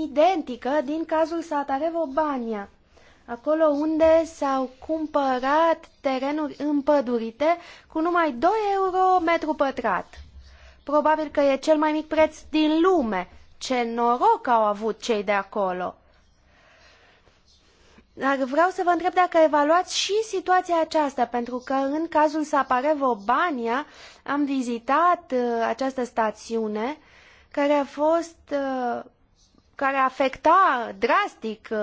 Speaker 3: identică din cazul Satarevo Bania, acolo unde s-au cumpărat terenuri împădurite cu numai 2 euro metru pătrat. Probabil că e cel mai mic preț din lume. Ce noroc au avut cei de acolo! Dar vreau să vă întreb dacă evaluați și situația aceasta, pentru că în cazul Saparevo Bania am vizitat uh, această stațiune care a fost uh, care afecta drastic uh,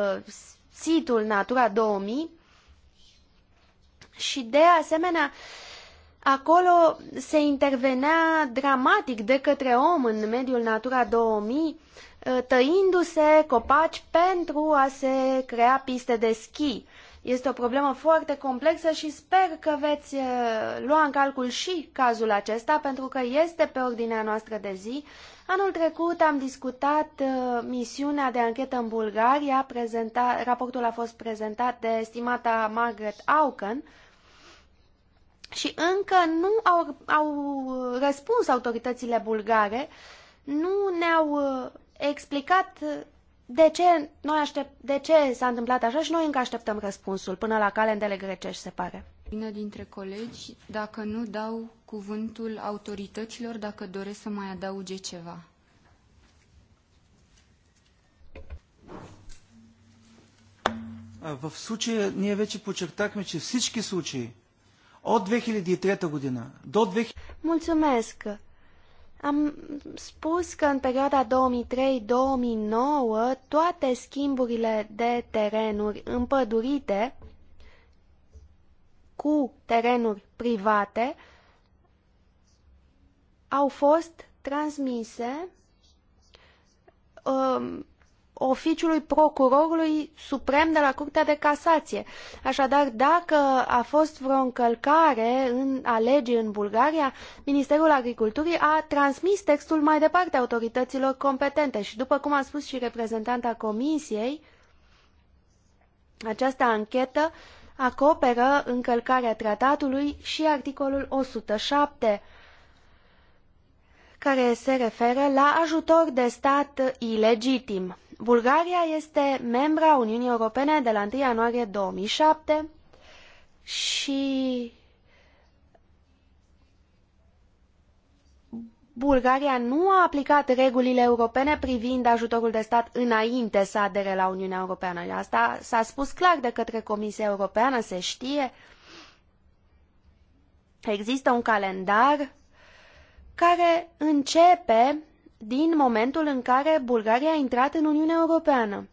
Speaker 3: situl Natura 2000 și de asemenea acolo se intervenea dramatic de către om în mediul Natura 2000 Uh, tăindu-se copaci pentru a se crea piste de schi. Este o problemă foarte complexă și sper că veți uh, lua în calcul și cazul acesta, pentru că este pe ordinea noastră de zi. Anul trecut am discutat uh, misiunea de anchetă în Bulgaria, prezenta, raportul a fost prezentat de estimata Margaret Auken și încă nu au, au răspuns autoritățile bulgare, nu ne-au explicat de ce, noi aștept, de ce s-a întâmplat așa și noi încă așteptăm răspunsul până la calendele grecești, se pare.
Speaker 6: Bine dintre colegi, dacă nu dau cuvântul autorităților, dacă doresc să mai adauge ceva.
Speaker 5: В случая ние вече подчертахме, че всички случаи от 2003 година до 2000...
Speaker 3: Мулцумеск! Am spus că în perioada 2003-2009 toate schimburile de terenuri împădurite cu terenuri private au fost transmise um, oficiului procurorului suprem de la Curtea de Casație. Așadar, dacă a fost vreo încălcare în, a legii în Bulgaria, Ministerul Agriculturii a transmis textul mai departe autorităților competente și, după cum a spus și reprezentanta Comisiei, această anchetă acoperă încălcarea tratatului și articolul 107 care se referă la ajutor de stat ilegitim. Bulgaria este membra Uniunii Europene de la 1 ianuarie 2007 și Bulgaria nu a aplicat regulile europene privind ajutorul de stat înainte să adere la Uniunea Europeană. Asta s-a spus clar de către Comisia Europeană, se știe. Există un calendar care începe din momentul în care Bulgaria a intrat în Uniunea Europeană.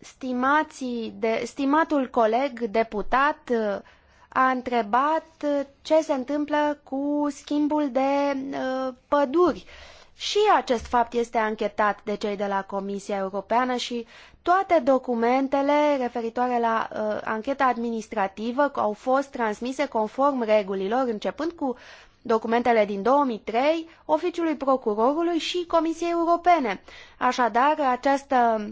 Speaker 3: Stimații de, stimatul coleg deputat uh, a întrebat uh, ce se întâmplă cu schimbul de uh, păduri. Și acest fapt este anchetat de cei de la Comisia Europeană și toate documentele referitoare la uh, ancheta administrativă au fost transmise conform regulilor, începând cu documentele din 2003 Oficiului Procurorului și Comisiei Europene. Așadar, această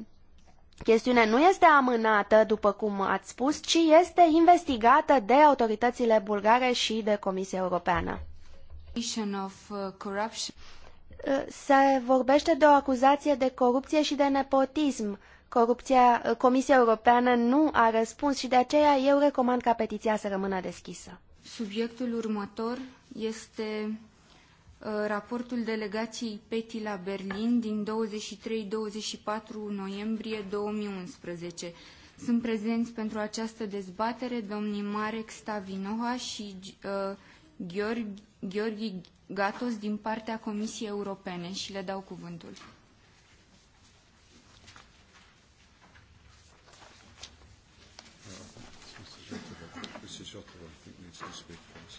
Speaker 3: chestiune nu este amânată, după cum ați spus, ci este investigată de autoritățile bulgare și de Comisia Europeană. Se vorbește de o acuzație de corupție și de nepotism. Corupția, Comisia Europeană nu a răspuns și de aceea eu recomand ca petiția să rămână deschisă.
Speaker 6: Subiectul următor este uh, raportul delegației PETI la Berlin din 23-24 noiembrie 2011. Sunt prezenți pentru această dezbatere domnii Marek Stavinoha și uh, Gheorghi Gatos din partea Comisiei Europene și le dau cuvântul.
Speaker 5: Doamnă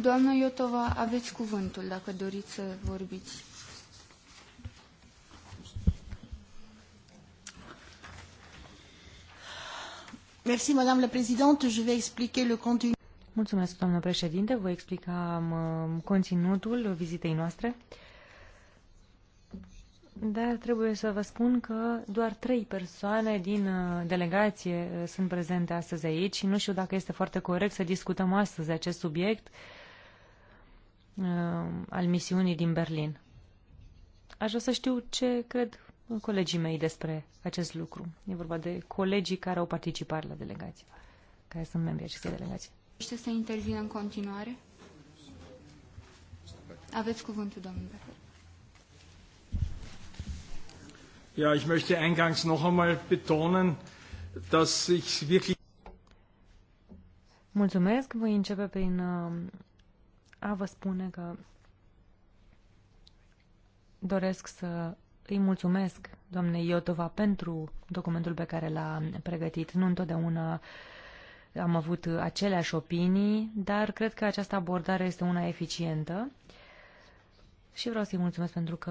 Speaker 5: Doamna
Speaker 6: Iotova, aveți cuvântul dacă doriți să vorbiți.
Speaker 4: Mulțumesc, doamnă președinte. Voi explica conținutul vizitei noastre. Dar trebuie să vă spun că doar trei persoane din uh, delegație uh, sunt prezente astăzi aici și nu știu dacă este foarte corect să discutăm astăzi acest subiect uh, al misiunii din Berlin. Aș vrea să știu ce cred colegii mei despre acest lucru. E vorba de colegii care au participat la delegație, care sunt membrii acestei delegații.Ște
Speaker 6: să intervină în continuare? Aveți cuvântul, domnule Becker.
Speaker 5: Ja, ich möchte eingangs noch einmal betonen, dass ich wirklich
Speaker 4: Mulțumesc, voi începe prin um, a vă spune că doresc să îi mulțumesc, doamne Iotova, pentru documentul pe care l-a pregătit. Nu întotdeauna am avut aceleași opinii, dar cred că această abordare este una eficientă și vreau să-i mulțumesc pentru că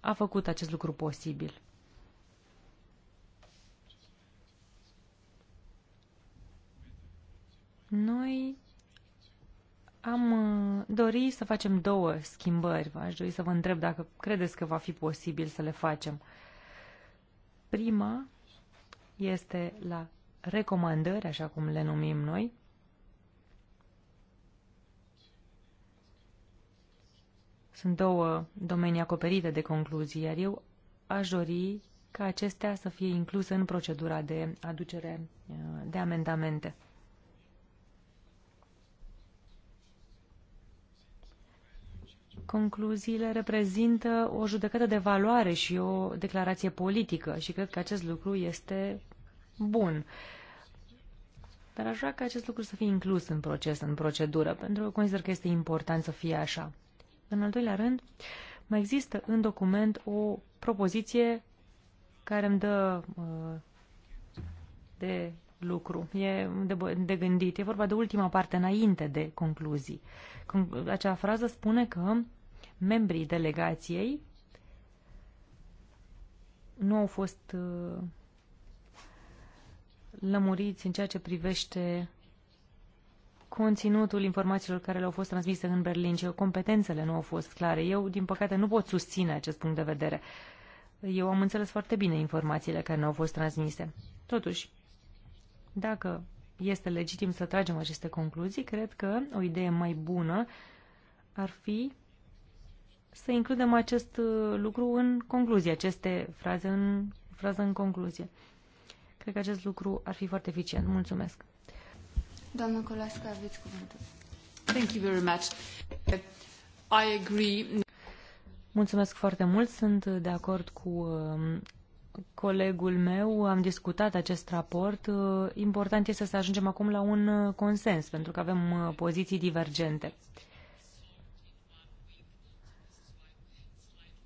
Speaker 4: a făcut acest lucru posibil. Noi am uh, dori să facem două schimbări. Aș dori să vă întreb dacă credeți că va fi posibil să le facem. Prima este la recomandări, așa cum le numim noi. Sunt două domenii acoperite de concluzii, iar eu aș dori ca acestea să fie incluse în procedura de aducere uh, de amendamente. Concluziile reprezintă o judecată de valoare și o declarație politică și cred că acest lucru este bun. Dar aș vrea ca acest lucru să fie inclus în proces, în procedură, pentru că consider că este important să fie așa. În al doilea rând, mai există în document o propoziție care îmi dă uh, de lucru, e de, de gândit. E vorba de ultima parte înainte de concluzii. Acea frază spune că membrii delegației nu au fost uh, lămuriți în ceea ce privește conținutul informațiilor care le-au fost transmise în Berlin și competențele nu au fost clare. Eu, din păcate, nu pot susține acest punct de vedere. Eu am înțeles foarte bine informațiile care ne-au fost transmise. Totuși, dacă este legitim să tragem aceste concluzii, cred că o idee mai bună ar fi să includem acest uh, lucru în concluzie, aceste fraze în, frază în concluzie. Cred că acest lucru ar fi foarte eficient. Mulțumesc.
Speaker 6: Doamna Colasca, aveți cuvântul.
Speaker 4: Thank you very much. I agree. Mulțumesc foarte mult. Sunt de acord cu um, colegul meu. Am discutat acest raport. Uh, important este să ajungem acum la un uh, consens, pentru că avem poziții divergente.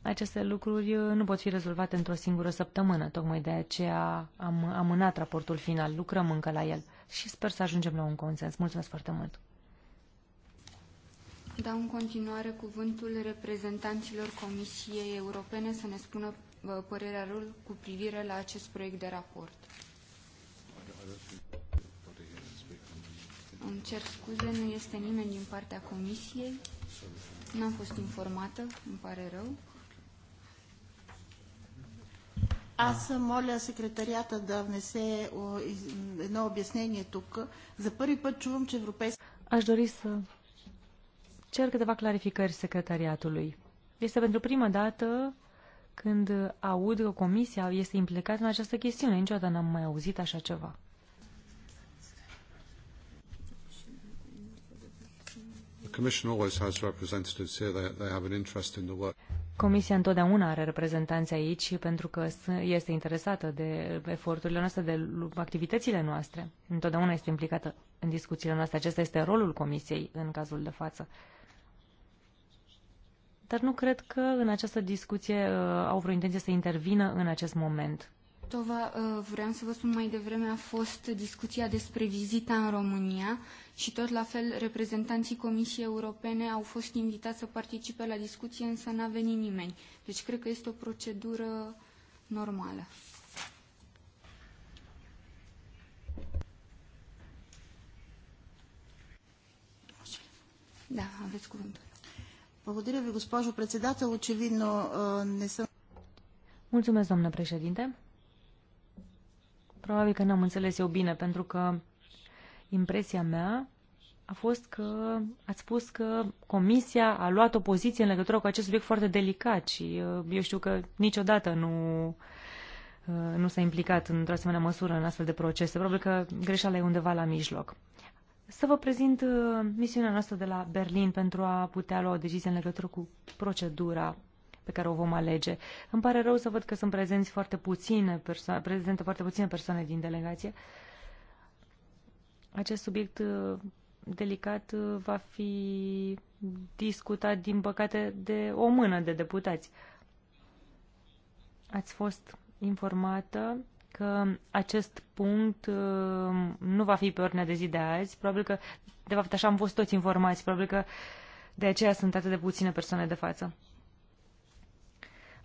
Speaker 4: aceste lucruri uh, nu pot fi rezolvate într-o singură săptămână. Tocmai de aceea am amânat raportul final, lucrăm încă la el și sper să ajungem la un consens. Mulțumesc foarte mult!
Speaker 6: Dau în continuare cuvântul reprezentanților Comisiei Europene să ne spună uh, părerea lor cu privire la acest proiect de raport. Îmi cer scuze, nu este nimeni din partea Comisiei. N-am fost informată, îmi pare rău.
Speaker 2: Аз моля секретарията да внесе едно обяснение тук. За първи път чувам, че европейски... Aș dori să
Speaker 4: cer câteva clarificări secretariatului. Este pentru prima dată când aud că Comisia este implicată în această chestiune. Niciodată n-am mai auzit așa ceva.
Speaker 5: The Commission always has representatives here. They, they have an interest in the work.
Speaker 4: Comisia întotdeauna are reprezentanți aici pentru că este interesată de eforturile noastre, de activitățile noastre. Întotdeauna este implicată în discuțiile noastre. Acesta este rolul Comisiei în cazul de față. Dar nu cred că în această discuție uh, au vreo intenție să intervină în acest moment.
Speaker 6: Crotova, uh, vreau să vă spun mai devreme, a fost discuția despre vizita în România și tot la fel reprezentanții Comisiei Europene au fost invitați să participe la discuție, însă n-a venit nimeni. Deci cred că este o procedură normală. Da, aveți cuvântul.
Speaker 4: Mulțumesc, doamnă președinte. Probabil că n-am înțeles eu bine, pentru că impresia mea a fost că ați spus că Comisia a luat o poziție în legătură cu acest subiect foarte delicat și uh, eu știu că niciodată nu, uh, nu s-a implicat într-o asemenea măsură în astfel de procese. Probabil că greșeala e undeva la mijloc. Să vă prezint uh, misiunea noastră de la Berlin pentru a putea lua o decizie în legătură cu procedura pe care o vom alege. Îmi pare rău să văd că sunt prezenți foarte puține persoane, prezente foarte puține persoane din delegație. Acest subiect uh, delicat uh, va fi discutat, din păcate, de o mână de deputați. Ați fost informată că acest punct uh, nu va fi pe ordinea de zi de azi. Probabil că, de fapt, așa am fost toți informați. Probabil că de aceea sunt atât de puține persoane de față.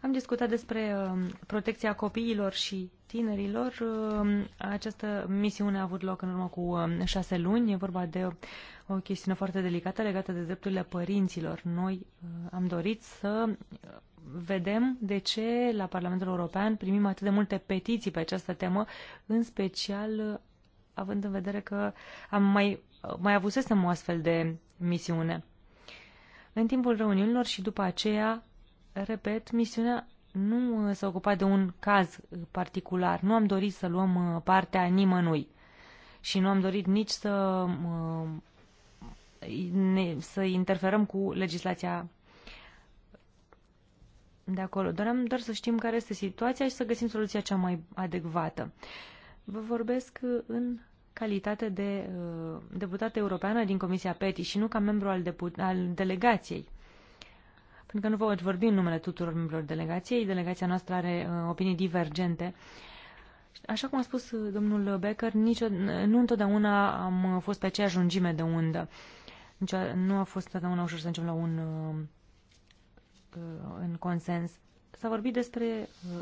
Speaker 4: Am discutat despre um, protecția copiilor și tinerilor. Um, această misiune a avut loc în urmă cu um, șase luni. E vorba de o chestiune foarte delicată legată de drepturile părinților. Noi uh, am dorit să uh, vedem de ce la Parlamentul European primim atât de multe petiții pe această temă, în special uh, având în vedere că am mai, mai avusesem o astfel de misiune. În timpul reuniunilor și după aceea repet, misiunea nu uh, s-a ocupat de un caz uh, particular. Nu am dorit să luăm uh, partea nimănui și nu am dorit nici să, să interferăm cu legislația de acolo. Doream doar să știm care este situația și să găsim soluția cea mai adecvată. Vă vorbesc în calitate de deputată europeană din Comisia PETI și nu ca membru al, al delegației pentru că nu vă voi vorbi în numele tuturor membrilor delegației. Delegația noastră are uh, opinii divergente. Așa cum a spus uh, domnul Becker, nicio, nu întotdeauna am uh, fost pe aceeași lungime de undă. Nici, nu a fost întotdeauna ușor să ajungem la un uh, uh în consens. S-a vorbit despre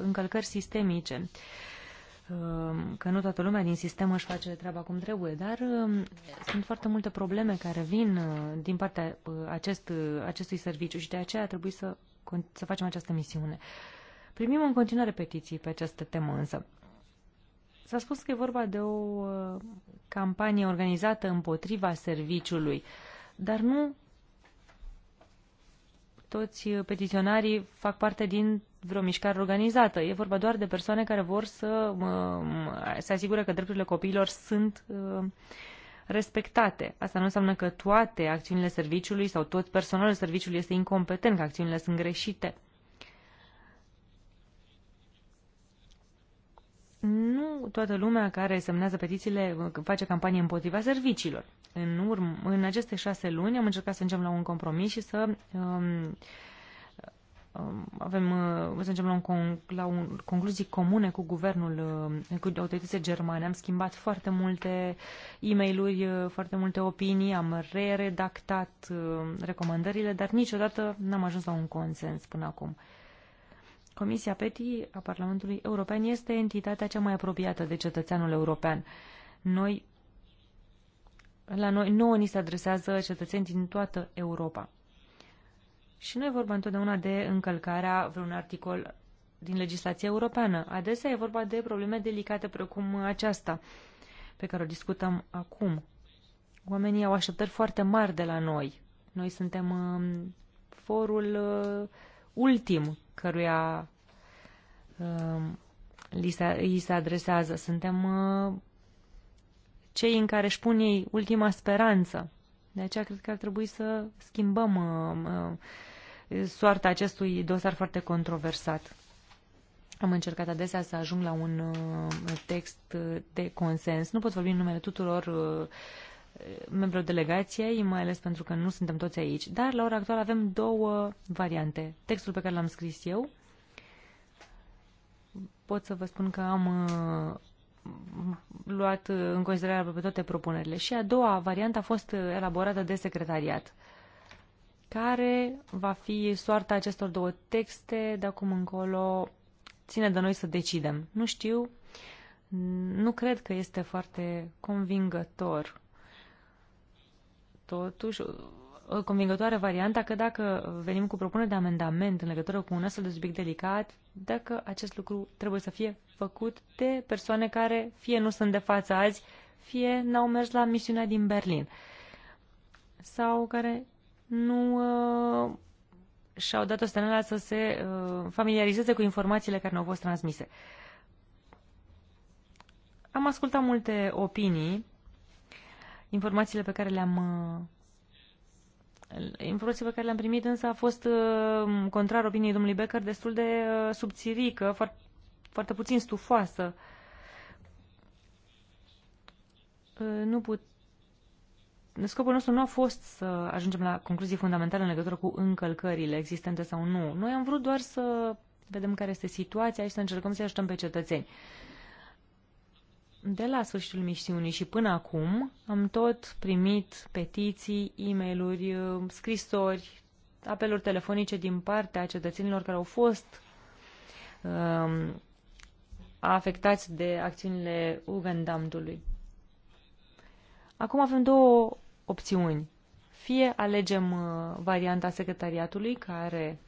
Speaker 4: încălcări sistemice. Uh, că nu toată lumea din sistem își face treaba cum trebuie, dar um, sunt foarte multe probleme care vin uh, din partea uh, acest, uh, acestui serviciu și de aceea trebuie să, să facem această misiune. Primim în continuare petiții pe această temă însă. S-a spus că e vorba de o campanie organizată împotriva serviciului, dar nu toți petiționarii fac parte din vreo mișcare organizată. E vorba doar de persoane care vor să um, se asigure că drepturile copiilor sunt um, respectate. Asta nu înseamnă că toate acțiunile serviciului sau tot personalul serviciului este incompetent, că acțiunile sunt greșite. nu toată lumea care semnează petițiile uh, face campanie împotriva serviciilor. În, urm, în aceste șase luni am încercat să ajungem la un compromis și să um, Um, avem, uh, să ajungem la, un, con, la un, concluzii comune cu guvernul, uh, cu autoritățile germane. Am schimbat foarte multe e mail uh, foarte multe opinii, am re-redactat recomandările, dar niciodată n-am ajuns la un consens până acum. Comisia PETI a Parlamentului European este entitatea cea mai apropiată de cetățeanul european. Noi, la noi, nouă ni se adresează cetățeni din toată Europa. Și nu e vorba întotdeauna de încălcarea vreun articol din legislația europeană. Adesea e vorba de probleme delicate precum aceasta pe care o discutăm acum. Oamenii au așteptări foarte mari de la noi. Noi suntem um, forul uh, ultim căruia um, li se, îi se adresează. Suntem uh, cei în care își pun ei ultima speranță. De aceea cred că ar trebui să schimbăm uh, soarta acestui dosar foarte controversat. Am încercat adesea să ajung la un uh, text uh, de consens. Nu pot vorbi în numele tuturor uh, membrilor delegației, mai ales pentru că nu suntem toți aici. Dar la ora actuală avem două variante. Textul pe care l-am scris eu, pot să vă spun că am luat în considerare aproape toate propunerile. Și a doua variantă a fost elaborată de secretariat. Care va fi soarta acestor două texte de acum încolo? Ține de noi să decidem. Nu știu, nu cred că este foarte convingător. Totuși, o convingătoare varianta că dacă venim cu propunere de amendament în legătură cu un astfel de subiect delicat, dacă acest lucru trebuie să fie făcut de persoane care fie nu sunt de față azi, fie n-au mers la misiunea din Berlin sau care nu uh, și-au dat o să se uh, familiarizeze cu informațiile care ne-au fost transmise. Am ascultat multe opinii, informațiile pe care le-am uh, informațiile pe care le-am primit însă a fost uh, contrar opiniei domnului Becker destul de uh, subțirică, foarte, foarte puțin stufoasă. Uh, nu put scopul nostru nu a fost să ajungem la concluzii fundamentale în legătură cu încălcările existente sau nu. Noi am vrut doar să vedem care este situația și să încercăm să ajutăm pe cetățeni. De la sfârșitul misiunii și până acum am tot primit petiții, e mail scrisori, apeluri telefonice din partea cetățenilor care au fost um, afectați de acțiunile Ugandamdului. Acum avem două opțiuni. Fie alegem uh, varianta secretariatului care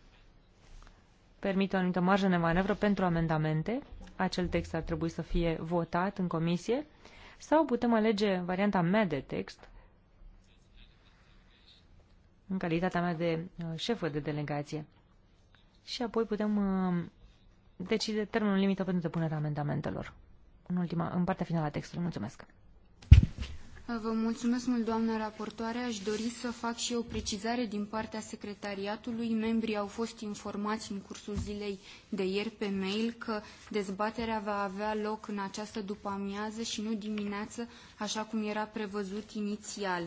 Speaker 4: permite o anumită marjă de manevră pentru amendamente, acel text ar trebui să fie votat în comisie, sau putem alege varianta mea de text, în calitatea mea de uh, șefă de delegație. Și apoi putem uh, decide termenul limită pentru depunerea amendamentelor. În, ultima, în partea finală a textului. Mulțumesc!
Speaker 6: Vă mulțumesc mult, doamnă raportoare. Aș dori să fac și eu o precizare din partea secretariatului. Membrii au fost informați în cursul zilei de ieri pe mail că dezbaterea va avea loc în această după-amiază și nu dimineață, așa cum era prevăzut inițial.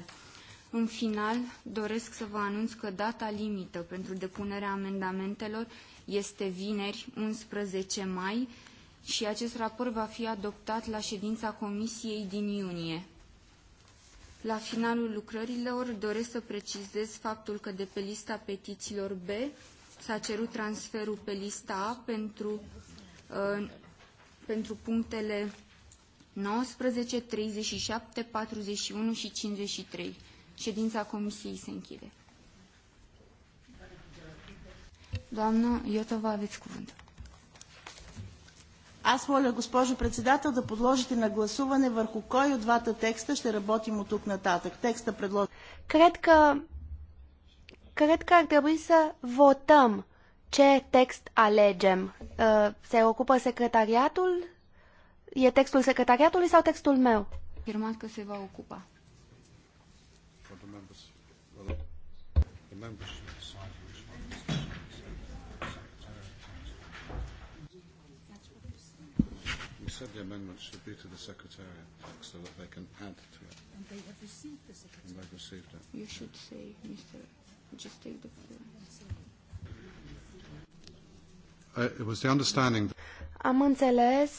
Speaker 6: În final, doresc să vă anunț că data limită pentru depunerea amendamentelor este vineri, 11 mai, și acest raport va fi adoptat la ședința Comisiei din iunie. La finalul lucrărilor doresc să precizez faptul că de pe lista petițiilor B s-a cerut transferul pe lista A pentru, uh, pentru punctele 19, 37, 41 și 53. Ședința comisiei se închide. Doamnă Iotova, aveți cuvântul.
Speaker 2: Аз моля, госпожо председател, да подложите на гласуване върху кой от двата текста ще работим от тук нататък. Текста предложен. Cred
Speaker 3: că, cred că ar trebui să votăm ce text alegem. Se ocupă secretariatul? E textul secretariatului sau textul meu? Afirmat că se va ocupa.
Speaker 5: For the members. Well, the members. said the amendments should be to the Secretariat so that they can add to it. And they have received the Secretariat. And they've received it. You should
Speaker 6: say, Mr. Just take the floor.
Speaker 5: Uh, it was the understanding.
Speaker 3: Am înțeles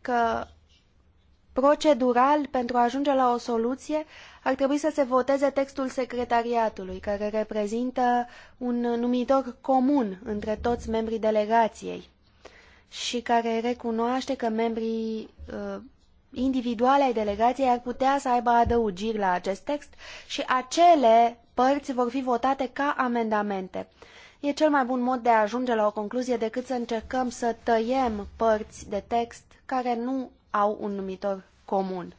Speaker 3: că procedural, pentru a ajunge la o soluție, ar trebui să se voteze textul secretariatului, care reprezintă un numitor comun între toți membrii delegației și care recunoaște că membrii uh, individuale ai delegației ar putea să aibă adăugiri la acest text și acele părți vor fi votate ca amendamente. E cel mai bun mod de a ajunge la o concluzie decât să încercăm să tăiem părți de text care nu au un numitor comun.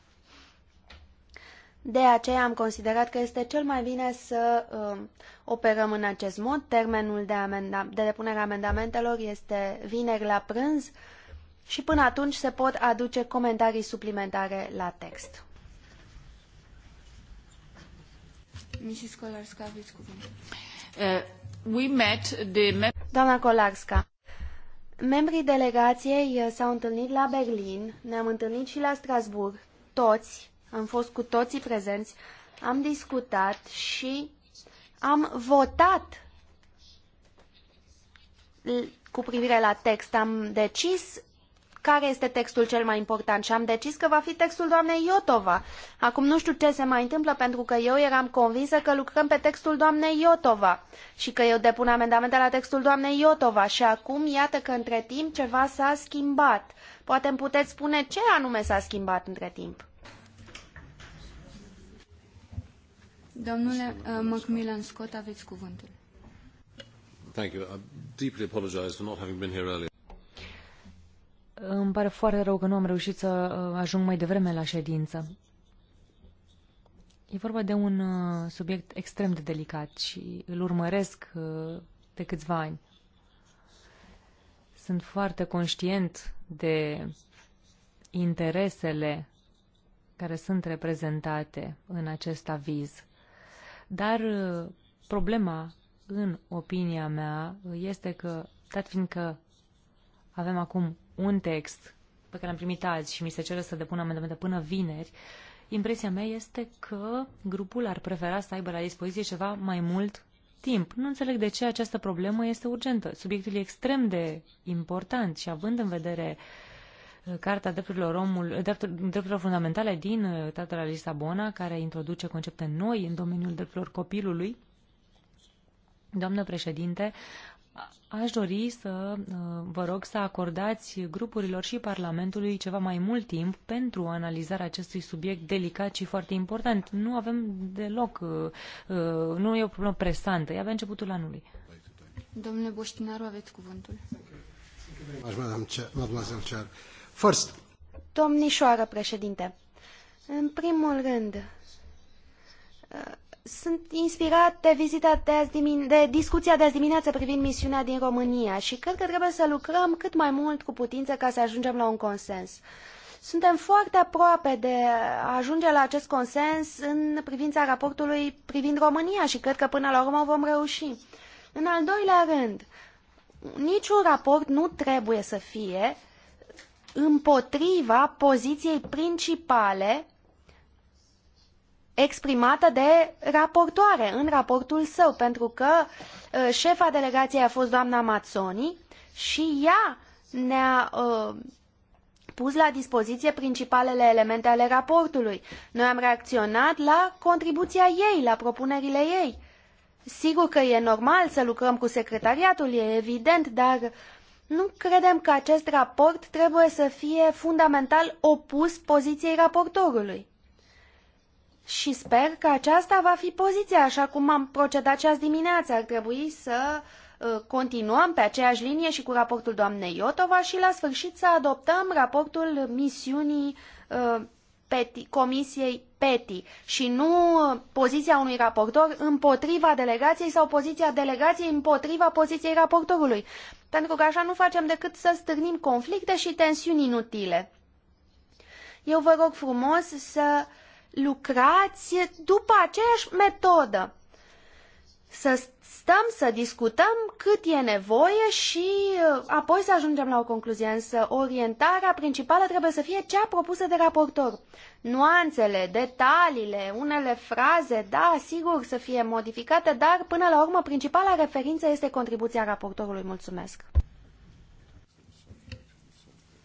Speaker 3: De aceea am considerat că este cel mai bine să uh, operăm în acest mod. Termenul de, amenda de depunere a amendamentelor este vineri la prânz și până atunci se pot aduce comentarii suplimentare la text. Uh, Doamna Kolarska, membrii delegației s-au întâlnit la Berlin, ne-am întâlnit și la Strasburg, toți am fost cu toții prezenți, am discutat și am votat cu privire la text. Am decis care este textul cel mai important și am decis că va fi textul doamnei Iotova. Acum nu știu ce se mai întâmplă pentru că eu eram convinsă că lucrăm pe textul doamnei Iotova și că eu depun amendamente la textul doamnei Iotova și acum iată că între timp ceva s-a schimbat. Poate îmi puteți spune ce anume s-a schimbat între timp.
Speaker 6: Domnule uh, Macmillan Scott, aveți cuvântul.
Speaker 5: Thank you. I deeply apologize for not having been here earlier.
Speaker 4: Îmi pare foarte rău că nu am reușit să uh, ajung mai devreme la ședință. E vorba de un uh, subiect extrem de delicat și îl urmăresc de câțiva ani. Sunt foarte conștient de interesele care sunt reprezentate în acest aviz. Dar uh, problema, în opinia mea, este că, dat fiindcă avem acum un text pe care l-am primit azi și mi se cere să depun amendamente până vineri, impresia mea este că grupul ar prefera să aibă la dispoziție ceva mai mult timp. Nu înțeleg de ce această problemă este urgentă. Subiectul e extrem de important și având în vedere uh, Carta Drepturilor, Omul, Dreptul, Drepturilor Fundamentale din uh, Tratatul la Lisabona, care introduce concepte noi în domeniul drepturilor copilului. Doamnă președinte, aș dori să uh, vă rog să acordați grupurilor și Parlamentului ceva mai mult timp pentru analizarea acestui subiect delicat și foarte important. Nu avem deloc, uh, nu e o problemă presantă, e avea începutul anului.
Speaker 6: Domnule
Speaker 3: Boștinaru, aveți cuvântul.
Speaker 5: Mulțumesc, First.
Speaker 3: Domnișoară președinte, în primul rând, uh, sunt inspirat de vizita de, azi dimine- de discuția de azi dimineață privind misiunea din România și cred că trebuie să lucrăm cât mai mult cu putință ca să ajungem la un consens. Suntem foarte aproape de a ajunge la acest consens în privința raportului privind România și cred că până la urmă vom reuși. În al doilea rând, niciun raport nu trebuie să fie împotriva poziției principale exprimată de raportoare în raportul său, pentru că uh, șefa delegației a fost doamna Mazzoni și ea ne-a uh, pus la dispoziție principalele elemente ale raportului. Noi am reacționat la contribuția ei, la propunerile ei. Sigur că e normal să lucrăm cu secretariatul, e evident, dar nu credem că acest raport trebuie să fie fundamental opus poziției raportorului. Și sper că aceasta va fi poziția, așa cum am procedat și azi dimineață. Ar trebui să uh, continuăm pe aceeași linie și cu raportul doamnei Iotova și la sfârșit să adoptăm raportul misiunii uh, peti, Comisiei PETI și nu poziția unui raportor împotriva delegației sau poziția delegației împotriva poziției raportorului. Pentru că așa nu facem decât să stârnim conflicte și tensiuni inutile. Eu vă rog frumos să lucrați după aceeași metodă să stăm să discutăm cât e nevoie și uh, apoi să ajungem la o concluzie. Însă orientarea principală trebuie să fie cea propusă de raportor. Nuanțele, detaliile, unele fraze, da, sigur să fie modificate, dar până la urmă principala referință este contribuția raportorului. Mulțumesc!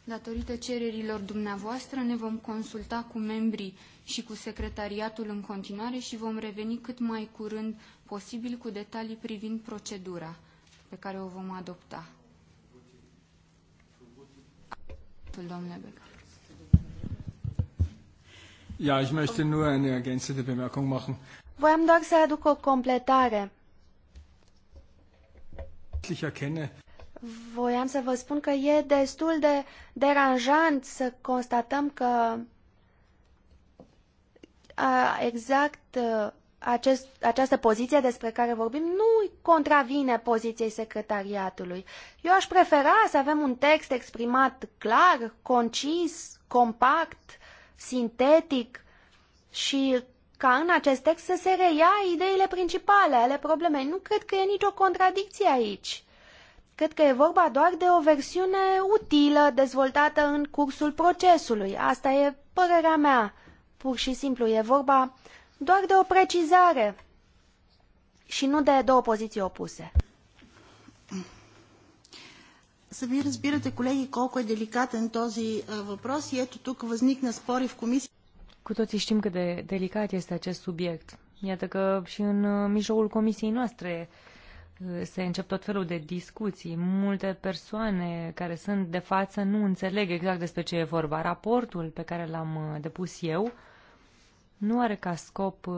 Speaker 6: Datorită cererilor dumneavoastră ne vom consulta cu membrii și cu secretariatul în continuare și vom reveni cât mai curând posibil cu detalii privind procedura pe care o vom adopta. Domnule Becker.
Speaker 5: Ja, ich möchte nur eine ergänzende Bemerkung machen.
Speaker 3: Voiam doar să aduc o completare.
Speaker 5: Ich erkenne.
Speaker 3: Voiam să vă spun că e destul de deranjant să constatăm că exact acest, această poziție despre care vorbim nu contravine poziției secretariatului. Eu aș prefera să avem un text exprimat clar, concis, compact, sintetic și ca în acest text să se reia ideile principale ale problemei. Nu cred că e nicio contradicție aici. Cred că e vorba doar de o versiune utilă dezvoltată în cursul procesului. Asta e părerea mea. Pur și simplu e vorba uh, doar de o precizare și nu de două poziții opuse.
Speaker 2: Să Сами разбирате, колеги, колко е деликатен този въпрос
Speaker 4: и ето тук възникна спори в комисия. Cu toții știm cât de delicat este acest subiect. Iată că și în uh, mijlocul comisiei noastre uh, se încep tot felul de discuții. Multe persoane care sunt de față nu înțeleg exact despre ce e vorba. Raportul pe care l-am uh, depus eu nu are ca scop uh,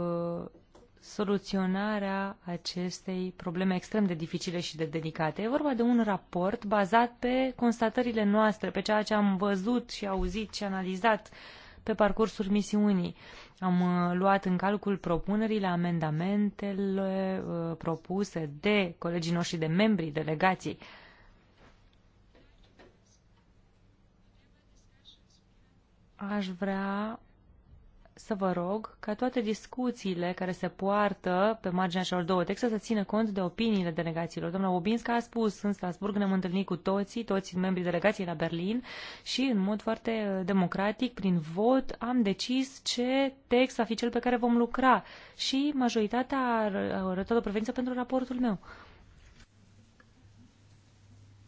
Speaker 4: soluționarea acestei probleme extrem de dificile și de delicate. E vorba de un raport bazat pe constatările noastre, pe ceea ce am văzut și auzit și analizat pe parcursul misiunii. Am uh, luat în calcul propunerile, amendamentele uh, propuse de colegii noștri de membrii delegației. Aș vrea să vă rog ca toate discuțiile care se poartă pe marginea celor două texte să țină cont de opiniile delegațiilor. Doamna Obinska a spus în Strasburg ne-am întâlnit cu toții, toți membrii delegației la Berlin și în mod foarte uh, democratic, prin vot, am decis ce text va fi cel pe care vom lucra și majoritatea a arătat o prevenție pentru raportul meu.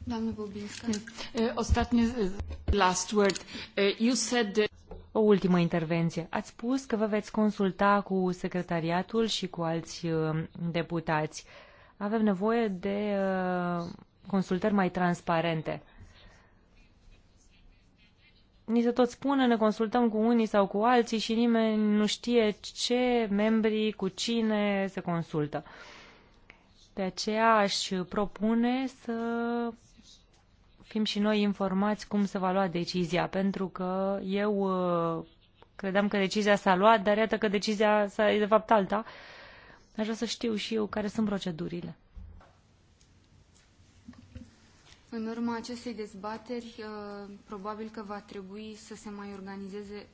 Speaker 6: Doamna Bobinska.
Speaker 4: Eh, ostatnie eh, last word. Eh, you said that o ultimă intervenție. Ați spus că vă veți consulta cu secretariatul și cu alți uh, deputați. Avem nevoie de uh, consultări mai transparente. Ni se tot spune, ne consultăm cu unii sau cu alții și nimeni nu știe ce membrii, cu cine se consultă. De aceea aș propune să fim și noi informați cum se va lua decizia, pentru că eu uh, credeam că decizia s-a luat, dar iată că decizia s-a, e de fapt alta. Aș vrea să știu și eu care sunt procedurile.
Speaker 6: În urma acestei dezbateri, uh, probabil că va trebui să se mai organizeze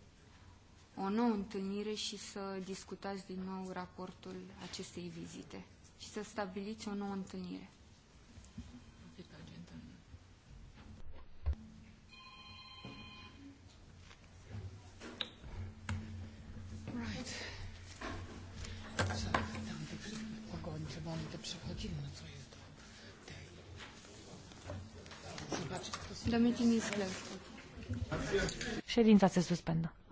Speaker 6: o nouă întâlnire și să discutați din nou raportul acestei vizite și să stabiliți o nouă întâlnire.
Speaker 5: right. So, tam wyprzedzimy, pogończy, bo my to co jest tam.
Speaker 1: Zobaczcie, kto...
Speaker 4: Domycin jest Ședința se suspendă.